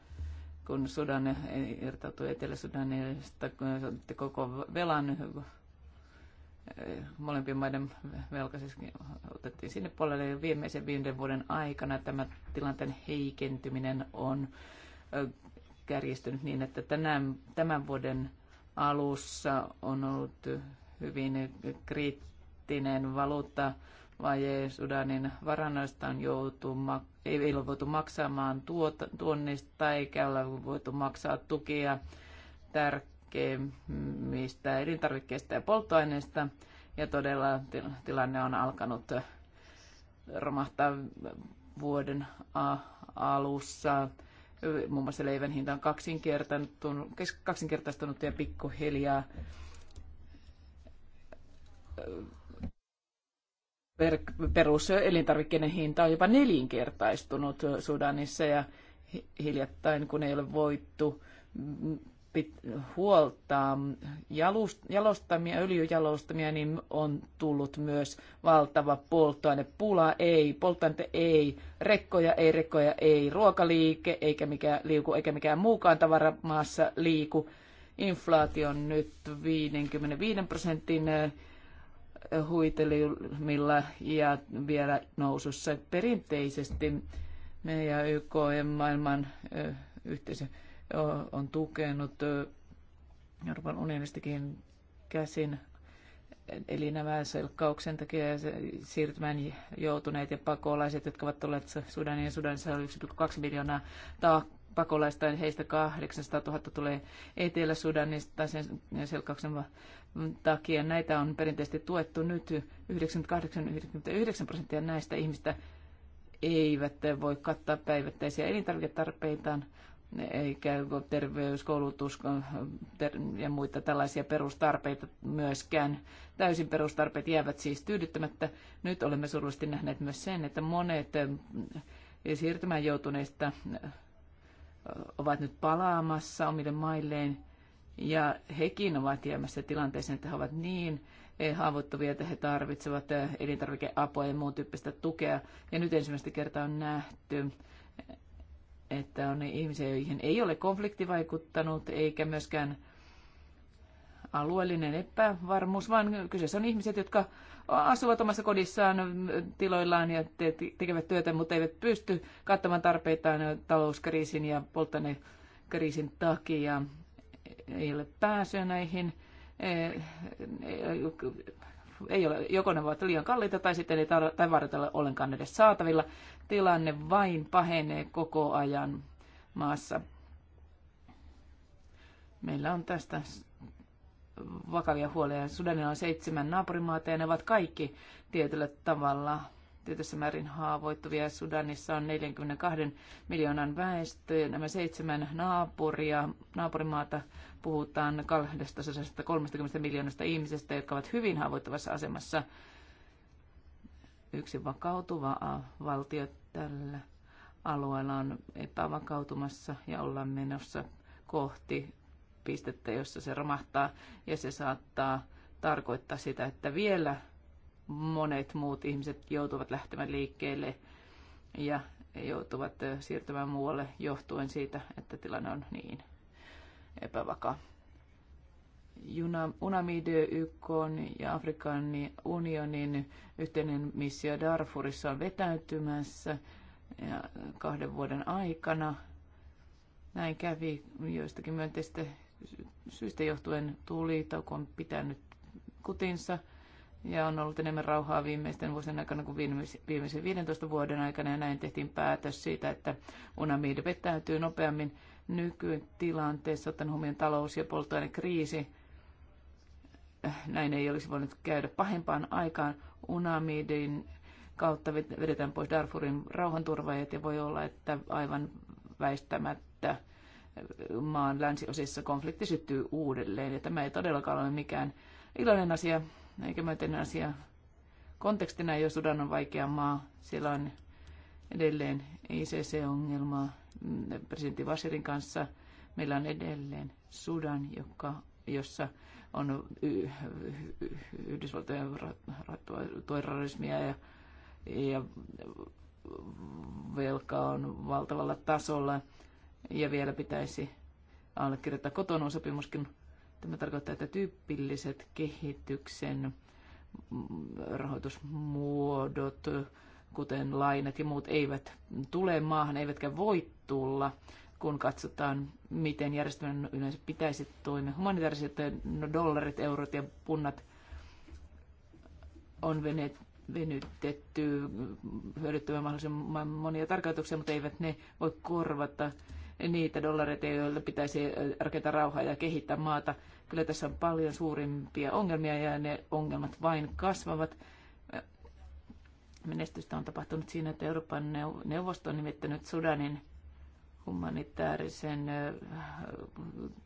S2: kun Sudan irtautui Etelä-Sudanista, kun koko velan eh, molempien maiden velka siis otettiin sinne puolelle ja viimeisen viiden vuoden aikana tämä tilanteen heikentyminen on eh, kärjistynyt niin, että tänään, tämän vuoden alussa on ollut hyvin kriittinen valuutta vaje Sudanin varannoista on joutu, ei, ei ole voitu maksamaan tuot, tuonnista eikä ole voitu maksaa tukia tärkeimmistä elintarvikkeista ja polttoaineista. Ja todella tilanne on alkanut romahtaa vuoden alussa. Muun muassa leivän hinta on kaksinkertaistunut ja pikkuhiljaa per, peruselintarvikkeiden hinta on jopa nelinkertaistunut Sudanissa ja hiljattain, kun ei ole voittu mm, pit, huoltaa jalust, jalostamia, öljyjalostamia, niin on tullut myös valtava polttoainepula. Ei, polttoainetta ei, rekkoja ei, rekkoja ei, ruokaliike eikä mikään liiku, eikä mikään muukaan tavara maassa liiku. Inflaatio on nyt 55 prosentin huitelimilla ja vielä nousussa. Perinteisesti me ja YKM maailman yhteisö on tukenut Euroopan unionistakin käsin eli nämä selkkauksen takia siirtymään joutuneet ja pakolaiset, jotka ovat tulleet Sudanin ja Sudanissa on 1,2 miljoonaa taakkaa pakolaista, heistä 800 000 tulee Etelä-Sudanista sen selkauksen takia. Näitä on perinteisesti tuettu nyt 98-99 prosenttia näistä ihmistä eivät voi kattaa päivittäisiä elintarviketarpeitaan eikä terveys, koulutus ja muita tällaisia perustarpeita myöskään. Täysin perustarpeet jäävät siis tyydyttämättä. Nyt olemme surullisesti nähneet myös sen, että monet siirtymään joutuneista ovat nyt palaamassa omille mailleen ja hekin ovat jäämässä tilanteeseen, että he ovat niin eh, haavoittuvia, että he tarvitsevat eh, elintarvikeapua ja muun tyyppistä tukea. Ja nyt ensimmäistä kertaa on nähty, että on ne ihmisiä, joihin ei ole konflikti vaikuttanut, eikä myöskään alueellinen epävarmuus, vaan kyseessä on ihmiset, jotka asuvat omassa kodissaan, tiloillaan ja te- tekevät työtä, mutta eivät pysty kattamaan tarpeitaan talouskriisin ja polttoainekriisin takia. Ei ole pääsyä näihin. Ei ole, joko ne ovat liian kalliita tai sitten ei tavarat ole ollenkaan edes saatavilla. Tilanne vain pahenee koko ajan maassa. Meillä on tästä vakavia huolia. Sudanilla on seitsemän naapurimaata ja ne ovat kaikki tietyllä tavalla tietyssä määrin haavoittuvia. Sudanissa on 42 miljoonan väestö ja nämä seitsemän naapuria, naapurimaata puhutaan 230 miljoonasta ihmisestä, jotka ovat hyvin haavoittuvassa asemassa. Yksi vakautuva valtio tällä alueella on epävakautumassa ja ollaan menossa kohti pistettä, jossa se romahtaa ja se saattaa tarkoittaa sitä, että vielä monet muut ihmiset joutuvat lähtemään liikkeelle ja joutuvat siirtymään muualle johtuen siitä, että tilanne on niin epävakaa. UNAMID, YK ja Afrikan unionin yhteinen missio Darfurissa on vetäytymässä ja kahden vuoden aikana. Näin kävi joistakin myönteistä syistä johtuen tulitauko on pitänyt kutinsa ja on ollut enemmän rauhaa viimeisten vuosien aikana kuin viimeisen 15 vuoden aikana ja näin tehtiin päätös siitä, että UNAMID vetäytyy nopeammin nykytilanteessa, ottaen huomioon talous- ja polttoainekriisi. Näin ei olisi voinut käydä pahempaan aikaan. UNAMIDin kautta vedetään pois Darfurin rauhanturvajat ja voi olla, että aivan väistämättä maan länsiosissa konflikti syttyy uudelleen. Ja tämä ei todellakaan ole mikään iloinen asia eikä myöten asia kontekstina, jos Sudan on vaikea maa. Siellä on edelleen ICC-ongelmaa presidentti Vasirin kanssa. Meillä on edelleen Sudan, joka, jossa on y- y- Yhdysvaltojen terrorismia ja, ja velka on valtavalla tasolla ja vielä pitäisi allekirjoittaa kotona sopimuskin. Tämä tarkoittaa, että tyypilliset kehityksen rahoitusmuodot, kuten lainat ja muut, eivät tule maahan, eivätkä voi tulla, kun katsotaan, miten järjestelmän yleensä pitäisi toimia. Humanitaariset eh, no, dollarit, eurot ja punnat on veneet venytetty hyödyttämään mahdollisimman monia tarkoituksia, mutta eivät ne voi korvata niitä dollareita, joilla pitäisi rakentaa rauhaa ja kehittää maata. Kyllä tässä on paljon suurimpia ongelmia ja ne ongelmat vain kasvavat. Menestystä on tapahtunut siinä, että Euroopan neuvosto on nimittänyt Sudanin humanitaarisen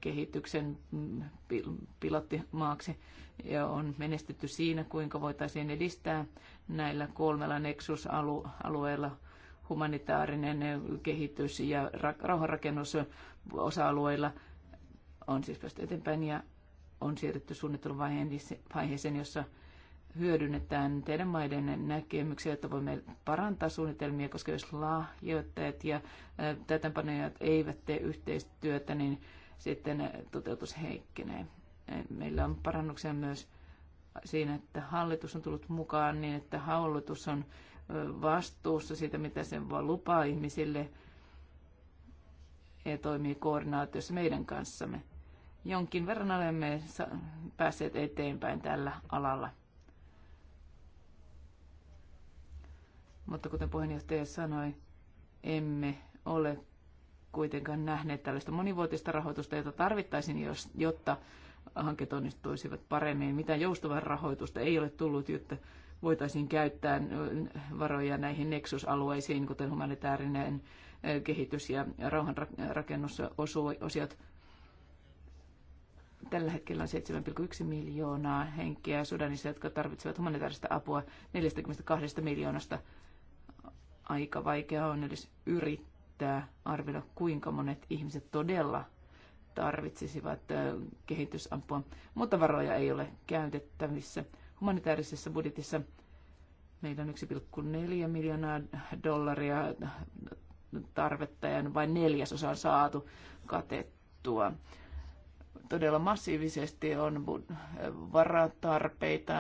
S2: kehityksen mm, pilottimaaksi ja on menestytty siinä, kuinka voitaisiin edistää näillä kolmella Nexus-alueella humanitaarinen kehitys ja rauhanrakennus osa-alueilla on siis päästy eteenpäin ja on siirrytty suunnitteluvaiheeseen, jossa hyödynnetään teidän maiden näkemyksiä, että voimme parantaa suunnitelmia, koska jos lahjoittajat ja täytänpanojat eivät tee yhteistyötä, niin sitten toteutus heikkenee. Meillä on parannuksia myös siinä, että hallitus on tullut mukaan niin, että hallitus on vastuussa siitä, mitä sen voi lupaa ihmisille ja toimii koordinaatiossa meidän kanssamme. Jonkin verran olemme päässeet eteenpäin tällä alalla. Mutta kuten puheenjohtaja sanoi, emme ole kuitenkaan nähneet tällaista monivuotista rahoitusta, jota tarvittaisiin, jos, jotta hanket onnistuisivat paremmin. Mitä joustavaa rahoitusta ei ole tullut, jotta voitaisiin käyttää varoja näihin neksusalueisiin, kuten humanitaarinen eh, kehitys ja rauhanrakennusosiot. Tällä hetkellä on 7,1 miljoonaa henkeä Sudanissa, jotka tarvitsevat humanitaarista apua 42 miljoonasta. Aika vaikea on edes yrittää arvioida, kuinka monet ihmiset todella tarvitsisivat eh, kehitysapua, mutta varoja ei ole käytettävissä humanitaarisessa budjetissa meillä on 1,4 miljoonaa dollaria tarvetta ja vain neljäsosa on saatu katettua. Todella massiivisesti on varatarpeita,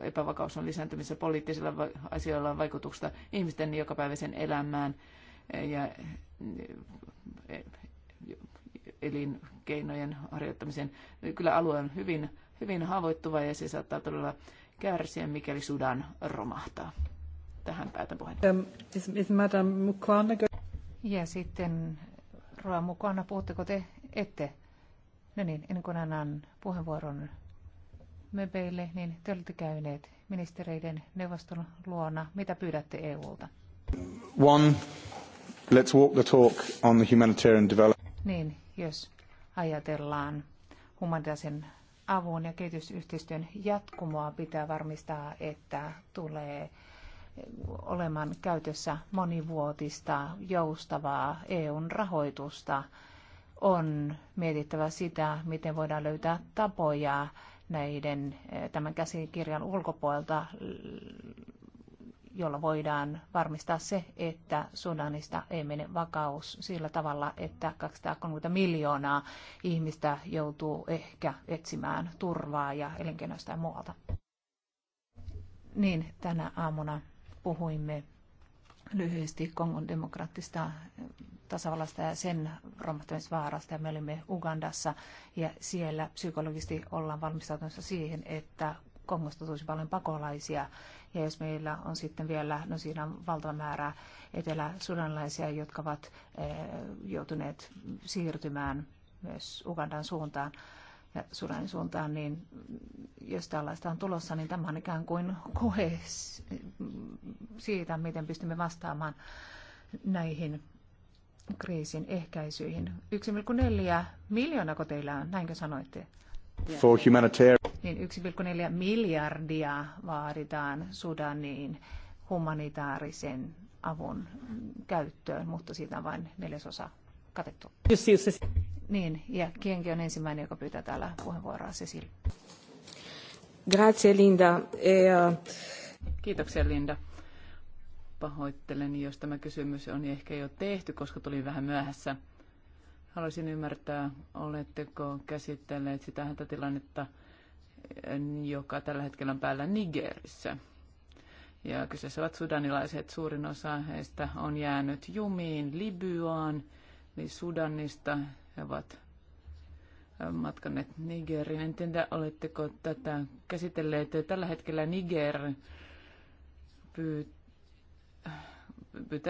S2: epävakaus on lisääntymissä poliittisilla asioilla on vaikutuksia ihmisten jokapäiväisen elämään ja e- e- elinkeinojen harjoittamiseen. Kyllä alue on hyvin hyvin haavoittuva ja se saattaa todella kärsiä, mikäli sudan romahtaa. Tähän päätän puheen. Ähm,
S1: ja sitten Roa mukana, puhutteko te? Ette. No niin, ennen kuin annan puheenvuoron möbeille, niin te olette käyneet ministereiden neuvoston luona. Mitä pyydätte EUlta?
S3: One, let's walk the talk on the humanitarian development.
S1: Niin, jos ajatellaan humanitaarisen avun ja kehitysyhteistyön jatkumoa pitää varmistaa, että tulee olemaan käytössä monivuotista, joustavaa EUn rahoitusta. On mietittävä sitä, miten voidaan löytää tapoja näiden eh, tämän käsikirjan ulkopuolelta jolla voidaan varmistaa se, että Sudanista ei mene vakaus sillä tavalla, että 230 miljoonaa ihmistä joutuu ehkä etsimään turvaa ja elinkeinoista ja muualta. Niin, tänä aamuna puhuimme lyhyesti Kongon demokraattista tasavallasta ja sen romahtamisvaarasta. Ja me olimme Ugandassa ja siellä psykologisesti ollaan valmistautumassa siihen, että Kongosta tosi paljon pakolaisia. Ja jos meillä on sitten vielä, no siinä on valtava määrä etelä-sudanlaisia, jotka ovat eh, joutuneet siirtymään myös Ugandan suuntaan ja Sudanin suuntaan, niin jos tällaista on tulossa, niin tämä on ikään kuin koe siitä, miten pystymme vastaamaan näihin kriisin ehkäisyihin. 1,4 miljoonako teillä on, näinkö sanoitte? For humanitarian niin 1,4 miljardia vaaditaan Sudaniin humanitaarisen avun käyttöön, mutta siitä on vain neljäsosa katettu. Niin, ja Kienki on ensimmäinen, joka pyytää täällä puheenvuoroa Cecil. Grazie Linda. E, eh,
S2: Kiitoksia Linda. Pahoittelen, jos tämä kysymys on ehkä jo tehty, koska tuli vähän myöhässä. Haluaisin ymmärtää, oletteko käsitelleet sitä hätätilannetta? tilannetta, joka tällä hetkellä on päällä Nigerissä. Ja kyseessä ovat sudanilaiset. Suurin osa heistä on jäänyt jumiin Libyaan, eli Sudanista. He ovat äh, matkanneet Nigeriin. En tiedä, oletteko tätä käsitelleet. Tällä hetkellä Niger pyytää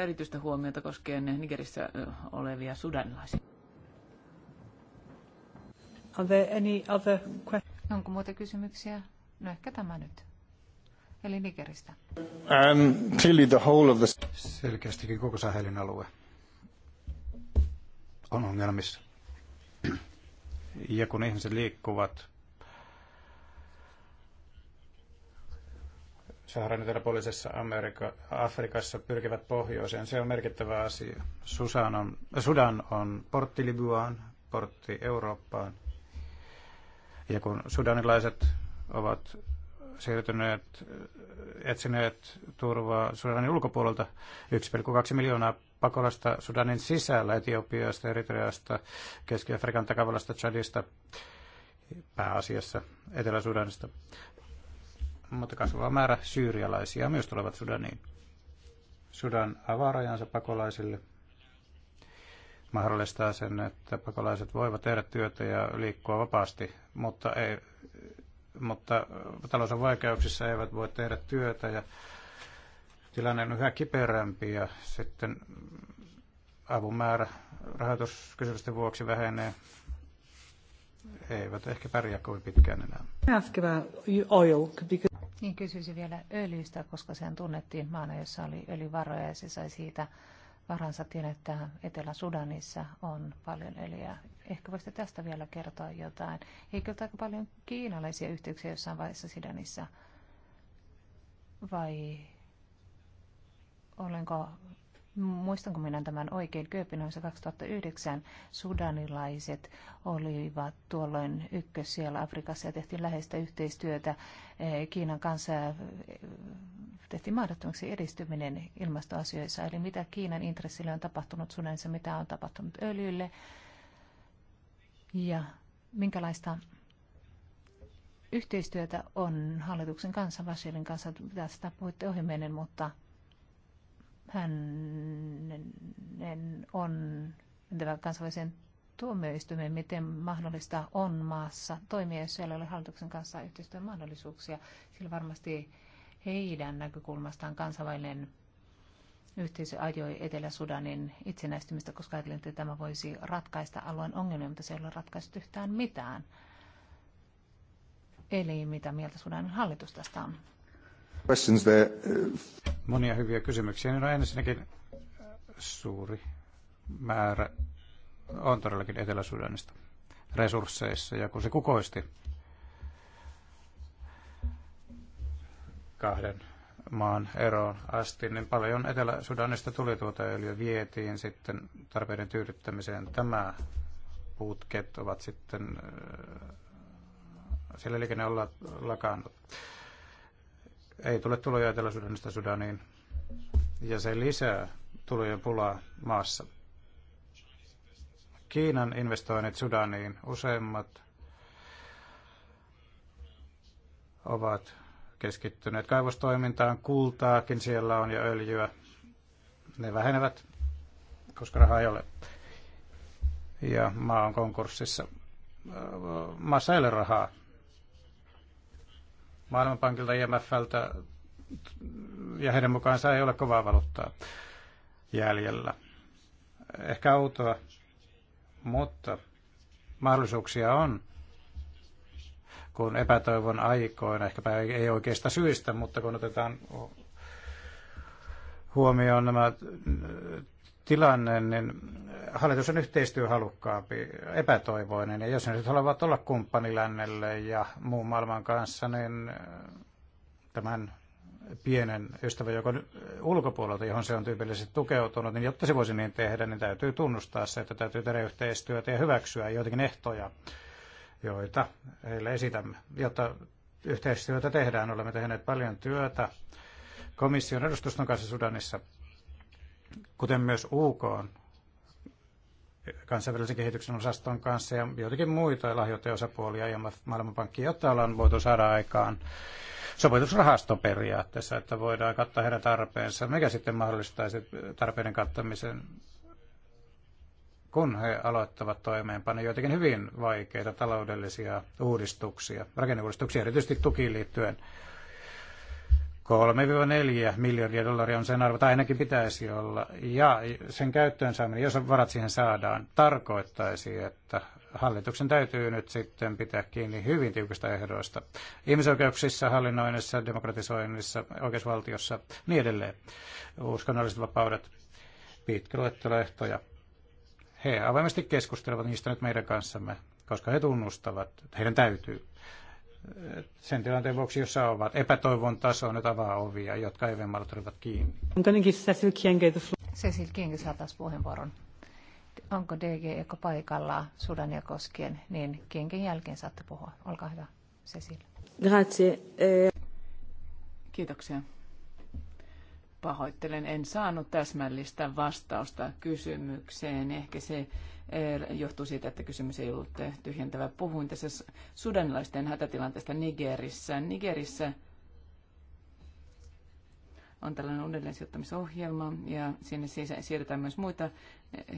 S2: erityistä huomiota koskien Nigerissä äh, olevia sudanilaisia. Are there any other
S1: questions? Onko muita kysymyksiä?
S2: No ehkä tämä nyt.
S1: Eli Nigeristä.
S3: And clearly the whole of the... Selkeästikin koko Sahelin alue on ongelmissa. Ja kun ihmiset liikkuvat Saharan eteläpuolisessa Amerika, Afrikassa pyrkivät pohjoiseen. Se on merkittävä asia. Susan on, Sudan on portti Libyaan, portti Eurooppaan – ja kun sudanilaiset ovat siirtyneet, etsineet turvaa Sudanin ulkopuolelta, 1,2 miljoonaa pakolasta Sudanin sisällä, Etiopiasta, Eritreasta, Keski-Afrikan takavallasta, Chadista, pääasiassa Etelä-Sudanista. Mutta kasvava määrä syyrialaisia myös tulevat Sudaniin. Sudan avaa rajansa pakolaisille – mahdollistaa sen, että pakolaiset voivat tehdä työtä ja liikkua vapaasti, mutta, ei, mutta talous on vaikeuksissa, eivät voi tehdä työtä ja tilanne on yhä kiperämpi ja sitten avun määrä rahoituskysymysten vuoksi vähenee. He eivät ehkä pärjää kovin pitkään enää.
S1: Niin kysyisin vielä öljystä, koska sen tunnettiin maana, jossa oli öljyvaroja ja se sai siitä varansa. Tiedän, että Etelä-Sudanissa on paljon öljyä. Ehkä voisitte tästä vielä kertoa jotain. Eikö ole aika paljon kiinalaisia yhteyksiä jossain vaiheessa Sidanissa? Vai olenko muistanko minä tämän oikein, Kööpenhaminassa 2009 sudanilaiset olivat tuolloin ykkös siellä Afrikassa ja tehtiin läheistä yhteistyötä eh, Kiinan kanssa ja eh, tehtiin mahdottomaksi edistyminen ilmastoasioissa. Eli mitä Kiinan intressille on tapahtunut sudensa, mitä on tapahtunut öljylle ja minkälaista yhteistyötä on hallituksen kanssa, Bashirin kanssa. Tästä puhuitte ohimennen, mutta hänen on mentävä kansalliseen tuomioistuimeen, miten mahdollista on maassa toimia, jos siellä ei ole hallituksen kanssa yhteistyön mahdollisuuksia. Sillä varmasti heidän näkökulmastaan kansainvälinen yhteisö ajoi Etelä-Sudanin itsenäistymistä, koska ajattelin, että tämä voisi ratkaista alueen ongelmia, mutta se ei ole ratkaissut yhtään mitään. Eli mitä mieltä Sudanin hallitus tästä on?
S3: Questions there. Uh, monia hyviä kysymyksiä. Niin on ensinnäkin suuri määrä on todellakin Etelä-Sudanista resursseissa ja kun se kukoisti kahden maan eroon asti, niin paljon Etelä-Sudanista tuli tuota öljyä, vietiin sitten tarpeiden tyydyttämiseen. Tämä putket ovat sitten, äh, siellä liikenne olla lakannut. Ei tule tuloja Etelä-Sudanista Sudaniin. Ja se lisää tulojen pulaa maassa. Kiinan investoinnit Sudaniin useimmat ovat keskittyneet kaivostoimintaan. Kultaakin siellä on ja öljyä. Ne vähenevät, koska rahaa ei ole. Ja maa on konkurssissa. Maassa ei ole rahaa Maailmanpankilta, IMFltä ja heidän mukaansa ei ole kovaa valuuttaa jäljellä. Ehkä outoa, mutta mahdollisuuksia on, kun epätoivon aikoina, ehkäpä ei oikeasta syistä, mutta kun otetaan huomioon nämä tilanne, niin hallitus on yhteistyöhalukkaampi, epätoivoinen. Ja jos ne nyt haluavat olla kumppanilännelle ja muun maailman kanssa, niin äh, tämän pienen ystäväjoukon ulkopuolelta, johon se on tyypillisesti tukeutunut, niin jotta se voisi niin tehdä, niin täytyy tunnustaa se, että täytyy tehdä yhteistyötä ja hyväksyä joitakin ehtoja, joita heille esitämme. Jotta yhteistyötä tehdään, olemme tehneet paljon työtä komission edustuston kanssa Sudanissa – kuten myös UK kansainvälisen kehityksen osaston kanssa ja joitakin muita lahjoittajaosapuolia ja maailmanpankki, jotta ollaan voitu saada aikaan sopitusrahaston periaatteessa, että voidaan kattaa heidän tarpeensa, mikä sitten mahdollistaisi tarpeiden kattamisen, kun he aloittavat toimeenpano joitakin hyvin vaikeita taloudellisia uudistuksia, rakenneuudistuksia erityisesti tukiin liittyen. 3-4 miljardia dollaria on sen arvo, tai ainakin pitäisi olla. Ja sen käyttöön saaminen, jos varat siihen saadaan, tarkoittaisi, että hallituksen täytyy nyt sitten pitää kiinni hyvin tiukista ehdoista. Ihmisoikeuksissa, hallinnoinnissa, demokratisoinnissa, oikeusvaltiossa, niin edelleen. Uskonnolliset vapaudet, pitkä luettelo ehtoja. He avoimesti keskustelevat niistä nyt meidän kanssamme, koska he tunnustavat, että heidän täytyy sen tilanteen vuoksi, jossa ovat epätoivon taso, nyt avaa ovia, jotka EV-mallat olivat kiinni.
S1: Cecil Kienke saa taas puheenvuoron. Onko DG Eko paikalla Sudania koskien, niin Kienken jälkeen saatte puhua. Olkaa hyvä, Cecil.
S2: Grazie. Kiitoksia. Pahoittelen, en saanut täsmällistä vastausta kysymykseen. Ehkä se Eh, johtuu siitä, että kysymys ei ollut tyhjentävä. Puhuin tässä sudanilaisten hätätilanteesta Nigerissä. Nigerissä on tällainen uudelleensijoittamisohjelma ja sinne siirretään myös muita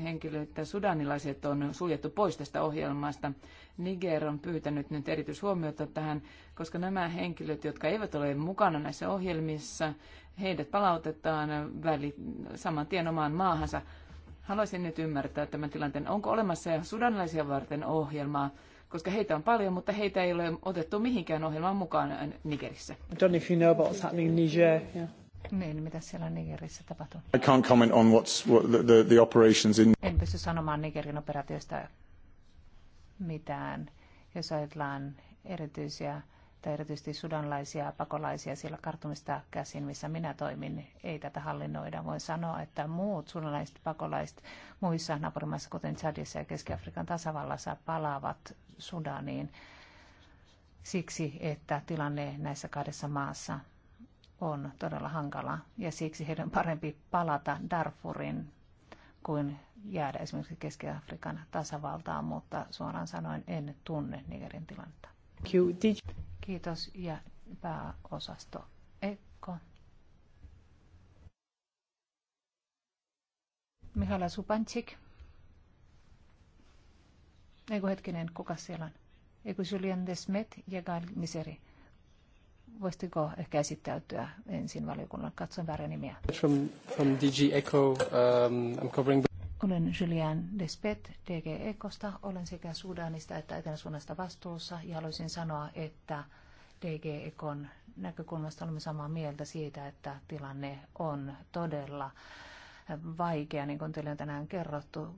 S2: henkilöitä. Sudanilaiset on suljettu pois tästä ohjelmasta. Niger on pyytänyt nyt erityishuomiota tähän, koska nämä henkilöt, jotka eivät ole mukana näissä ohjelmissa, heidät palautetaan väli, saman tien omaan maahansa. Haluaisin nyt ymmärtää tämän tilanteen. Onko olemassa sudanlaisia varten ohjelmaa? Koska heitä on paljon, mutta heitä ei ole otettu mihinkään ohjelmaan mukaan äh, Nigerissä. I don't know
S1: if you know about what's happening in
S2: Niger. Yeah. Niin, niin, mitä siellä Nigerissä
S1: tapahtuu?
S3: I can't comment on what's, what the, the, the operations in... En
S1: pysty sanomaan Nigerin operaatiosta mitään. Jos ajatellaan erityisiä että erityisesti sudanlaisia pakolaisia siellä kartumista käsin, missä minä toimin, ei tätä hallinnoida. Voin sanoa, että muut sudanlaiset pakolaiset muissa naapurimaissa, kuten Chadissa ja Keski-Afrikan tasavallassa, palaavat Sudaniin siksi, että tilanne näissä kahdessa maassa on todella hankala ja siksi heidän parempi palata Darfurin kuin jäädä esimerkiksi Keski-Afrikan tasavaltaan, mutta suoraan sanoen en tunne Nigerin tilannetta. Kiitos ja pääosasto Ekko. Mihaila Supancik, Eiku hetkinen, kuka siellä on? Eiku Julian Desmet ja Gal Miseri. Voisitko ehkä esittäytyä ensin valiokunnan? Katson väärä nimiä.
S3: From, from DG Echo, um, I'm covering...
S1: Olen Julian Despet DG Ekosta. Olen sekä Sudanista että Etelä-Suunnasta vastuussa ja haluaisin sanoa, että DG Ekon näkökulmasta olemme samaa mieltä siitä, että tilanne on todella vaikea, niin kuin teille on tänään kerrottu.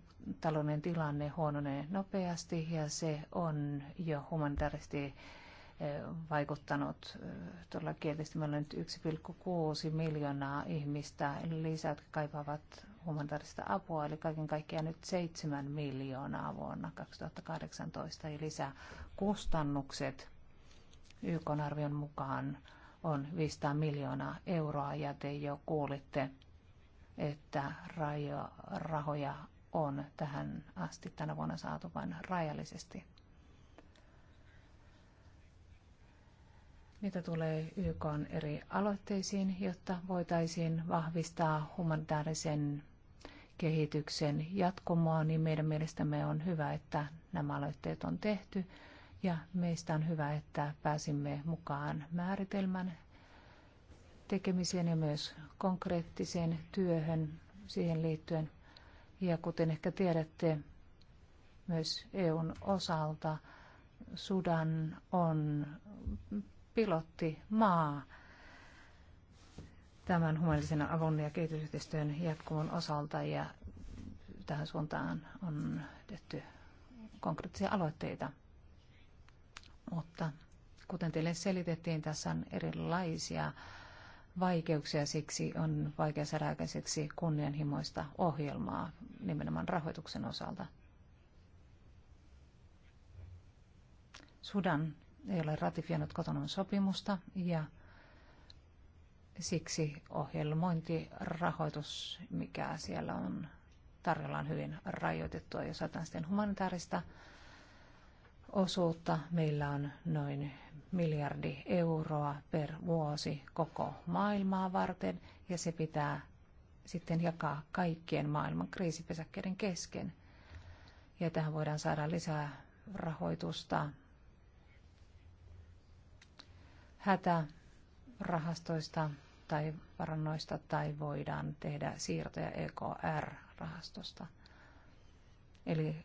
S1: Talouden tilanne huononee nopeasti ja se on jo humanitaarisesti eh, vaikuttanut eh, todella kielteisesti. Meillä on nyt 1,6 miljoonaa ihmistä lisää, jotka kaipaavat humanitaarista apua, eli kaiken kaikkiaan nyt 7 miljoonaa vuonna 2018 ja lisää kustannukset YK arvion mukaan on 500 miljoonaa euroa ja te jo kuulitte, että rajo, rahoja on tähän asti tänä vuonna saatu vain rajallisesti. Mitä tulee YK eri aloitteisiin, jotta voitaisiin vahvistaa humanitaarisen kehityksen jatkumoa, niin meidän mielestämme on hyvä, että nämä aloitteet on tehty ja meistä on hyvä, että pääsimme mukaan määritelmän tekemiseen ja myös konkreettiseen työhön siihen liittyen. Ja kuten ehkä tiedätte, myös EUn osalta Sudan on pilottimaa maa tämän humanitaarisen avun ja kehitysyhteistyön jatkumon osalta ja tähän suuntaan on tehty konkreettisia aloitteita. Mutta kuten teille selitettiin, tässä on erilaisia vaikeuksia, siksi on vaikea saada aikaiseksi kunnianhimoista ohjelmaa nimenomaan rahoituksen osalta. Sudan ei ole ratifioinut kotonon sopimusta ja Siksi ohjelmointirahoitus, mikä siellä on tarjolla, on hyvin rajoitettua. Jos ajatellaan sitten humanitaarista osuutta, meillä on noin miljardi euroa per vuosi koko maailmaa varten, ja se pitää sitten jakaa kaikkien maailman kriisipesäkkeiden kesken. Ja tähän voidaan saada lisää rahoitusta hätärahastoista tai varannoista tai voidaan tehdä siirtoja EKR-rahastosta. Eli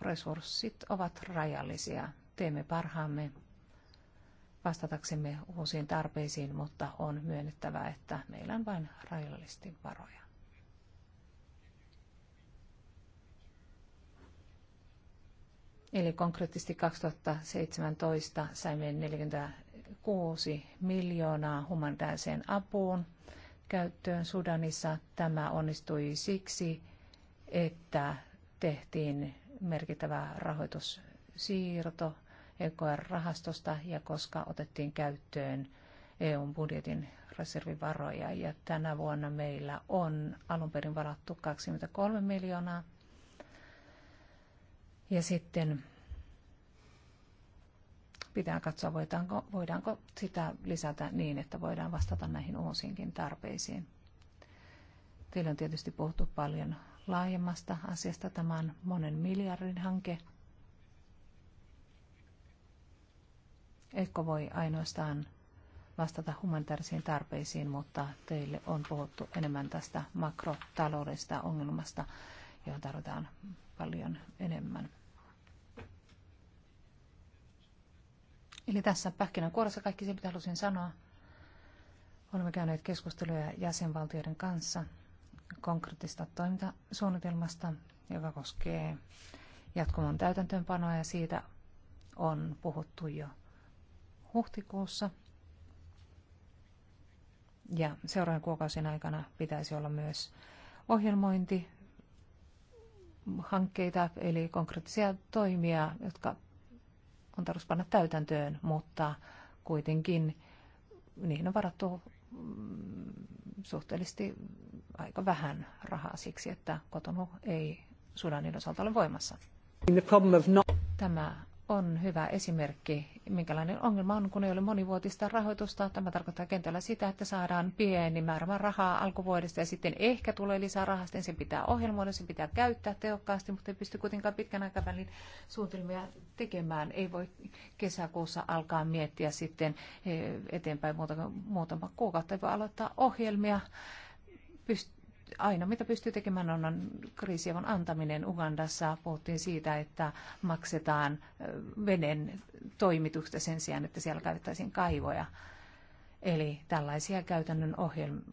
S1: resurssit ovat rajallisia. Teemme parhaamme vastataksemme uusiin tarpeisiin, mutta on myönnettävä, että meillä on vain rajallisesti varoja. Eli konkreettisesti 2017 saimme 40 6 miljoonaa humanitaariseen apuun käyttöön Sudanissa. Tämä onnistui siksi, että tehtiin merkittävä rahoitussiirto EKR-rahastosta ja koska otettiin käyttöön EUn budjetin reservivaroja. Ja tänä vuonna meillä on alun perin varattu 23 miljoonaa. Ja sitten pitää katsoa, voidaanko, voidaanko sitä lisätä niin, että voidaan vastata näihin uusiinkin tarpeisiin. Teillä on tietysti puhuttu paljon laajemmasta asiasta. Tämä on monen miljardin hanke. Ekko voi ainoastaan vastata humanitaarisiin tarpeisiin, mutta teille on puhuttu enemmän tästä makrotaloudesta ongelmasta, johon tarvitaan paljon enemmän Eli tässä pähkinän kuorossa kaikki se, mitä halusin sanoa. Olemme käyneet keskusteluja jäsenvaltioiden kanssa konkreettista toimintasuunnitelmasta, joka koskee jatkumon täytäntöönpanoa ja siitä on puhuttu jo huhtikuussa. Ja seuraavan kuukausien aikana pitäisi olla myös ohjelmointi, hankkeita, eli konkreettisia toimia, jotka on tarkoitus panna täytäntöön, mutta kuitenkin niihin on varattu mm, suhteellisesti aika vähän rahaa siksi, että kotonu ei Sudanin osalta ole voimassa. Tämä on hyvä esimerkki minkälainen ongelma on, kun ei ole monivuotista rahoitusta. Tämä tarkoittaa kentällä sitä, että saadaan pieni määrä rahaa alkuvuodesta ja sitten ehkä tulee lisää rahasta. Sen pitää ohjelmoida, sen pitää käyttää tehokkaasti, mutta ei pysty kuitenkaan pitkän aikavälin suunnitelmia tekemään. Ei voi kesäkuussa alkaa miettiä sitten eh, eteenpäin muutama, muutama kuukautta. Ei voi aloittaa ohjelmia. Pyst- aina mitä pystyy tekemään on, on kriisiavun antaminen. Ugandassa puhuttiin siitä, että maksetaan veden toimituksesta sen sijaan, että siellä käytettäisiin kaivoja. Eli tällaisia käytännön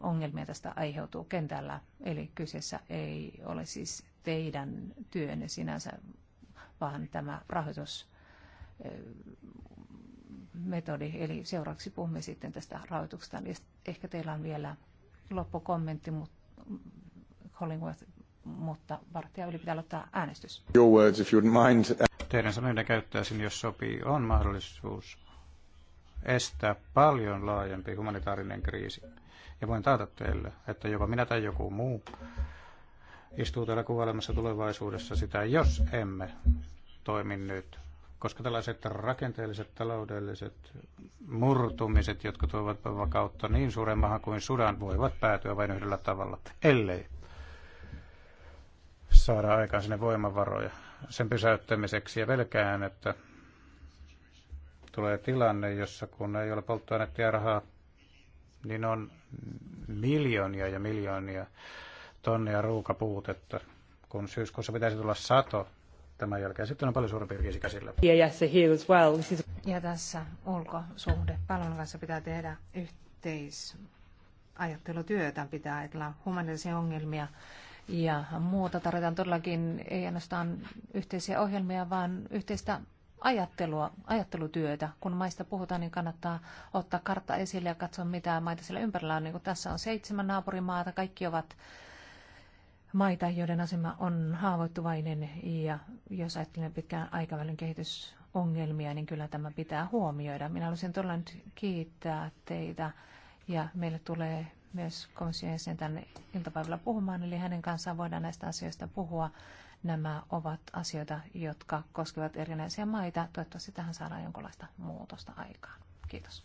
S1: ongelmia tästä aiheutuu kentällä. Eli kyseessä ei ole siis teidän työnne sinänsä, vaan tämä rahoitus metodi. Eli seuraavaksi puhumme sitten tästä rahoituksesta. Ehkä teillä on vielä loppukommentti, mutta Collingworth, mutta vartija yli pitää aloittaa äänestys.
S3: Your words, if you wouldn't mind. Teidän sanoja käyttäisin, jos sopii, on mahdollisuus estää paljon laajempi humanitaarinen kriisi. Ja voin taata teille, että jopa minä tai joku muu istuu täällä kuvailemassa tulevaisuudessa sitä, jos emme toimi nyt koska tällaiset rakenteelliset taloudelliset murtumiset, jotka tuovat vakautta niin suuren maahan kuin sudan, voivat päätyä vain yhdellä tavalla, ellei saada aikaan sinne voimavaroja sen pysäyttämiseksi. Ja velkään, että tulee tilanne, jossa kun ei ole polttoainetta ja rahaa, niin on miljoonia ja miljoonia tonnia ruukapuutetta. Kun syyskuussa pitäisi tulla sato, tämän jälkeen. Sitten on paljon suurempi kriisi käsillä.
S1: Ja tässä ulkosuhde palvelun kanssa pitää tehdä yhteisajattelutyötä, pitää ajatella humanitaisia ongelmia ja muuta. Tarvitaan todellakin ei ainoastaan yhteisiä ohjelmia, vaan yhteistä ajattelua, ajattelutyötä. Kun maista puhutaan, niin kannattaa ottaa kartta esille ja katsoa, mitä maita siellä ympärillä on. Niin tässä on seitsemän naapurimaata, kaikki ovat maita, joiden asema on haavoittuvainen ja jos ajattelen pitkään aikavälin kehitysongelmia, niin kyllä tämä pitää huomioida. Minä haluaisin todella nyt kiittää teitä ja meille tulee myös komission jäsen tänne iltapäivällä puhumaan, eli hänen kanssaan voidaan näistä asioista puhua. Nämä ovat asioita, jotka koskevat erinäisiä maita. Toivottavasti tähän saadaan jonkinlaista muutosta aikaan. Kiitos.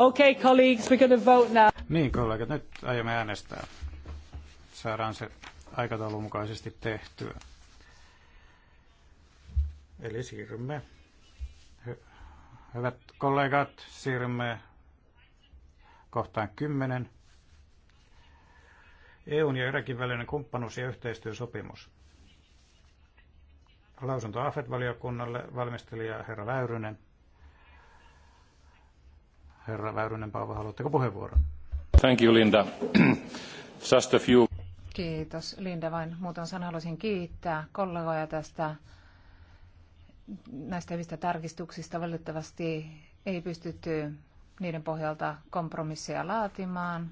S2: Okay, colleagues, we're going to vote now.
S3: Niin, kollegat, nyt aiomme äänestää. Saadaan se aikataulun mukaisesti tehtyä. Eli siirrymme, hyvät kollegat, siirrymme kohtaan 10. EUn ja Irakin välinen kumppanuus- ja yhteistyösopimus. Lausunto AFET-valiokunnalle valmistelija herra Väyrynen. Herra Väyrynen, Paavo, haluatteko puheenvuoron? Thank you, Linda. Just a few
S1: Kiitos Linda, vain muutaman sanan haluaisin kiittää kollegoja tästä näistä hyvistä tarkistuksista valitettavasti ei pystytty niiden pohjalta kompromisseja laatimaan.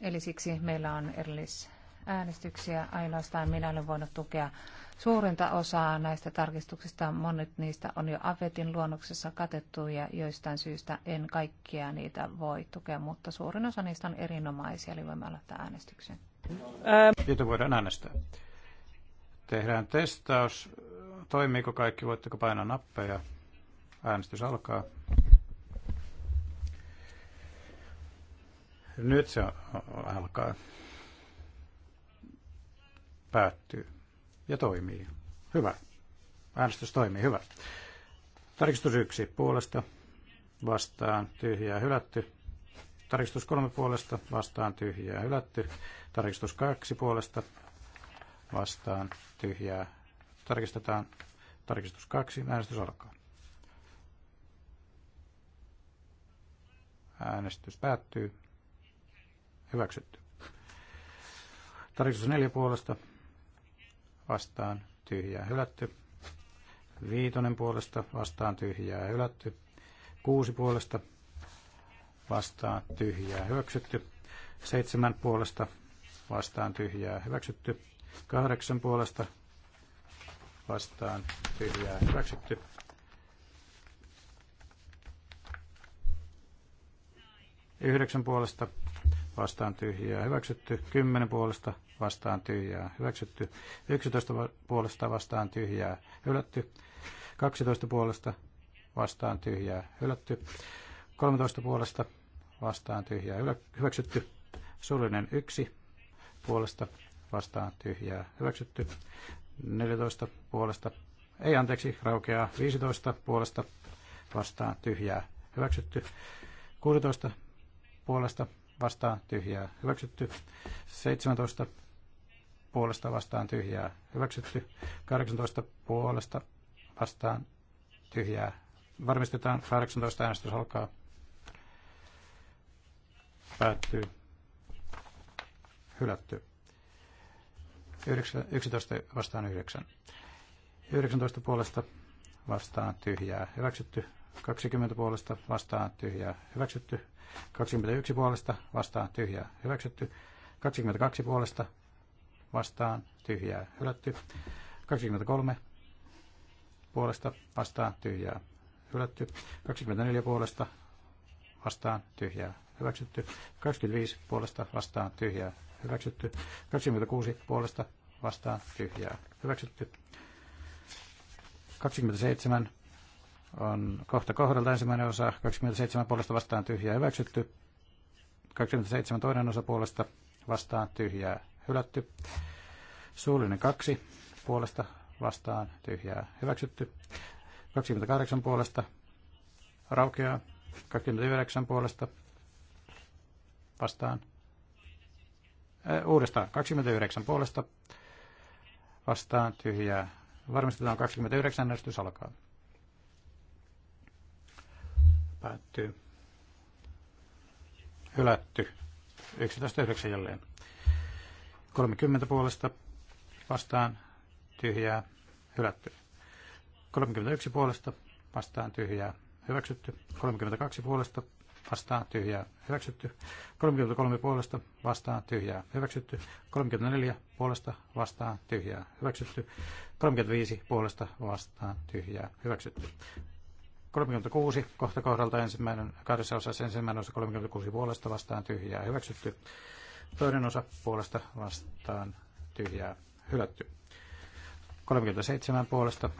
S1: Eli siksi meillä on erillisäänestyksiä. Ainoastaan minä olen voinut tukea suurinta osaa näistä tarkistuksista. Monet niistä on jo avetin luonnoksessa katettu ja joistain syystä en kaikkia niitä voi tukea, mutta suurin osa niistä on erinomaisia, eli voimme aloittaa äänestyksen.
S3: Niitä voidaan äänestää. Tehdään testaus Toimiiko kaikki? Voitteko painaa nappeja? Äänestys alkaa. Nyt se alkaa. Päättyy. Ja toimii. Hyvä. Äänestys toimii. Hyvä. Tarkistus yksi puolesta vastaan tyhjää hylätty. Tarkistus kolme puolesta vastaan tyhjää hylätty. Tarkistus kaksi puolesta vastaan tyhjää Tarkistetaan tarkistus 2. Äänestys alkaa. Äänestys päättyy. Hyväksytty. Tarkistus 4 puolesta vastaan tyhjää hylätty. Viitonen puolesta vastaan tyhjää hylätty. Kuusi puolesta vastaan tyhjää hyväksytty. Seitsemän puolesta vastaan tyhjää hyväksytty. Kahdeksan puolesta vastaan tyhjää hyväksytty. Yhdeksän puolesta vastaan tyhjää hyväksytty. Kymmenen puolesta vastaan tyhjää hyväksytty. Yksitoista puolesta vastaan tyhjää hylätty. Kaksitoista puolesta vastaan tyhjää hylätty. Kolmetoista puolesta vastaan tyhjää hyväksytty. Sulinen yksi puolesta vastaan tyhjää hyväksytty. 14 puolesta, ei anteeksi, raukeaa 15 puolesta vastaan tyhjää hyväksytty. 16 puolesta vastaan tyhjää hyväksytty. 17 puolesta vastaan tyhjää hyväksytty. 18 puolesta vastaan tyhjää. Varmistetaan 18 äänestys alkaa. Päättyy. Hylätty. 11 vastaan 9. 19 puolesta vastaan tyhjää hyväksytty. 20 puolesta vastaan tyhjää hyväksytty. 21 puolesta vastaan tyhjää hyväksytty. 22 puolesta vastaan tyhjää hylätty. 23 puolesta vastaan tyhjää hylätty. 24 puolesta vastaan tyhjää hyväksytty. 25 puolesta vastaan tyhjää hyväksytty. 26 puolesta vastaan tyhjää hyväksytty. 27 on kohta kohdalta ensimmäinen osa, 27 puolesta vastaan tyhjää hyväksytty, 27 toinen osa puolesta vastaan tyhjää hylätty, suullinen 2 puolesta vastaan tyhjää hyväksytty, 28 puolesta raukeaa, 29 puolesta vastaan Äh, uudestaan 29 puolesta vastaan tyhjää. Varmistetaan 29 äänestys alkaa. Päättyy. Hylätty. 11.9 jälleen. 30 puolesta vastaan tyhjää. Hylätty. 31 puolesta vastaan tyhjää. Hyväksytty. 32 puolesta vastaan tyhjää hyväksytty. 33 puolesta vastaan tyhjää hyväksytty. 34 puolesta vastaan tyhjää hyväksytty. 35 puolesta vastaan tyhjää hyväksytty. 36 kohta kohdalta ensimmäinen, kahdessa osassa ensimmäinen osa 36 puolesta vastaan tyhjää hyväksytty. Toinen osa puolesta vastaan tyhjää hylätty. 37 puolesta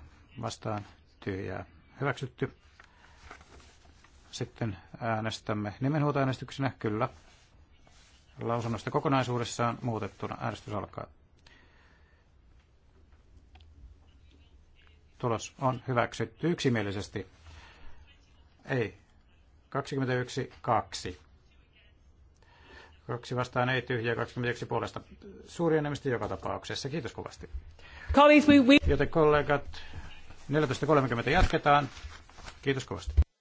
S3: vastaan tyhjää hyväksytty. Sitten äänestämme nimenhuutoäänestyksenä, kyllä, lausunnosta kokonaisuudessaan muutettuna. Äänestys alkaa. Tulos on hyväksytty yksimielisesti. Ei. 21, 2. Kaksi vastaan ei tyhjää, 21 puolesta. Suuri enemmistö joka tapauksessa. Kiitos kovasti. Joten kollegat, 14.30 jatketaan. Kiitos kovasti.